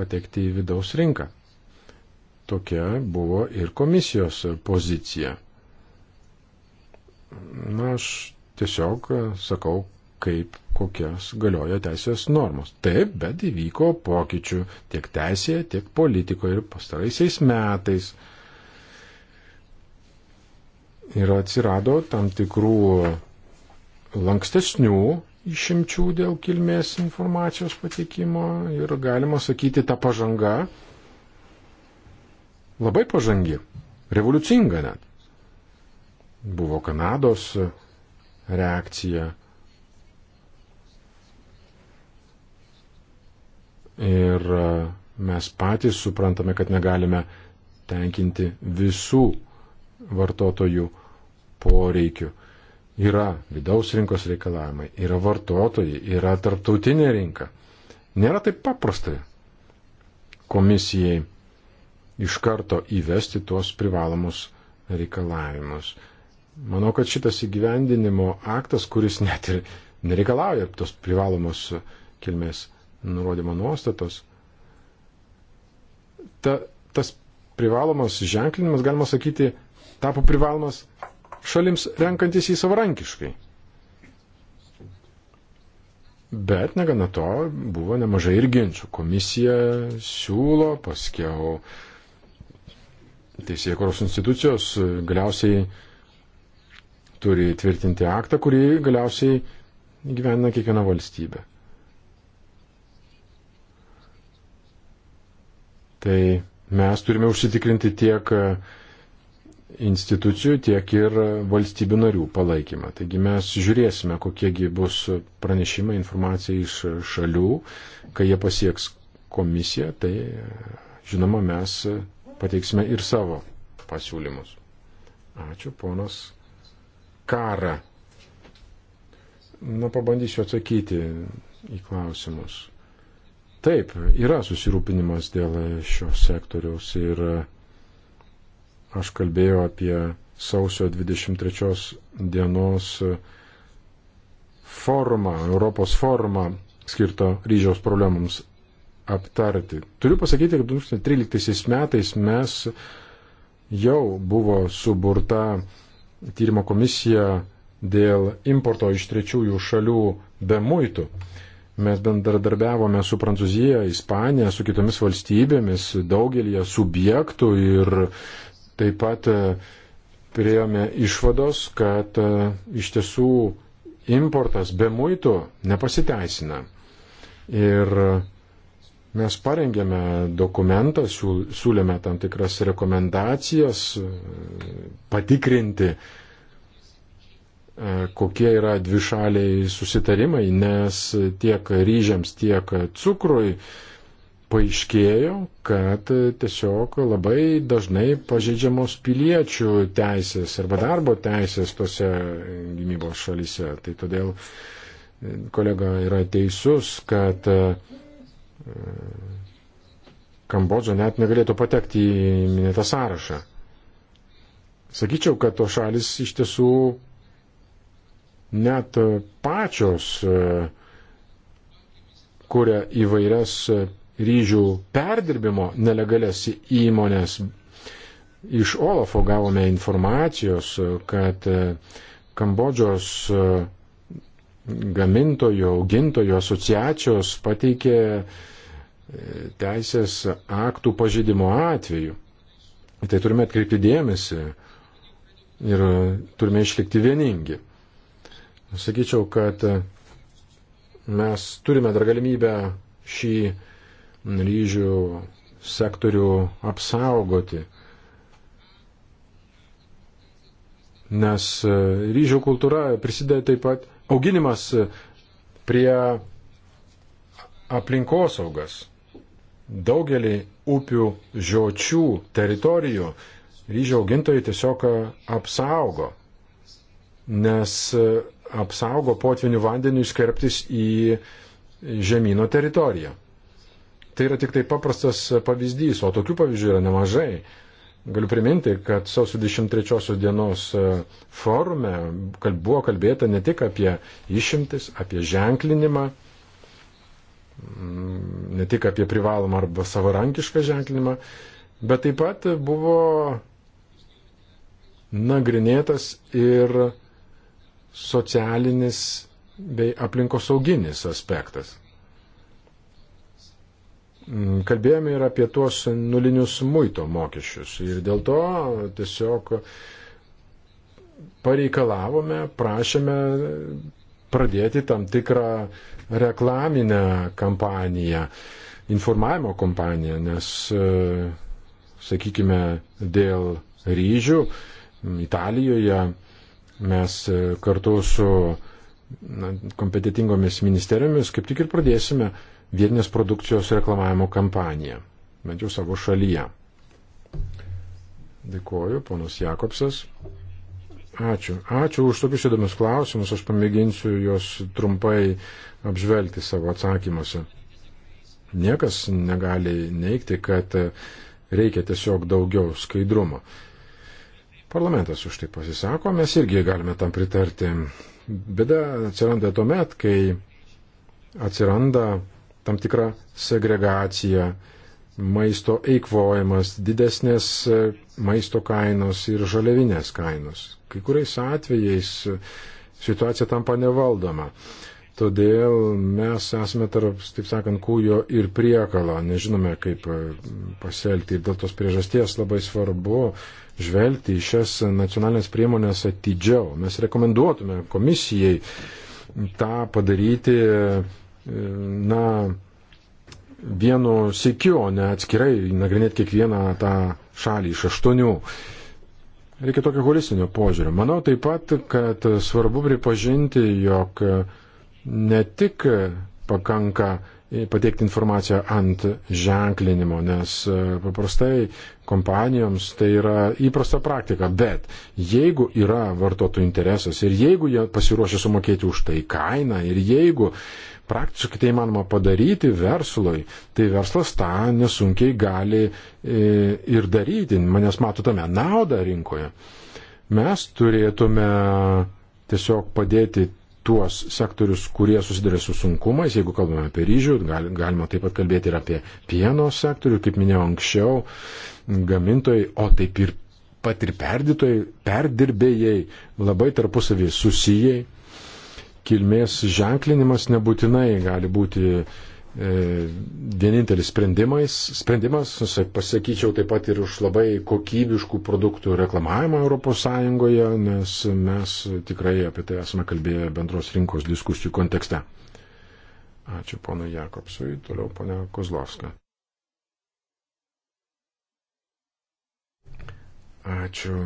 patekti į vidaus rinką. Tokia buvo ir komisijos pozicija. Na, aš tiesiog e, sakau, kaip kokias galioja teisės normos. Taip, bet įvyko pokyčių tiek teisėje, tiek politikoje ir pastaraisiais metais. Ir atsirado tam tikrų lankstesnių išimčių dėl kilmės informacijos patikimo ir galima sakyti ta pažanga labai pažangi, revoliucinga net buvo Kanados reakcija. Ir e, mes patys suprantame, kad negalime tenkinti visų vartotojų poreikių. Yra vidaus rinkos reikalavimai, yra vartotojai, yra tarptautinė rinka. Nėra taip paprasta komisijai iš karto įvesti tuos privalomus reikalavimus. Manau, kad šitas įgyvendinimo aktas, kuris net ir nereikalauja tos privalomos kilmės nurodymo nuostatos, ta, tas privalomas ženklinimas, galima sakyti, tapo privalomas šalims renkantis jį savarankiškai. Bet negana to buvo nemažai ir ginčių. Komisija siūlo, paskiau teisėkoros institucijos galiausiai turi tvirtinti aktą, kurį galiausiai gyvena kiekviena valstybė. Tai mes turime užsitikrinti tiek institucijų, tiek ir valstybių narių palaikymą. Taigi mes žiūrėsime, kokiegi bus pranešimai, informacija iš šalių, kai jie pasieks komisiją, tai žinoma mes pateiksime ir savo pasiūlymus. Ačiū, ponas karą. Na, pabandysiu atsakyti į klausimus. Taip, yra susirūpinimas dėl šio sektoriaus ir aš kalbėjau apie sausio 23 dienos forumą, Europos forumą skirto ryžiaus problemams aptarti. Turiu pasakyti, kad 2013 metais mes jau buvo suburta tyrimo komisija dėl importo iš trečiųjų šalių be muitų. Mes bendradarbiavome su Prancūzija, Ispanija, su kitomis valstybėmis, daugelį subjektų ir taip pat e, prieėmė išvados, kad e, iš tiesų importas be muitų nepasiteisina. Ir Mes parengėme dokumentą, siūlėme tam tikras rekomendacijas e, patikrinti, e, kokie yra dvišaliai susitarimai, nes tiek ryžiams, tiek cukrui paaiškėjo, kad tiesiog labai dažnai pažeidžiamos piliečių teisės arba darbo teisės tose gynybos šalyse. Tai todėl e, kolega yra teisus, kad Kambodža net negalėtų patekti į minėtą sąrašą. Sakyčiau, kad to šalis iš tiesų net pačios e, kuria įvairias e, ryžių perdirbimo nelegalias įmonės. Iš Olafo gavome informacijos, e, kad Kambodžos gamintojų, augintojų asociacijos pateikė teisės aktų pažeidimo atveju. Į tai turime atkreipti dėmesį ir turime išlikti vieningi. Sakyčiau, kad mes turime dar galimybę šį ryžių sektorių apsaugoti, nes ryžių kultūra prisideda taip pat auginimas prie aplinkosaugas daugelį upių žiočių teritorijų ryžių augintojai tiesiog e, apsaugo, nes e, apsaugo potvinių vandenių skerptis į žemynų teritoriją. Tai yra tik tai paprastas pavyzdys, o tokių pavyzdžių yra nemažai. Galiu priminti, kad sausio 23 dienos e, forume buvo kalbėta ne tik apie išimtis, apie ženklinimą, ne tik apie privalomą arba savarankišką ženklinimą, bet taip pat buvo nagrinėtas ir socialinis bei aplinkosauginis aspektas. Kalbėjome ir apie tuos nulinius muito mokesčius ir dėl to tiesiog pareikalavome, prašėme pradėti tam tikrą reklaminę kampaniją, informavimo kampaniją, nes, e, sakykime, dėl ryžių Italijoje mes e, kartu su na, kompetitingomis ministerijomis kaip tik ir pradėsime vietinės produkcijos reklamavimo kampaniją, bent jau savo šalyje. Dėkuoju, ponas Jakobsas. Ačiū. Ačiū už tokius įdomius klausimus. Aš pamėginsiu juos trumpai apžvelgti savo atsakymuose. Niekas negali neikti, kad reikia tiesiog daugiau skaidrumo. Parlamentas už tai pasisako, mes irgi galime tam pritarti. Bėda atsiranda tuo met, kai atsiranda tam tikra segregacija, maisto eikvojimas, didesnės maisto kainos ir žaliavinės kainos. Kai kuriais atvejais situacija tampa nevaldoma. Todėl mes esame tarp, taip sakant, kūjo ir priekalo, nežinome, kaip e, pasielgti. Ir dėl tos priežasties labai svarbu žvelgti į šias nacionalinės priemonės atidžiau. Mes rekomenduotume komisijai tą padaryti, e, na, vienu sėkiu, o ne atskirai nagrinėti kiekvieną tą šalį iš aštuonių. Reikia tokio holistinio požiūrio. Manau taip pat, kad svarbu pripažinti, jog ne tik pakanka pateikti informaciją ant ženklinimo, nes e, paprastai kompanijoms tai yra įprasta praktika, bet jeigu yra vartotojų interesas ir jeigu jie pasiruošia sumokėti už tai kainą ir jeigu praktiškai tai manoma padaryti verslui, tai verslas tą nesunkiai gali e, ir daryti, manęs mato tame naudą rinkoje. Mes turėtume tiesiog padėti tuos sektorius, kurie susiduria su sunkumais, jeigu kalbame apie ryžių, gal, galima taip pat kalbėti ir apie pieno sektorių, kaip minėjau anksčiau, gamintojai, o taip ir pat ir perdytojai, perdirbėjai labai tarpusavį susijai. Kilmės ženklinimas nebūtinai gali būti E, vienintelis sprendimas, sprendimas, pasakyčiau taip pat ir už labai kokybiškų produktų reklamavimą ES, nes mes tikrai apie tai esame kalbėję bendros rinkos diskusijų kontekste. Ačiū ponui Jakobsui, toliau ponia Kozlovska. Ačiū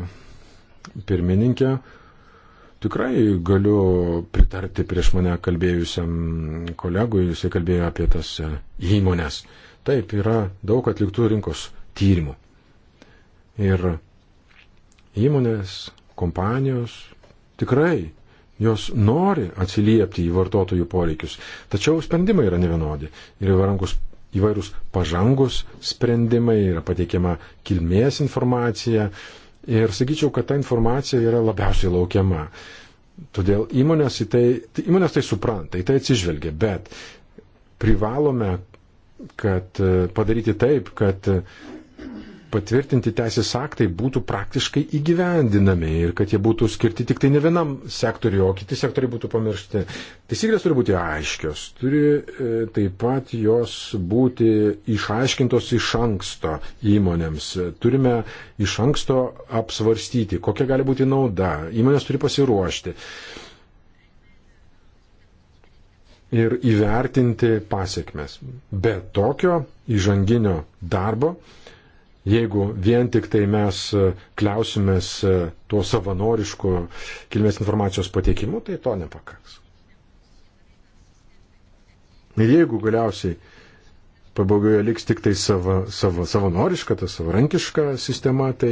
pirmininkė tikrai galiu pritarti prieš mane kalbėjusiam kolegui, jisai kalbėjo apie tas e, įmonės. Taip, yra daug atliktų rinkos tyrimų. Ir įmonės, kompanijos tikrai jos nori atsiliepti į vartotojų poreikius. Tačiau sprendimai yra nevienodi. Ir įvarangus įvairūs pažangus sprendimai, yra pateikiama kilmės informacija, Ir sakyčiau, kad ta informacija yra labiausiai laukiama. Todėl įmonės, tai, įmonės tai supranta, į tai atsižvelgia, bet privalome kad e, padaryti taip, kad e, patvirtinti teisės aktai būtų praktiškai įgyvendinami ir kad jie būtų skirti tik tai ne vienam sektoriu, o kiti sektoriai būtų pamiršti. Taisyklės turi būti aiškios, turi e, taip pat jos būti išaiškintos iš anksto įmonėms. Turime iš anksto apsvarstyti, kokia gali būti nauda. Įmonės turi pasiruošti. Ir įvertinti pasiekmes. Be tokio įžanginio darbo Jeigu vien tik tai mes e, kliausimės e, tuo savanorišku kilmės informacijos pateikimu, tai to nepakaks. Ir jeigu galiausiai pabaigoje liks tik tai sava, sava, savanoriška, ta savarankiška sistema, tai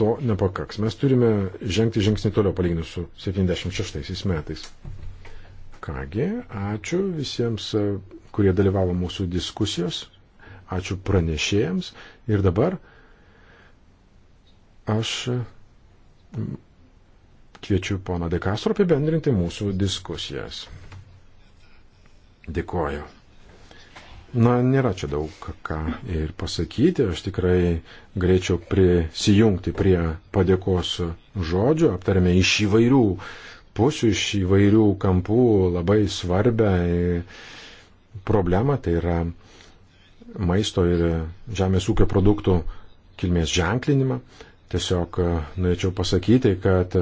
to nepakaks. Mes turime žengti žingsnį toliau palyginus su 76 metais. Kągi, ačiū visiems, e, kurie dalyvavo mūsų diskusijos ačiū pranešėjams ir dabar aš mm, kviečiu pono Dekastro apibendrinti mūsų diskusijas. Dėkoju. Na, nėra čia daug ką ir pasakyti. Aš tikrai greičiau prisijungti prie padėkos žodžių. Aptarėme iš įvairių pusių, iš įvairių kampų labai svarbę problemą. Tai yra maisto ir žemės ūkio produktų kilmės ženklinimą. Tiesiog e, norėčiau pasakyti, kad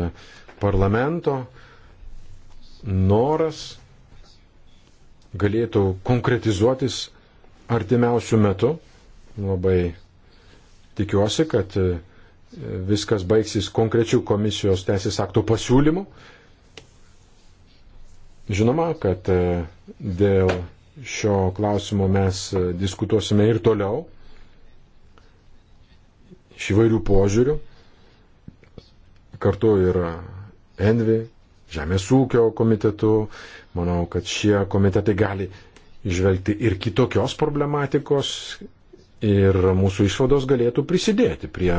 parlamento noras galėtų konkretizuotis artimiausių metų. Labai tikiuosi, kad e, viskas baigsis konkrečių komisijos teisės aktų pasiūlymų. Žinoma, kad e, dėl Šio klausimo mes e, diskutuosime ir toliau iš įvairių požiūrių. Kartu yra Envi, Žemės ūkio komitetu. Manau, kad šie komitetai gali išvelgti ir kitokios problematikos ir mūsų išvados galėtų prisidėti prie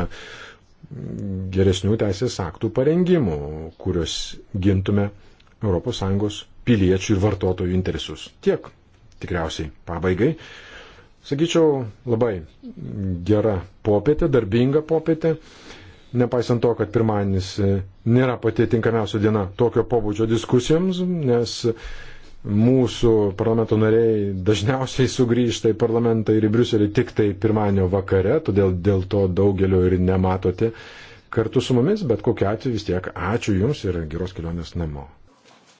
geresnių teisės aktų parengimų, kurios gintume ES piliečių ir vartotojų interesus. Tiek tikriausiai pabaigai. Sakyčiau, labai gera popietė, darbinga popietė. Nepaisant to, kad pirmadienis e, nėra pati tinkamiausia diena tokio pobūdžio diskusijoms, nes mūsų parlamento nariai dažniausiai sugrįžta į parlamentą ir į Briuselį tik tai pirmadienio vakare, todėl dėl to daugelio ir nematote kartu su mumis, bet kokiu atveju vis tiek ačiū Jums ir geros kelionės namo.